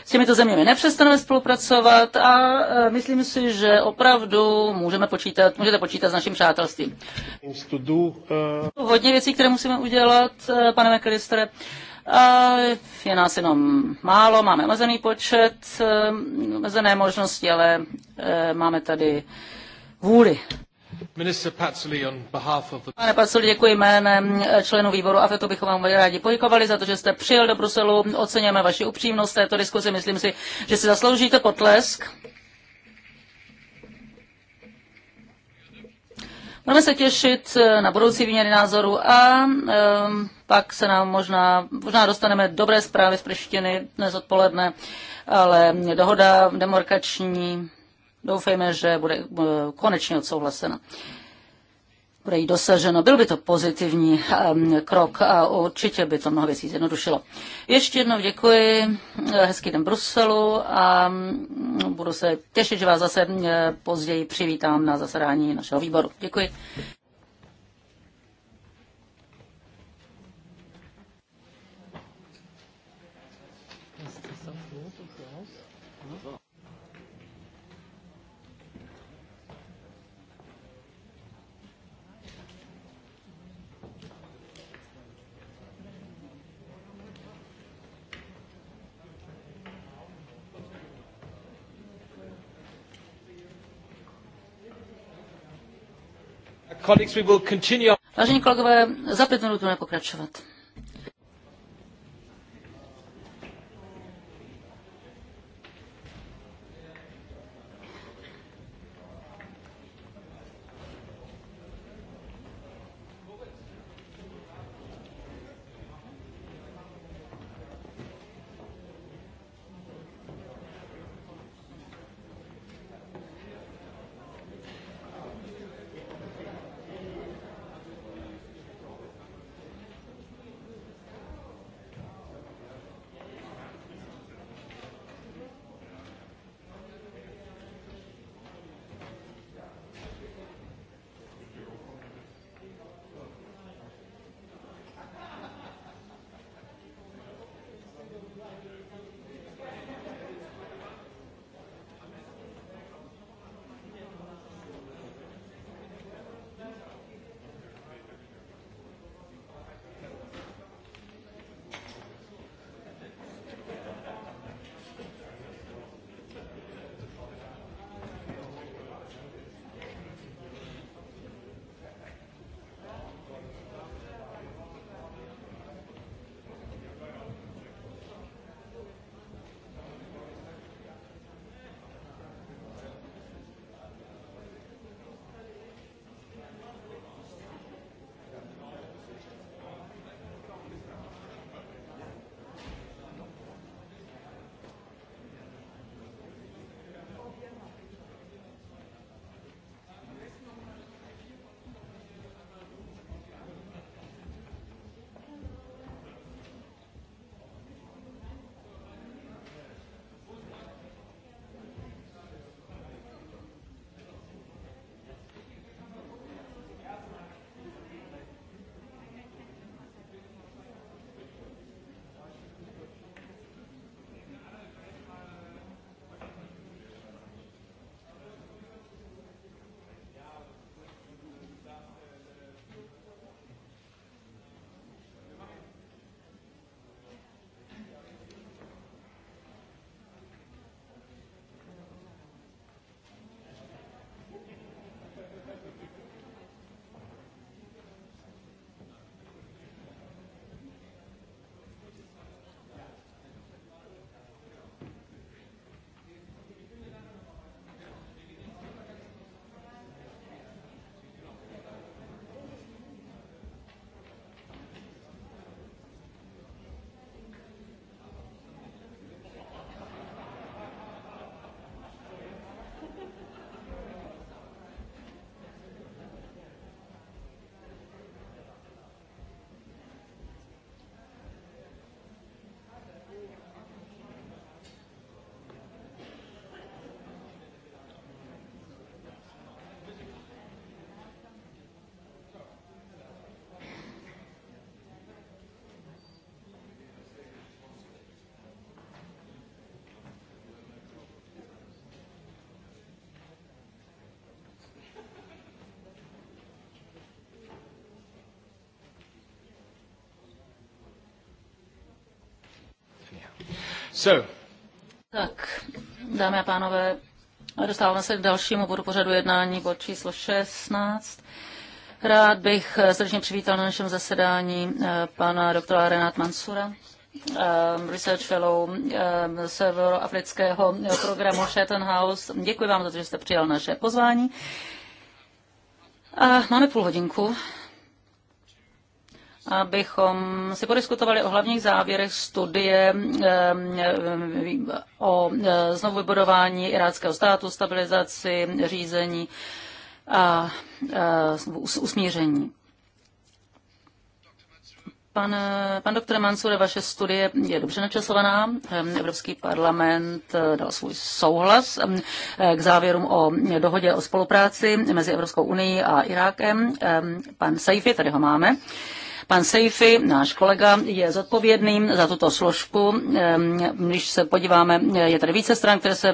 s těmito zeměmi nepřestaneme spolupracovat a e, myslím si, že opravdu můžeme počítat, můžete počítat s naším přátelstvím. E, Hodně věcí, které musíme udělat, e, pane McAllister. A je nás jenom málo, máme omezený počet, omezené možnosti, ale máme tady vůli. Pane Paculi, děkuji jménem eh, členů výboru A to bychom vám rádi poděkovali za to, že jste přijel do Bruselu. Oceněme vaši upřímnost této diskuzi. Myslím si, že si zasloužíte potlesk. Budeme se těšit eh, na budoucí výměny názoru a e, pak se nám možná, možná dostaneme dobré zprávy z Prištiny dnes odpoledne, ale dohoda demarkační doufejme, že bude eh, konečně odsouhlasena bude jí dosaženo. Byl by to pozitivní ehm, krok a určitě by to mnoho věcí zjednodušilo. Ještě jednou děkuji, eh, hezký den Bruselu a mm, budu se těšit, že vás zase eh, později přivítám na zasedání našeho výboru. Děkuji. Vážení kolegové, za pět minut budeme pokračovat. So. Tak, dámy a pánové, dostáváme se k dalšímu bodu pořadu jednání, bod číslo 16. Rád bych srdečně přivítal na našem zasedání eh, pana doktora Renát Mansura, eh, Research Fellow eh, afrického programu Shatton House. Děkuji vám za to, že jste přijal naše pozvání. A máme půl hodinku abychom si podiskutovali o hlavních závěrech studie eh, o eh, znovu vybudování iráckého státu, stabilizaci, řízení a eh, usmíření. Pan, pan doktor Mansure, vaše studie je dobře načasovaná. Ehm, Evropský parlament dal svůj souhlas ehm, k závěrům o dohodě o spolupráci mezi Evropskou unii a Irákem. Ehm, pan Saifi, tady ho máme. Pan Sejfi, náš kolega, je zodpovědný za tuto složku. Když se podíváme, je tady více stran, které se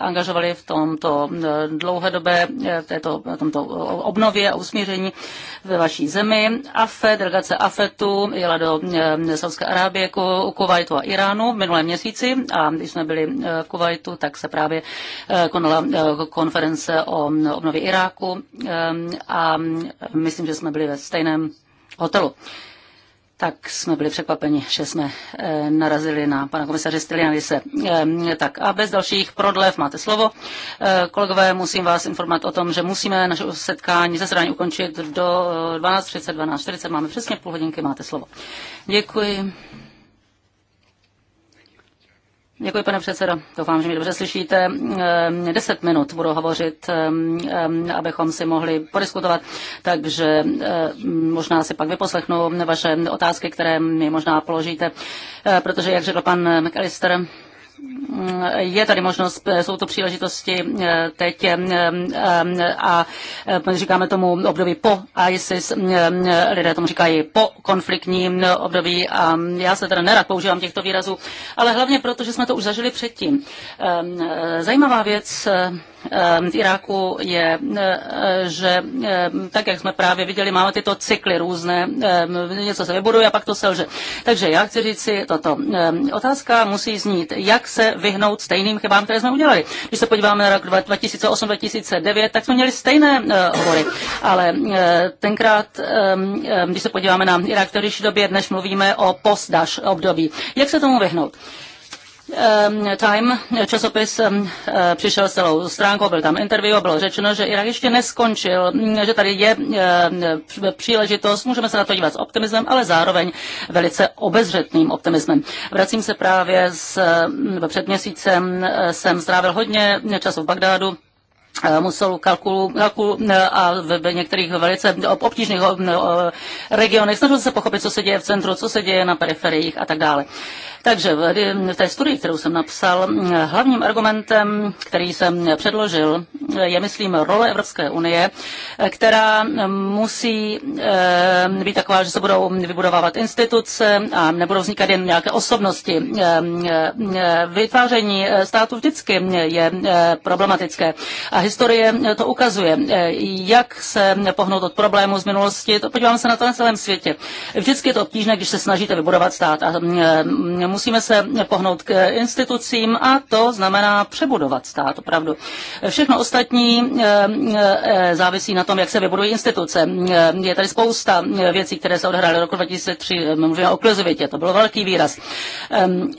angažovaly v tomto dlouhodobé, eh, v této, v tomto obnově a usmíření ve vaší zemi. AFE, delegace AFETu jela do Saudské Arábie, Kuwaitu a Iránu v minulém měsíci a když jsme byli eh, v Kuwaitu, tak se právě eh, konala konference o obnově Iráku a myslím, že jsme byli ve stejném hotelu tak jsme byli překvapeni, že jsme eh, narazili na pana komisaře Stylianise. Eh, tak a bez dalších prodlev máte slovo. Eh, kolegové, musím vás informovat o tom, že musíme naše setkání, zasedání ukončit do 12.30, 12.40. Máme přesně půl hodinky, máte slovo. Děkuji. Děkuji, pane předsedo. Doufám, že mě dobře slyšíte. Ehm, deset minut budu hovořit, ehm, ehm, abychom si mohli podiskutovat, takže možná si pak vyposlechnu vaše otázky, které mi možná položíte, eh, protože, jak řekl pan McAllister, je tady možnost, jsou to příležitosti eh, teď eh, eh, a říkáme tomu období po ISIS, lidé tomu říkají po konfliktním období a mm, já se teda nerad používám těchto výrazů, ale hlavně proto, že jsme to už zažili předtím. Zajímavá věc z ehm, Iráku je, eh, že ehm, tak, jak jsme právě viděli, máme tyto cykly různé, ehm, něco se vybuduje a pak to selže. Takže já chci říct si toto. Otázka musí znít, jak se vyhnout stejným chybám, které jsme udělali. Když se podíváme na rok 2008-2009, tak jsme měli stejné hory, eh, ale eh, tenkrát, když se podíváme na Irák v době, dnes mluvíme o post období, jak se tomu vyhnout? Ehm, Time časopis ehm, eh, přišel s celou stránkou, byl tam interview a bylo řečeno, že Irak ještě neskončil, že tady je ehm, příležitost, můžeme se na to dívat s optimismem, ale zároveň velice obezřetným optimismem. Vracím se právě s, před měsícem, eh, jsem strávil hodně času v Bagdádu, eh, Musolu, kalkulu, kalkulu a v některých velice obtížných regionech. Snažil se pochopit, co se děje v centru, co se děje na periferiích a tak dále. Takže v té studii, kterou jsem napsal, hlavním argumentem, který jsem předložil, je, myslím, role Evropské unie, která musí eh, být taková, že se budou vybudovávat instituce a nebudou vznikat jen nějaké osobnosti. Eh, eh, vytváření státu vždycky je problematické. A historie to ukazuje, jak se pohnout od problému z minulosti. To podívám se na to na celém světě. Vždycky je to obtížné, když se snažíte vybudovat stát. A musíme se pohnout k institucím a to znamená přebudovat stát opravdu. Všechno ostatní eh, eh, závisí na tom, jak se vybudují instituce. Eh, je tady spousta věcí, které se odehrály roku 2003, mluvíme o klizovitě, to byl velký výraz. Ehm,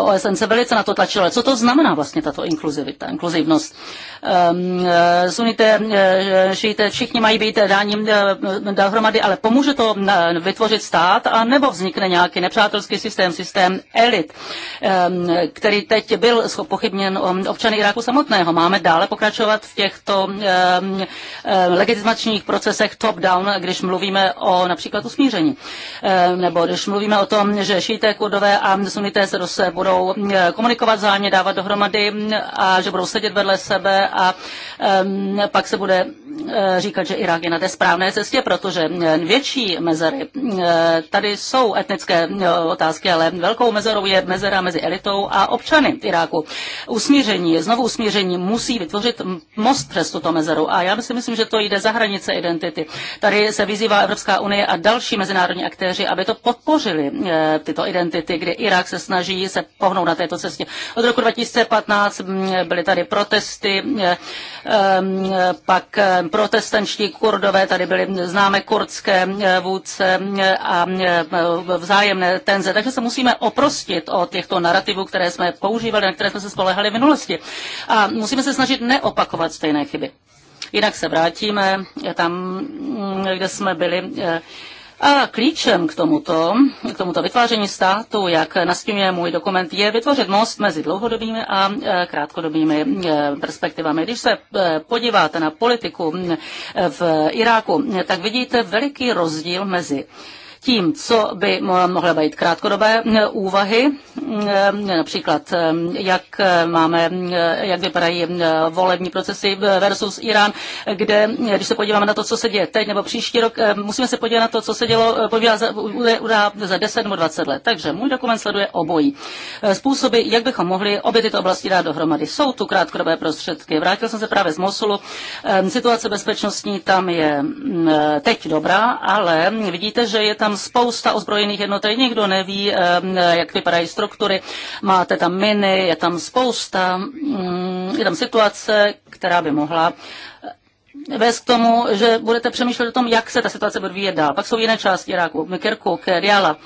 OSN se velice na to tlačilo, ale co to znamená vlastně tato inkluzivita, inkluzivnost? Ehm, eh, sunité, eh, šíte, všichni mají být dáním eh, dohromady, ale pomůže to vytvořit stát a nebo vznikne nějaký nepřátelský systém, systém elit, ehm, který teď byl pochybněn občany Iráku samotného. Máme dále pokračovat v těchto ehm, legitimačních procesech top-down, když mluvíme o například usmíření, nebo když mluvíme o tom, že šíte, kurdové a sunité se že se budou eh, komunikovat zájemně, dávat dohromady a že budou sedět vedle sebe a pak se bude eh, říkat, že Irák je na té správné cestě, protože eh, větší mezery, tady jsou etnické otázky, ale velkou mezerou je mezera mezi elitou a občany Iráku. Usmíření, znovu usmíření musí vytvořit most přes tuto mezeru a já si myslím, že to jde za hranice identity. Tady se vyzývá Evropská unie a další mezinárodní aktéři, aby to podpořili tyto identity, kde Irák se snaží snaží se pohnout na této cestě. Od roku 2015 mm, byly tady protesty, mm, mm, pak protestanční kurdové, tady byly známé kurdské vůdce a vzájemné tenze. Takže se musíme oprostit od těchto narrativů, které jsme používali, na které jsme se spolehali v minulosti. A musíme se snažit neopakovat stejné chyby. Jinak se vrátíme tam, kde jsme byli. Eh, a klíčem k tomuto, k tomuto vytváření státu, jak nastínuje můj dokument, je vytvořit most mezi dlouhodobými a e, krátkodobými e, perspektivami. Když se e, podíváte na politiku v Iráku, tak vidíte veliký rozdíl mezi tím, co by mohly být krátkodobé eh, úvahy, eh, například eh, jak máme, jak vypadají volební procesy versus Irán, kde, když se podíváme na to, co se děje teď nebo příští rok, musíme se podívat na to, co se dělo podívat za, udá za 10 nebo 20 let. Takže můj dokument sleduje obojí. Způsoby, jak bychom mohli obě tyto oblasti dát dohromady. Jsou tu krátkodobé prostředky. Vrátil jsem se právě z Mosulu. Situace bezpečnostní tam je mm, teď dobrá, ale vidíte, že je tam spousta ozbrojených jednotek, nikdo neví, jak vypadají struktury, máte tam miny, je tam spousta, mm, je tam situace, která by mohla vést k tomu, že budete přemýšlet o tom, jak se ta situace bude vyvíjet dál. Pak jsou jiné části Iráku, Kirkuk, Riala.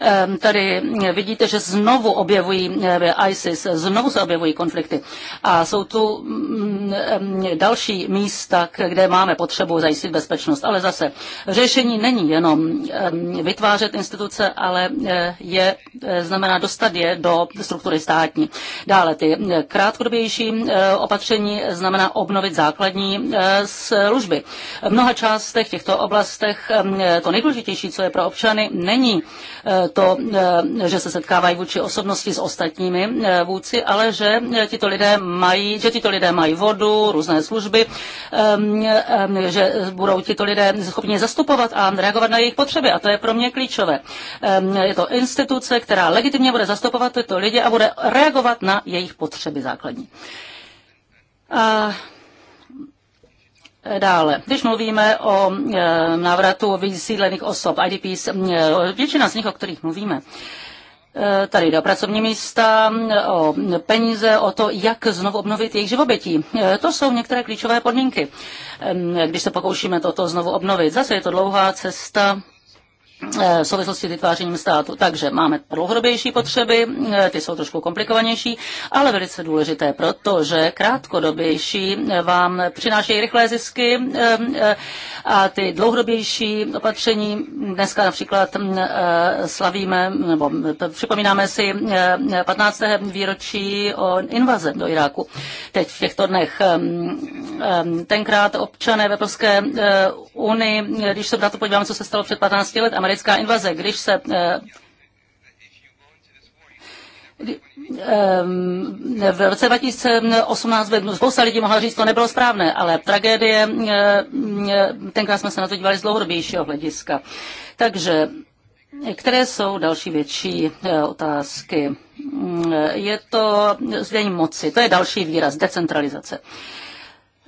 Ehm, tady vidíte, že znovu objevují eh, ISIS, znovu se objevují konflikty. A jsou tu mm, mm, mm, další místa, kde máme potřebu zajistit bezpečnost. Ale zase řešení není jenom ehm, vytvářet instituce, ale eh, je, eh, znamená dostat je do struktury státní. Dále ty krátkodobější opatření znamená obnovit základní služby. V mnoha částech, těchto oblastech, to nejdůležitější, co je pro občany, není eh, to, eh, že se setkávají vůči osobnosti s ostatními eh, vůdci, ale že tito lidé mají, že tito lidé mají vodu, různé služby, že budou tito lidé schopni zastupovat a reagovat na jejich potřeby. A to je pro mě klíčové. Je to instituce, která legitimně bude zastupovat tyto lidi a bude reagovat na jejich potřeby základní. A Dále, když mluvíme o e, návratu vysídlených osob, IDPs, e, většina z nich, o kterých mluvíme, e, tady jde o pracovní místa, o peníze, o to, jak znovu obnovit jejich živobytí. To jsou některé klíčové podmínky, když se pokoušíme toto znovu obnovit. Zase je to dlouhá cesta, Eh, v souvislosti s vytvářením státu. Takže máme dlouhodobější potřeby, eh, ty jsou trošku komplikovanější, ale velice důležité, protože krátkodobější eh, vám přinášejí rychlé zisky a ty dlouhodobější opatření dneska například mm, slavíme nebo připomínáme si 15. výročí o invaze do Iráku. Teď v těchto dnech tenkrát občané v Evropské unii, když se na to podíváme, co se stalo před 15 let, Americké americká invaze, když se eh, eh, v roce 2018 spousta lidí mohla říct, to nebylo správné, ale tragédie, eh, tenkrát jsme se na to dívali z dlouhodobějšího hlediska. Takže které jsou další větší otázky? Mm, je to zdejní moci, to je další výraz, decentralizace.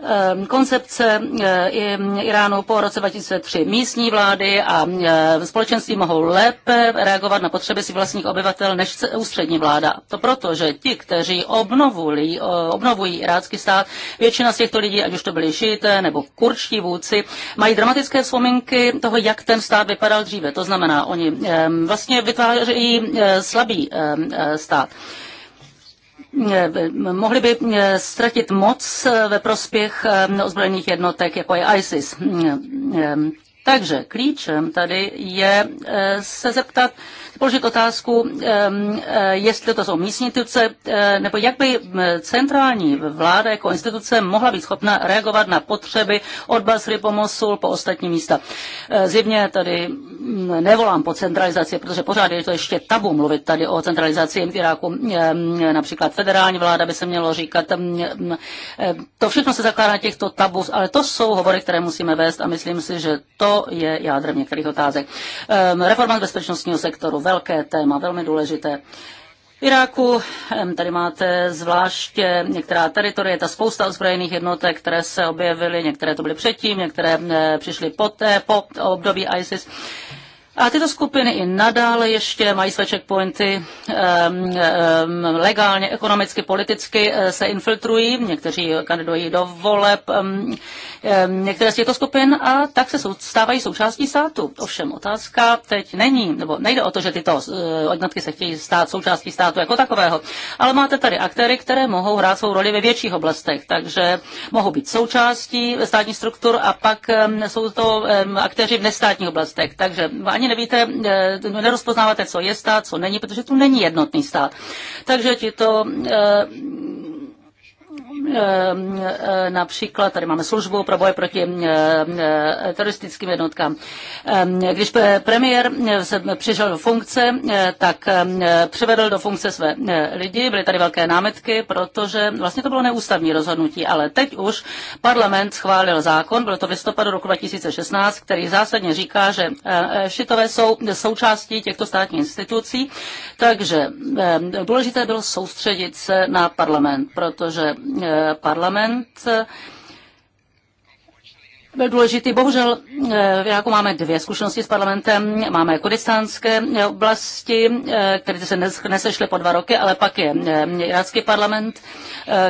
Ehm, koncepce eh, Iránu po roce 2003. Místní vlády a eh, společenství mohou lépe reagovat na potřeby si vlastních obyvatel než ústřední vláda. To proto, že ti, kteří obnovují, eh, obnovují irácký stát, většina z těchto lidí, ať už to byli šíité nebo kurčtí vůdci, mají dramatické vzpomínky toho, jak ten stát vypadal dříve. To znamená, oni ehm, vlastně vytvářejí slabý ehm, stát. Eh, mohli by eh, ztratit moc eh, ve prospěch ozbrojených jednotek, jako je ISIS. Takže klíčem tady je se zeptat, položit otázku, eh, jestli to jsou místní instituce, eh, nebo jak by eh, centrální vláda jako instituce mohla být schopna reagovat na potřeby od Basry po Mosul, po ostatní místa. Zjevně tady mm, nevolám po centralizaci, protože pořád je to ještě tabu mluvit tady o centralizaci v Iráku. Například federální vláda by se mělo říkat. To všechno se zakládá na těchto tabu, ale to jsou hovory, které musíme vést a myslím si, že to je jádrem některých otázek. Reforma bezpečnostního sektoru, velké téma, velmi důležité. V Iráku tady máte zvláště některá teritorie, ta spousta ozbrojených jednotek, které se objevily, některé to byly předtím, některé eh, přišly poté, po období ISIS. A tyto skupiny i nadále ještě mají své checkpointy legálně, ekonomicky, politicky eh, se infiltrují, někteří kandidují do voleb, některé z těchto skupin a tak se stávají součástí státu. Ovšem otázka teď není, nebo nejde o to, že tyto eh, odnatky se chtějí stát součástí státu jako takového, ale máte tady aktéry, které mohou hrát svou roli ve větších oblastech, takže mohou být součástí státních struktur a pak jsou to aktéři v nestátních oblastech. Takže ani nevíte, eh, nerozpoznáváte, co je stát, co není, protože tu není jednotný stát. Takže ti to eh, Ehm, ehm, například tady máme službu pro boje proti ehm, teroristickým jednotkám. Když premiér eh, se přišel do funkce, eh, tak přivedl do funkce své eh, lidi, byly tady velké námetky, protože vlastně to bylo neústavní rozhodnutí, ale teď už parlament schválil zákon, bylo to v listopadu roku 2016, který zásadně říká, že šitové jsou součástí těchto státních institucí, takže důležité bylo soustředit se na parlament, protože Eh, parlament byl důležitý. Bohužel jako máme dvě zkušenosti s parlamentem. Máme kurdistánské oblasti, eh, které se nesešly po dva roky, ale pak je irácký parlament,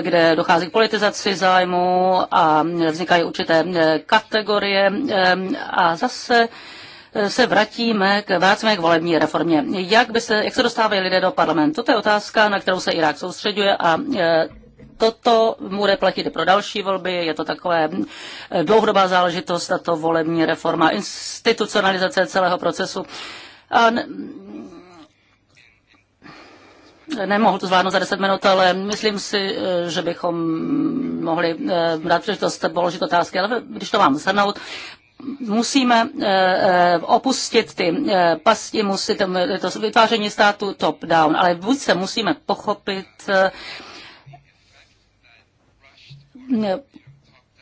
kde dochází k politizaci zájmu a vznikají určité kategorie a zase se vrátíme k, vrátíme k volební reformě. Jak, by se, jak se dostávají lidé do parlamentu? To je otázka, na kterou se Irák soustředuje a toto bude platit i pro další volby. Je to takové eh, dlouhodobá záležitost, tato volební reforma, institucionalizace celého procesu. A ne, Nemohl to zvládnout za 10 minut, ale myslím si, eh, že bychom mohli eh, dát příležitost položit otázky. Ale když to mám zhrnout, musíme opustit ty pasti, musí to vytváření státu top-down, ale buď se musíme pochopit,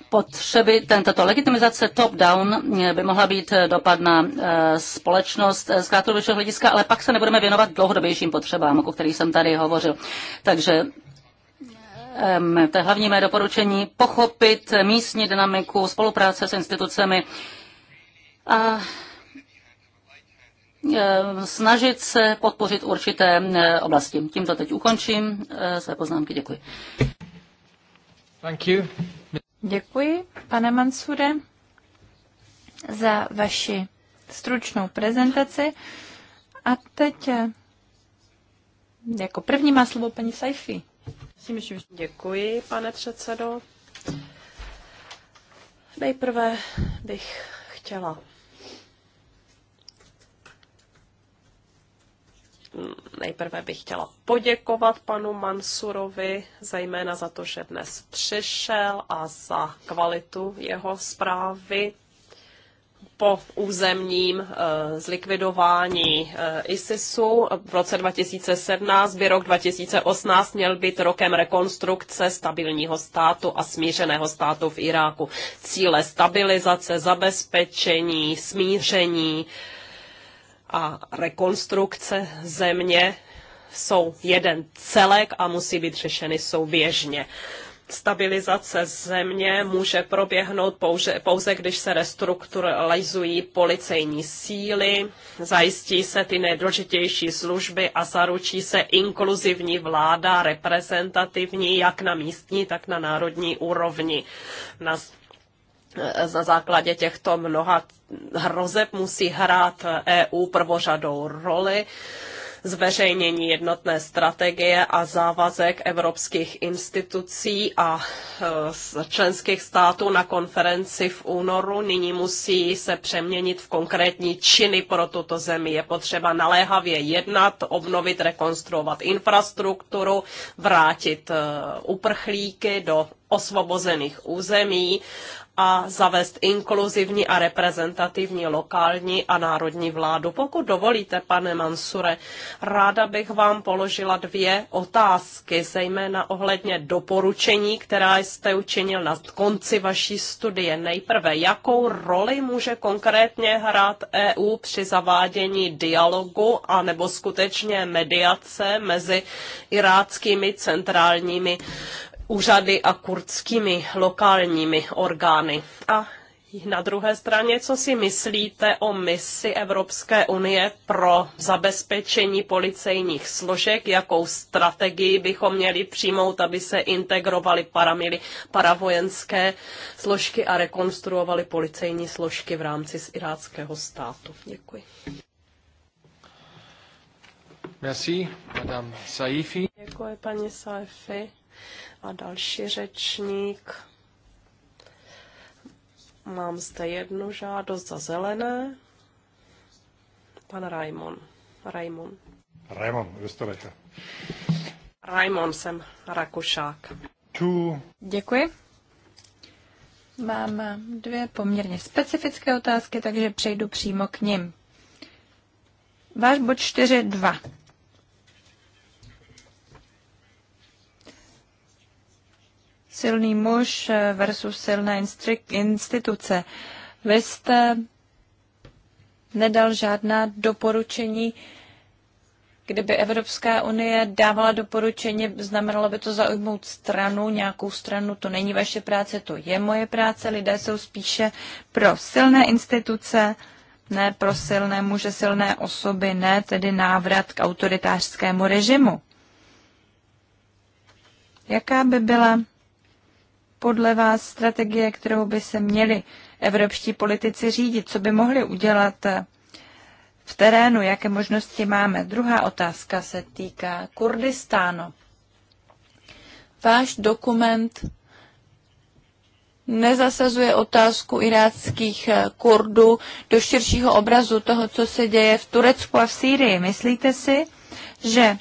potřeby, tato legitimizace top-down eh, by mohla být eh, dopad na eh, společnost z krátkodobějšího hlediska, ale pak se nebudeme věnovat dlouhodobějším potřebám, o kterých jsem tady hovořil. Takže ehm, to je hlavní mé doporučení, pochopit místní dynamiku, spolupráce s institucemi a ehm, snažit se podpořit určité oblasti. Tímto teď ukončím své poznámky. Děkuji. Děkuji, pane Mansure, za vaši stručnou prezentaci. A teď eh, jako první má slovo paní Saifi. Děkuji, pane předsedo. Nejprve bych chtěla Nejprve bych chtěla poděkovat panu Mansurovi, zejména za to, že dnes přišel a za kvalitu jeho zprávy po územním eh, zlikvidování eh, ISISu v roce 2017 by rok 2018 měl být rokem rekonstrukce stabilního státu a smířeného státu v Iráku. Cíle stabilizace, zabezpečení, smíření, a rekonstrukce země jsou jeden celek a musí být řešeny souběžně. Stabilizace země může proběhnout pouze, pouze když se restrukturalizují policejní síly, zajistí se ty nejdůležitější služby a zaručí se inkluzivní vláda, reprezentativní jak na místní, tak na národní úrovni. Na na základě těchto mnoha hrozeb musí hrát EU prvořadou roli zveřejnění jednotné strategie a závazek evropských institucí a e, členských států na konferenci v únoru nyní musí se přeměnit v konkrétní činy pro tuto zemi. Je potřeba naléhavě jednat, obnovit, rekonstruovat infrastrukturu, vrátit e, uprchlíky do osvobozených území a zavést inkluzivní a reprezentativní lokální a národní vládu. Pokud dovolíte, pane Mansure, ráda bych vám položila dvě otázky, zejména ohledně doporučení, která jste učinil na konci vaší studie. Nejprve, jakou roli může konkrétně hrát EU při zavádění dialogu a nebo skutečně mediace mezi iráckými centrálními úřady a kurdskými lokálními orgány. A na druhé straně, co si myslíte o misi Evropské unie pro zabezpečení policejních složek? Jakou strategii bychom měli přijmout, aby se integrovaly paramily, paravojenské složky a rekonstruovaly policejní složky v rámci iráckého státu? Děkuji. Merci, Madame Saifi. Děkuji, paní Saifi. A další řečník. Mám zde jednu žádost za zelené. Pan Raimon. Raimon. Raimon, Österreicher. Raimon jsem Rakušák. Tu. Děkuji. Mám dvě poměrně specifické otázky, takže přejdu přímo k ním. Váš bod silný muž versus silné instituce. Vy jste nedal žádná doporučení, kdyby Evropská unie dávala doporučení, znamenalo by to zaujmout stranu, nějakou stranu, to není vaše práce, to je moje práce, lidé jsou spíše pro silné instituce, ne pro silné muže, silné osoby, ne tedy návrat k autoritářskému režimu. Jaká by byla podle vás strategie, kterou by se měli evropští politici řídit? Co by mohli udělat eh, v terénu? Jaké možnosti máme? Druhá otázka se týká Kurdistánu. Váš dokument nezasazuje otázku iráckých eh, Kurdů do širšího obrazu toho, co se děje v Turecku a v Sýrii. Myslíte si, že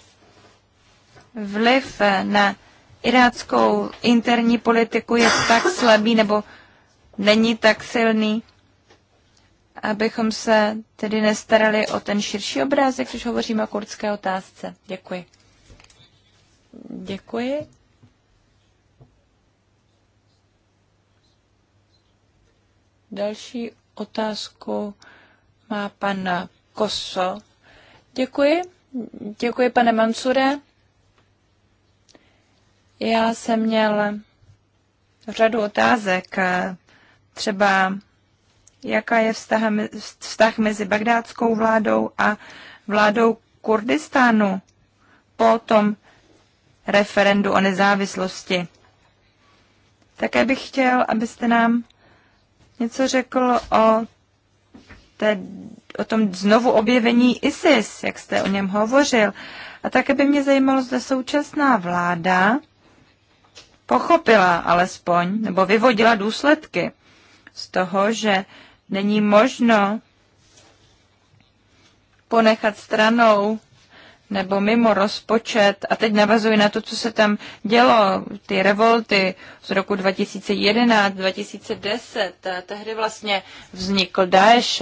vliv eh, na iráckou interní politiku je tak slabý nebo není tak silný, abychom se tedy nestarali o ten širší obrázek, když hovoříme o kurdské otázce. Děkuji. Děkuji. Další otázku má pan Koso. Děkuji. Děkuji, pane Mansure. Já jsem měl řadu otázek, eh, třeba jaká je vztah, vztah mezi bagdátskou vládou a vládou Kurdistánu po tom referendu o nezávislosti. Také bych chtěl, abyste nám něco řekl o, té, o tom znovu objevení ISIS, jak jste o něm hovořil. A také by mě zajímalo, zda současná vláda pochopila alespoň, nebo vyvodila důsledky z toho, že není možno ponechat stranou nebo mimo rozpočet. A teď navazuji na to, co se tam dělo, ty revolty z roku 2011, 2010. Tehdy vlastně vznikl Daesh.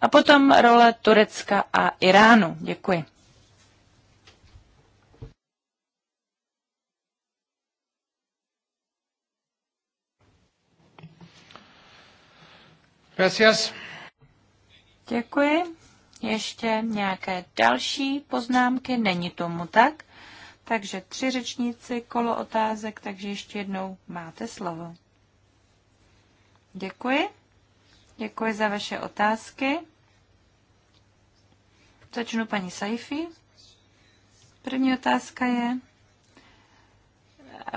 A potom role Turecka a Iránu. Děkuji. Gracias. Děkuji. Ještě nějaké další poznámky? Není tomu tak. Takže tři řečníci, kolo otázek, takže ještě jednou máte slovo. Děkuji. Děkuji za vaše otázky. Začnu paní Saifi. První otázka je,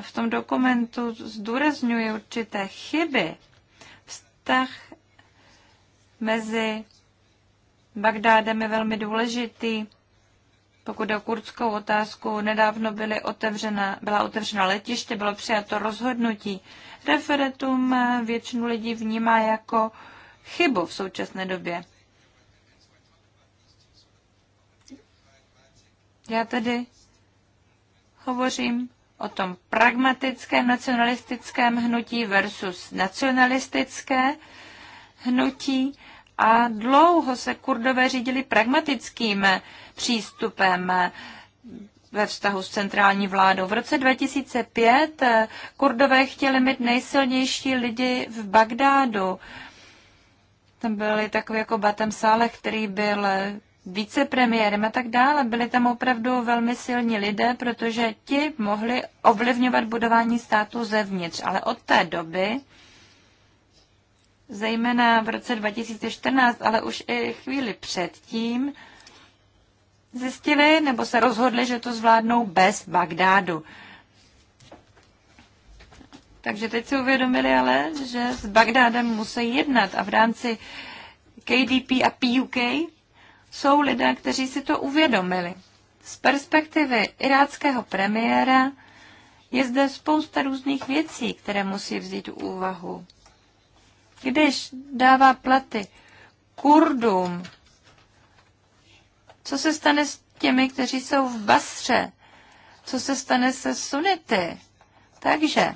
v tom dokumentu zdůrazňuje určité chyby. Vztah mezi Bagdádem je velmi důležitý. Pokud o kurdskou otázku, nedávno byly otevřena, byla otevřena letiště, bylo přijato rozhodnutí. Referetum většinu lidí vnímá jako chybu v současné době. Já tedy hovořím o tom pragmatickém nacionalistickém hnutí versus nacionalistické hnutí a dlouho se kurdové řídili pragmatickým přístupem ve vztahu s centrální vládou. V roce 2005 kurdové chtěli mít nejsilnější lidi v Bagdádu. Tam byli takový jako Batem Saleh, který byl vicepremiérem a tak dále. Byli tam opravdu velmi silní lidé, protože ti mohli ovlivňovat budování státu zevnitř. Ale od té doby zejména v roce 2014, ale už i chvíli předtím, zjistili nebo se rozhodli, že to zvládnou bez Bagdádu. Takže teď si uvědomili ale, že s Bagdádem musí jednat a v rámci KDP a PUK jsou lidé, kteří si to uvědomili. Z perspektivy iráckého premiéra je zde spousta různých věcí, které musí vzít úvahu. Když dává platy Kurdům, co se stane s těmi, kteří jsou v Basře? Co se stane se sunity? Takže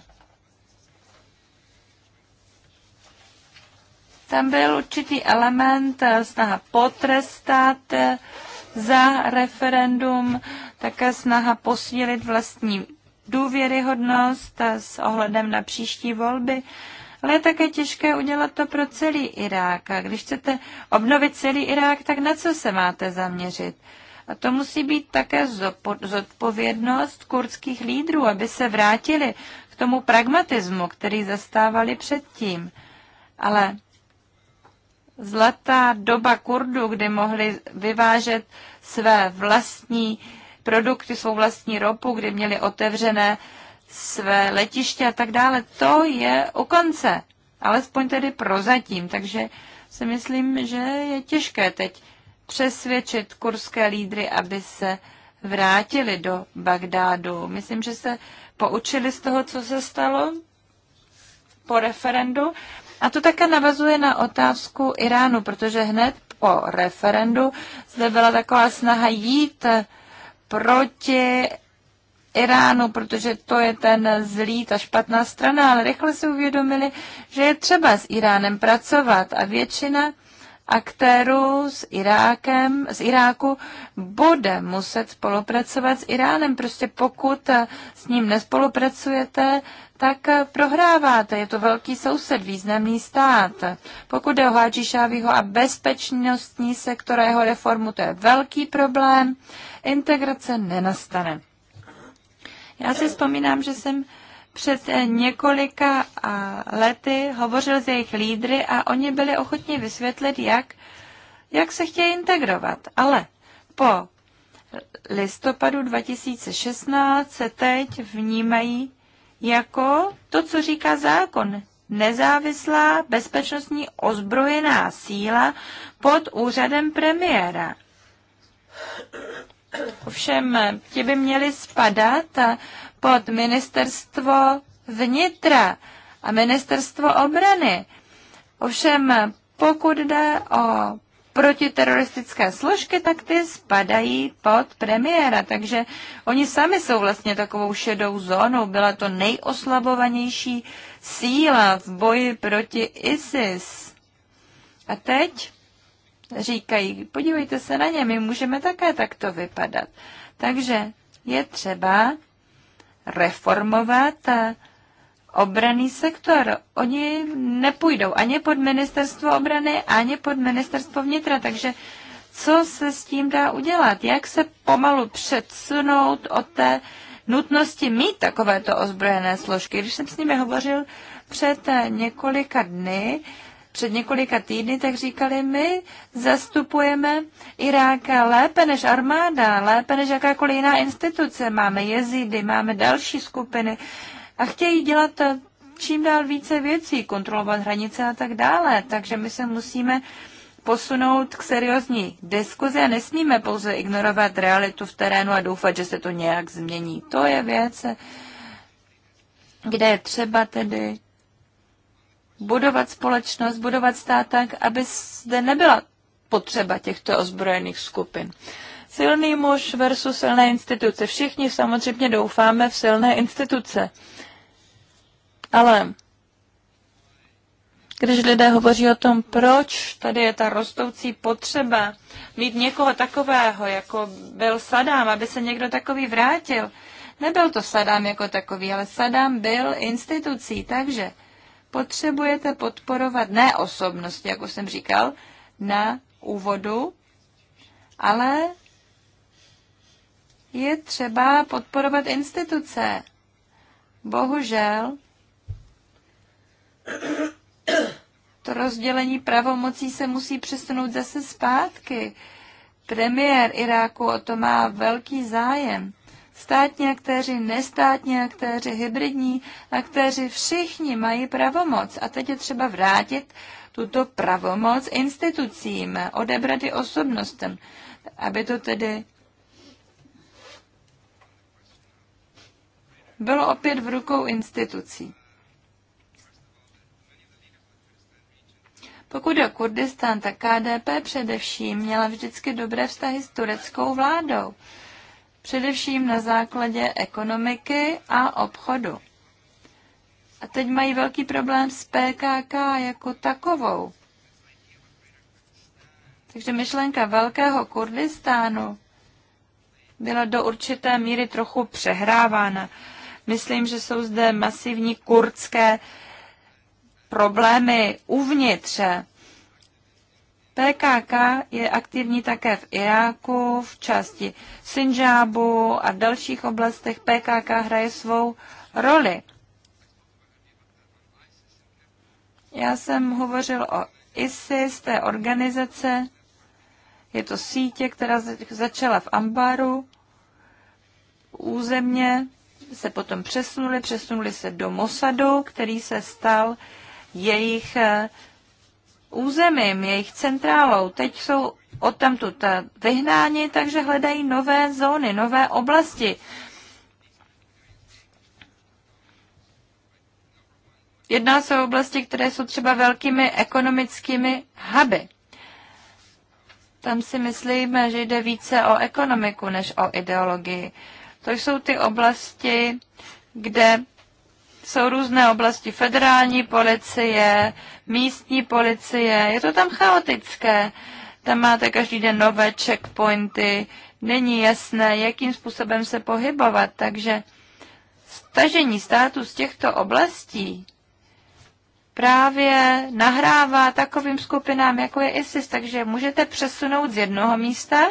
tam byl určitý element eh, snaha potrestat eh, za referendum, také snaha posílit vlastní důvěryhodnost eh, s ohledem na příští volby ale je také těžké udělat to pro celý Irák. A když chcete obnovit celý Irák, tak na co se máte zaměřit? A to musí být také zodpovědnost kurdských lídrů, aby se vrátili k tomu pragmatismu, který zastávali předtím. Ale zlatá doba kurdu, kdy mohli vyvážet své vlastní produkty, svou vlastní ropu, kdy měli otevřené uh, své letiště a tak dále, to je u konce. Alespoň tedy prozatím. Takže si myslím, že je těžké teď přesvědčit kurské lídry, aby se vrátili do Bagdádu. Myslím, že se poučili z toho, co se stalo po referendu. A to také navazuje na otázku Iránu, protože hned po referendu zde byla taková snaha jít proti Iránu, protože to je ten zlý, ta špatná strana, ale rychle si uvědomili, že je třeba s Iránem pracovat a většina aktérů s Irákem, z Iráku bude muset spolupracovat s Iránem. Prostě pokud s ním nespolupracujete, tak prohráváte. Je to velký soused, významný stát. Pokud jde o Háčišávýho a bezpečnostní sektora jeho reformu, to je velký problém. Integrace nenastane. Já si vzpomínám, že jsem před eh, několika lety hovořil s jejich lídry a oni byli ochotni vysvětlit, jak, jak se chtějí integrovat. Ale po listopadu 2016 se teď vnímají jako to, co říká zákon. Nezávislá bezpečnostní ozbrojená síla pod úřadem premiéra. Ovšem, ti by měli spadat pod ministerstvo vnitra a ministerstvo obrany. Ovšem, pokud jde o protiteroristické složky, tak ty spadají pod premiéra, takže oni sami jsou vlastně takovou šedou zónou. Byla to nejoslabovanější síla v boji proti ISIS. A teď říkají, podívejte se na ně, my můžeme také takto vypadat. Takže je třeba reformovat obraný sektor. Oni nepůjdou ani pod ministerstvo obrany, ani pod ministerstvo vnitra, takže co se s tím dá udělat? Jak se pomalu předsunout od té nutnosti mít takovéto ozbrojené složky? Když jsem s nimi hovořil před několika dny, před několika týdny, tak říkali, my zastupujeme Iráka lépe než armáda, lépe než jakákoliv jiná instituce. Máme jezidy, máme další skupiny a chtějí dělat eh, čím dál více věcí, kontrolovat hranice a tak dále. Takže my se musíme posunout k seriózní diskuzi a nesmíme pouze ignorovat realitu v terénu a doufat, že se to nějak změní. To je věc, kde je třeba tedy budovat společnost, budovat stát tak, aby zde nebyla potřeba těchto ozbrojených skupin. Silný muž versus silné instituce. Všichni samozřejmě doufáme v silné instituce. Ale když lidé hovoří o tom, proč tady je ta rostoucí potřeba mít někoho takového, jako byl Sadám, aby se někdo takový vrátil. Nebyl to Sadám jako takový, ale Sadám byl institucí, takže potřebujete podporovat ne osobnosti, jako jsem říkal, na úvodu, ale je třeba podporovat instituce. Bohužel to rozdělení pravomocí se musí přesunout zase zpátky. Premiér Iráku o to má velký zájem. Státní aktéři, nestátní aktéři, hybridní aktéři, všichni mají pravomoc. A teď je třeba vrátit tuto pravomoc institucím, odebrat i osobnostem, aby to tedy bylo opět v rukou institucí. Pokud je Kurdistán, tak KDP především měla vždycky dobré vztahy s tureckou vládou především na základě ekonomiky a obchodu. A teď mají velký problém s PKK jako takovou. Takže myšlenka velkého Kurdistánu byla do určité míry trochu přehrávána. Myslím, že jsou zde masivní kurdské problémy uvnitř PKK je aktivní také v Iráku, v části Sinžábu a v dalších oblastech PKK hraje svou roli. Já jsem hovořil o ISIS, té organizace. Je to sítě, která začala v Ambaru. Územně se potom přesunuli, přesunuli se do Mosadu, který se stal jejich eh, územím, jejich centrálou. Teď jsou odtamtud eh, vyhnáni, takže hledají nové zóny, nové oblasti. Jedná se o oblasti, které jsou třeba velkými ekonomickými huby. Tam si myslíme, že jde více o ekonomiku než o ideologii. To jsou ty oblasti, kde jsou různé oblasti federální policie, místní policie, je to tam chaotické. Tam máte každý den nové checkpointy, není jasné, jakým způsobem se pohybovat, takže stažení státu z těchto oblastí právě nahrává takovým skupinám, jako je ISIS, takže můžete přesunout z jednoho místa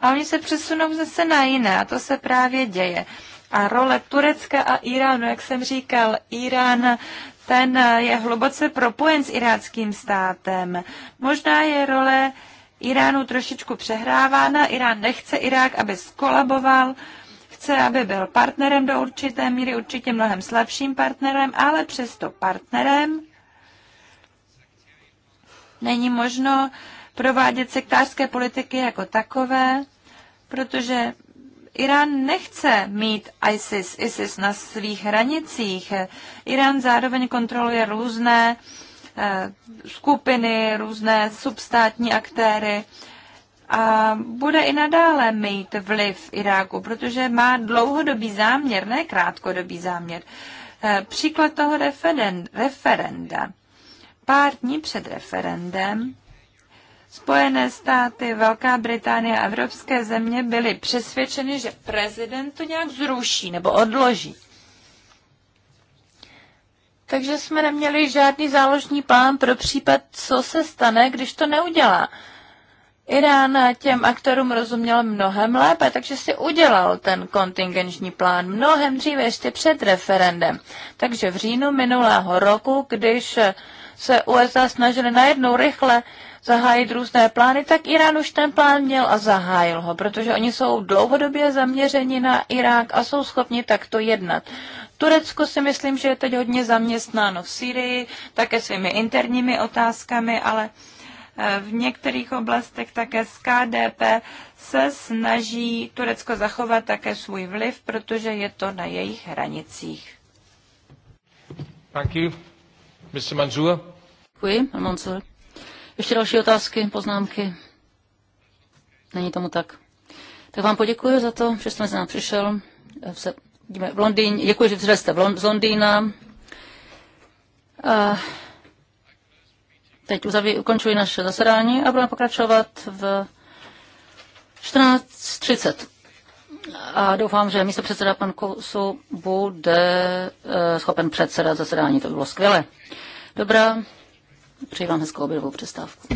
a oni se přesunou zase na jiné a to se právě děje a role Turecka a Iránu. Jak jsem říkal, Irán ten je hluboce propojen s iráckým státem. Možná je role Iránu trošičku přehrávána. Irán nechce Irák, aby skolaboval, chce, aby byl partnerem do určité míry, určitě mnohem slabším partnerem, ale přesto partnerem. Není možno provádět sektářské politiky jako takové, protože Irán nechce mít ISIS, ISIS na svých hranicích. Irán zároveň kontroluje různé eh, skupiny, různé substátní aktéry a bude i nadále mít vliv v Iráku, protože má dlouhodobý záměr, ne krátkodobý záměr. Eh, příklad toho referenda. Pár dní před referendem Spojené státy, Velká Británie a evropské země byly přesvědčeny, že prezident to nějak zruší nebo odloží. Takže jsme neměli žádný záložní plán pro případ, co se stane, když to neudělá. Irán těm aktorům rozuměl mnohem lépe, takže si udělal ten kontingenční plán mnohem dříve, ještě před referendem. Takže v říjnu minulého roku, když se USA snažili najednou rychle zahájit různé plány, tak Irán už ten plán měl a zahájil ho, protože oni jsou dlouhodobě zaměřeni na Irák a jsou schopni takto jednat. Turecko si myslím, že je teď hodně zaměstnáno v Syrii, také svými interními otázkami, ale eh, v některých oblastech také z KDP se snaží Turecko zachovat také svůj vliv, protože je to na jejich hranicích. Thank you. Mr. Mansour. Děkuji, Mansour. Ještě další otázky, poznámky? Není tomu tak. Tak vám poděkuji za to, že jste mezi nám přišel. Se, vidíme, v Londýně, děkuji, že přišel jste v Lond- z Londýna. A teď uzaví, ukončuji naše zasedání a budeme pokračovat v 14.30. A doufám, že místo předseda pan Kousu bude eh, schopen předsedat zasedání. To by bylo skvělé. Dobrá. Přeji vám hezkou obědovou přestávku.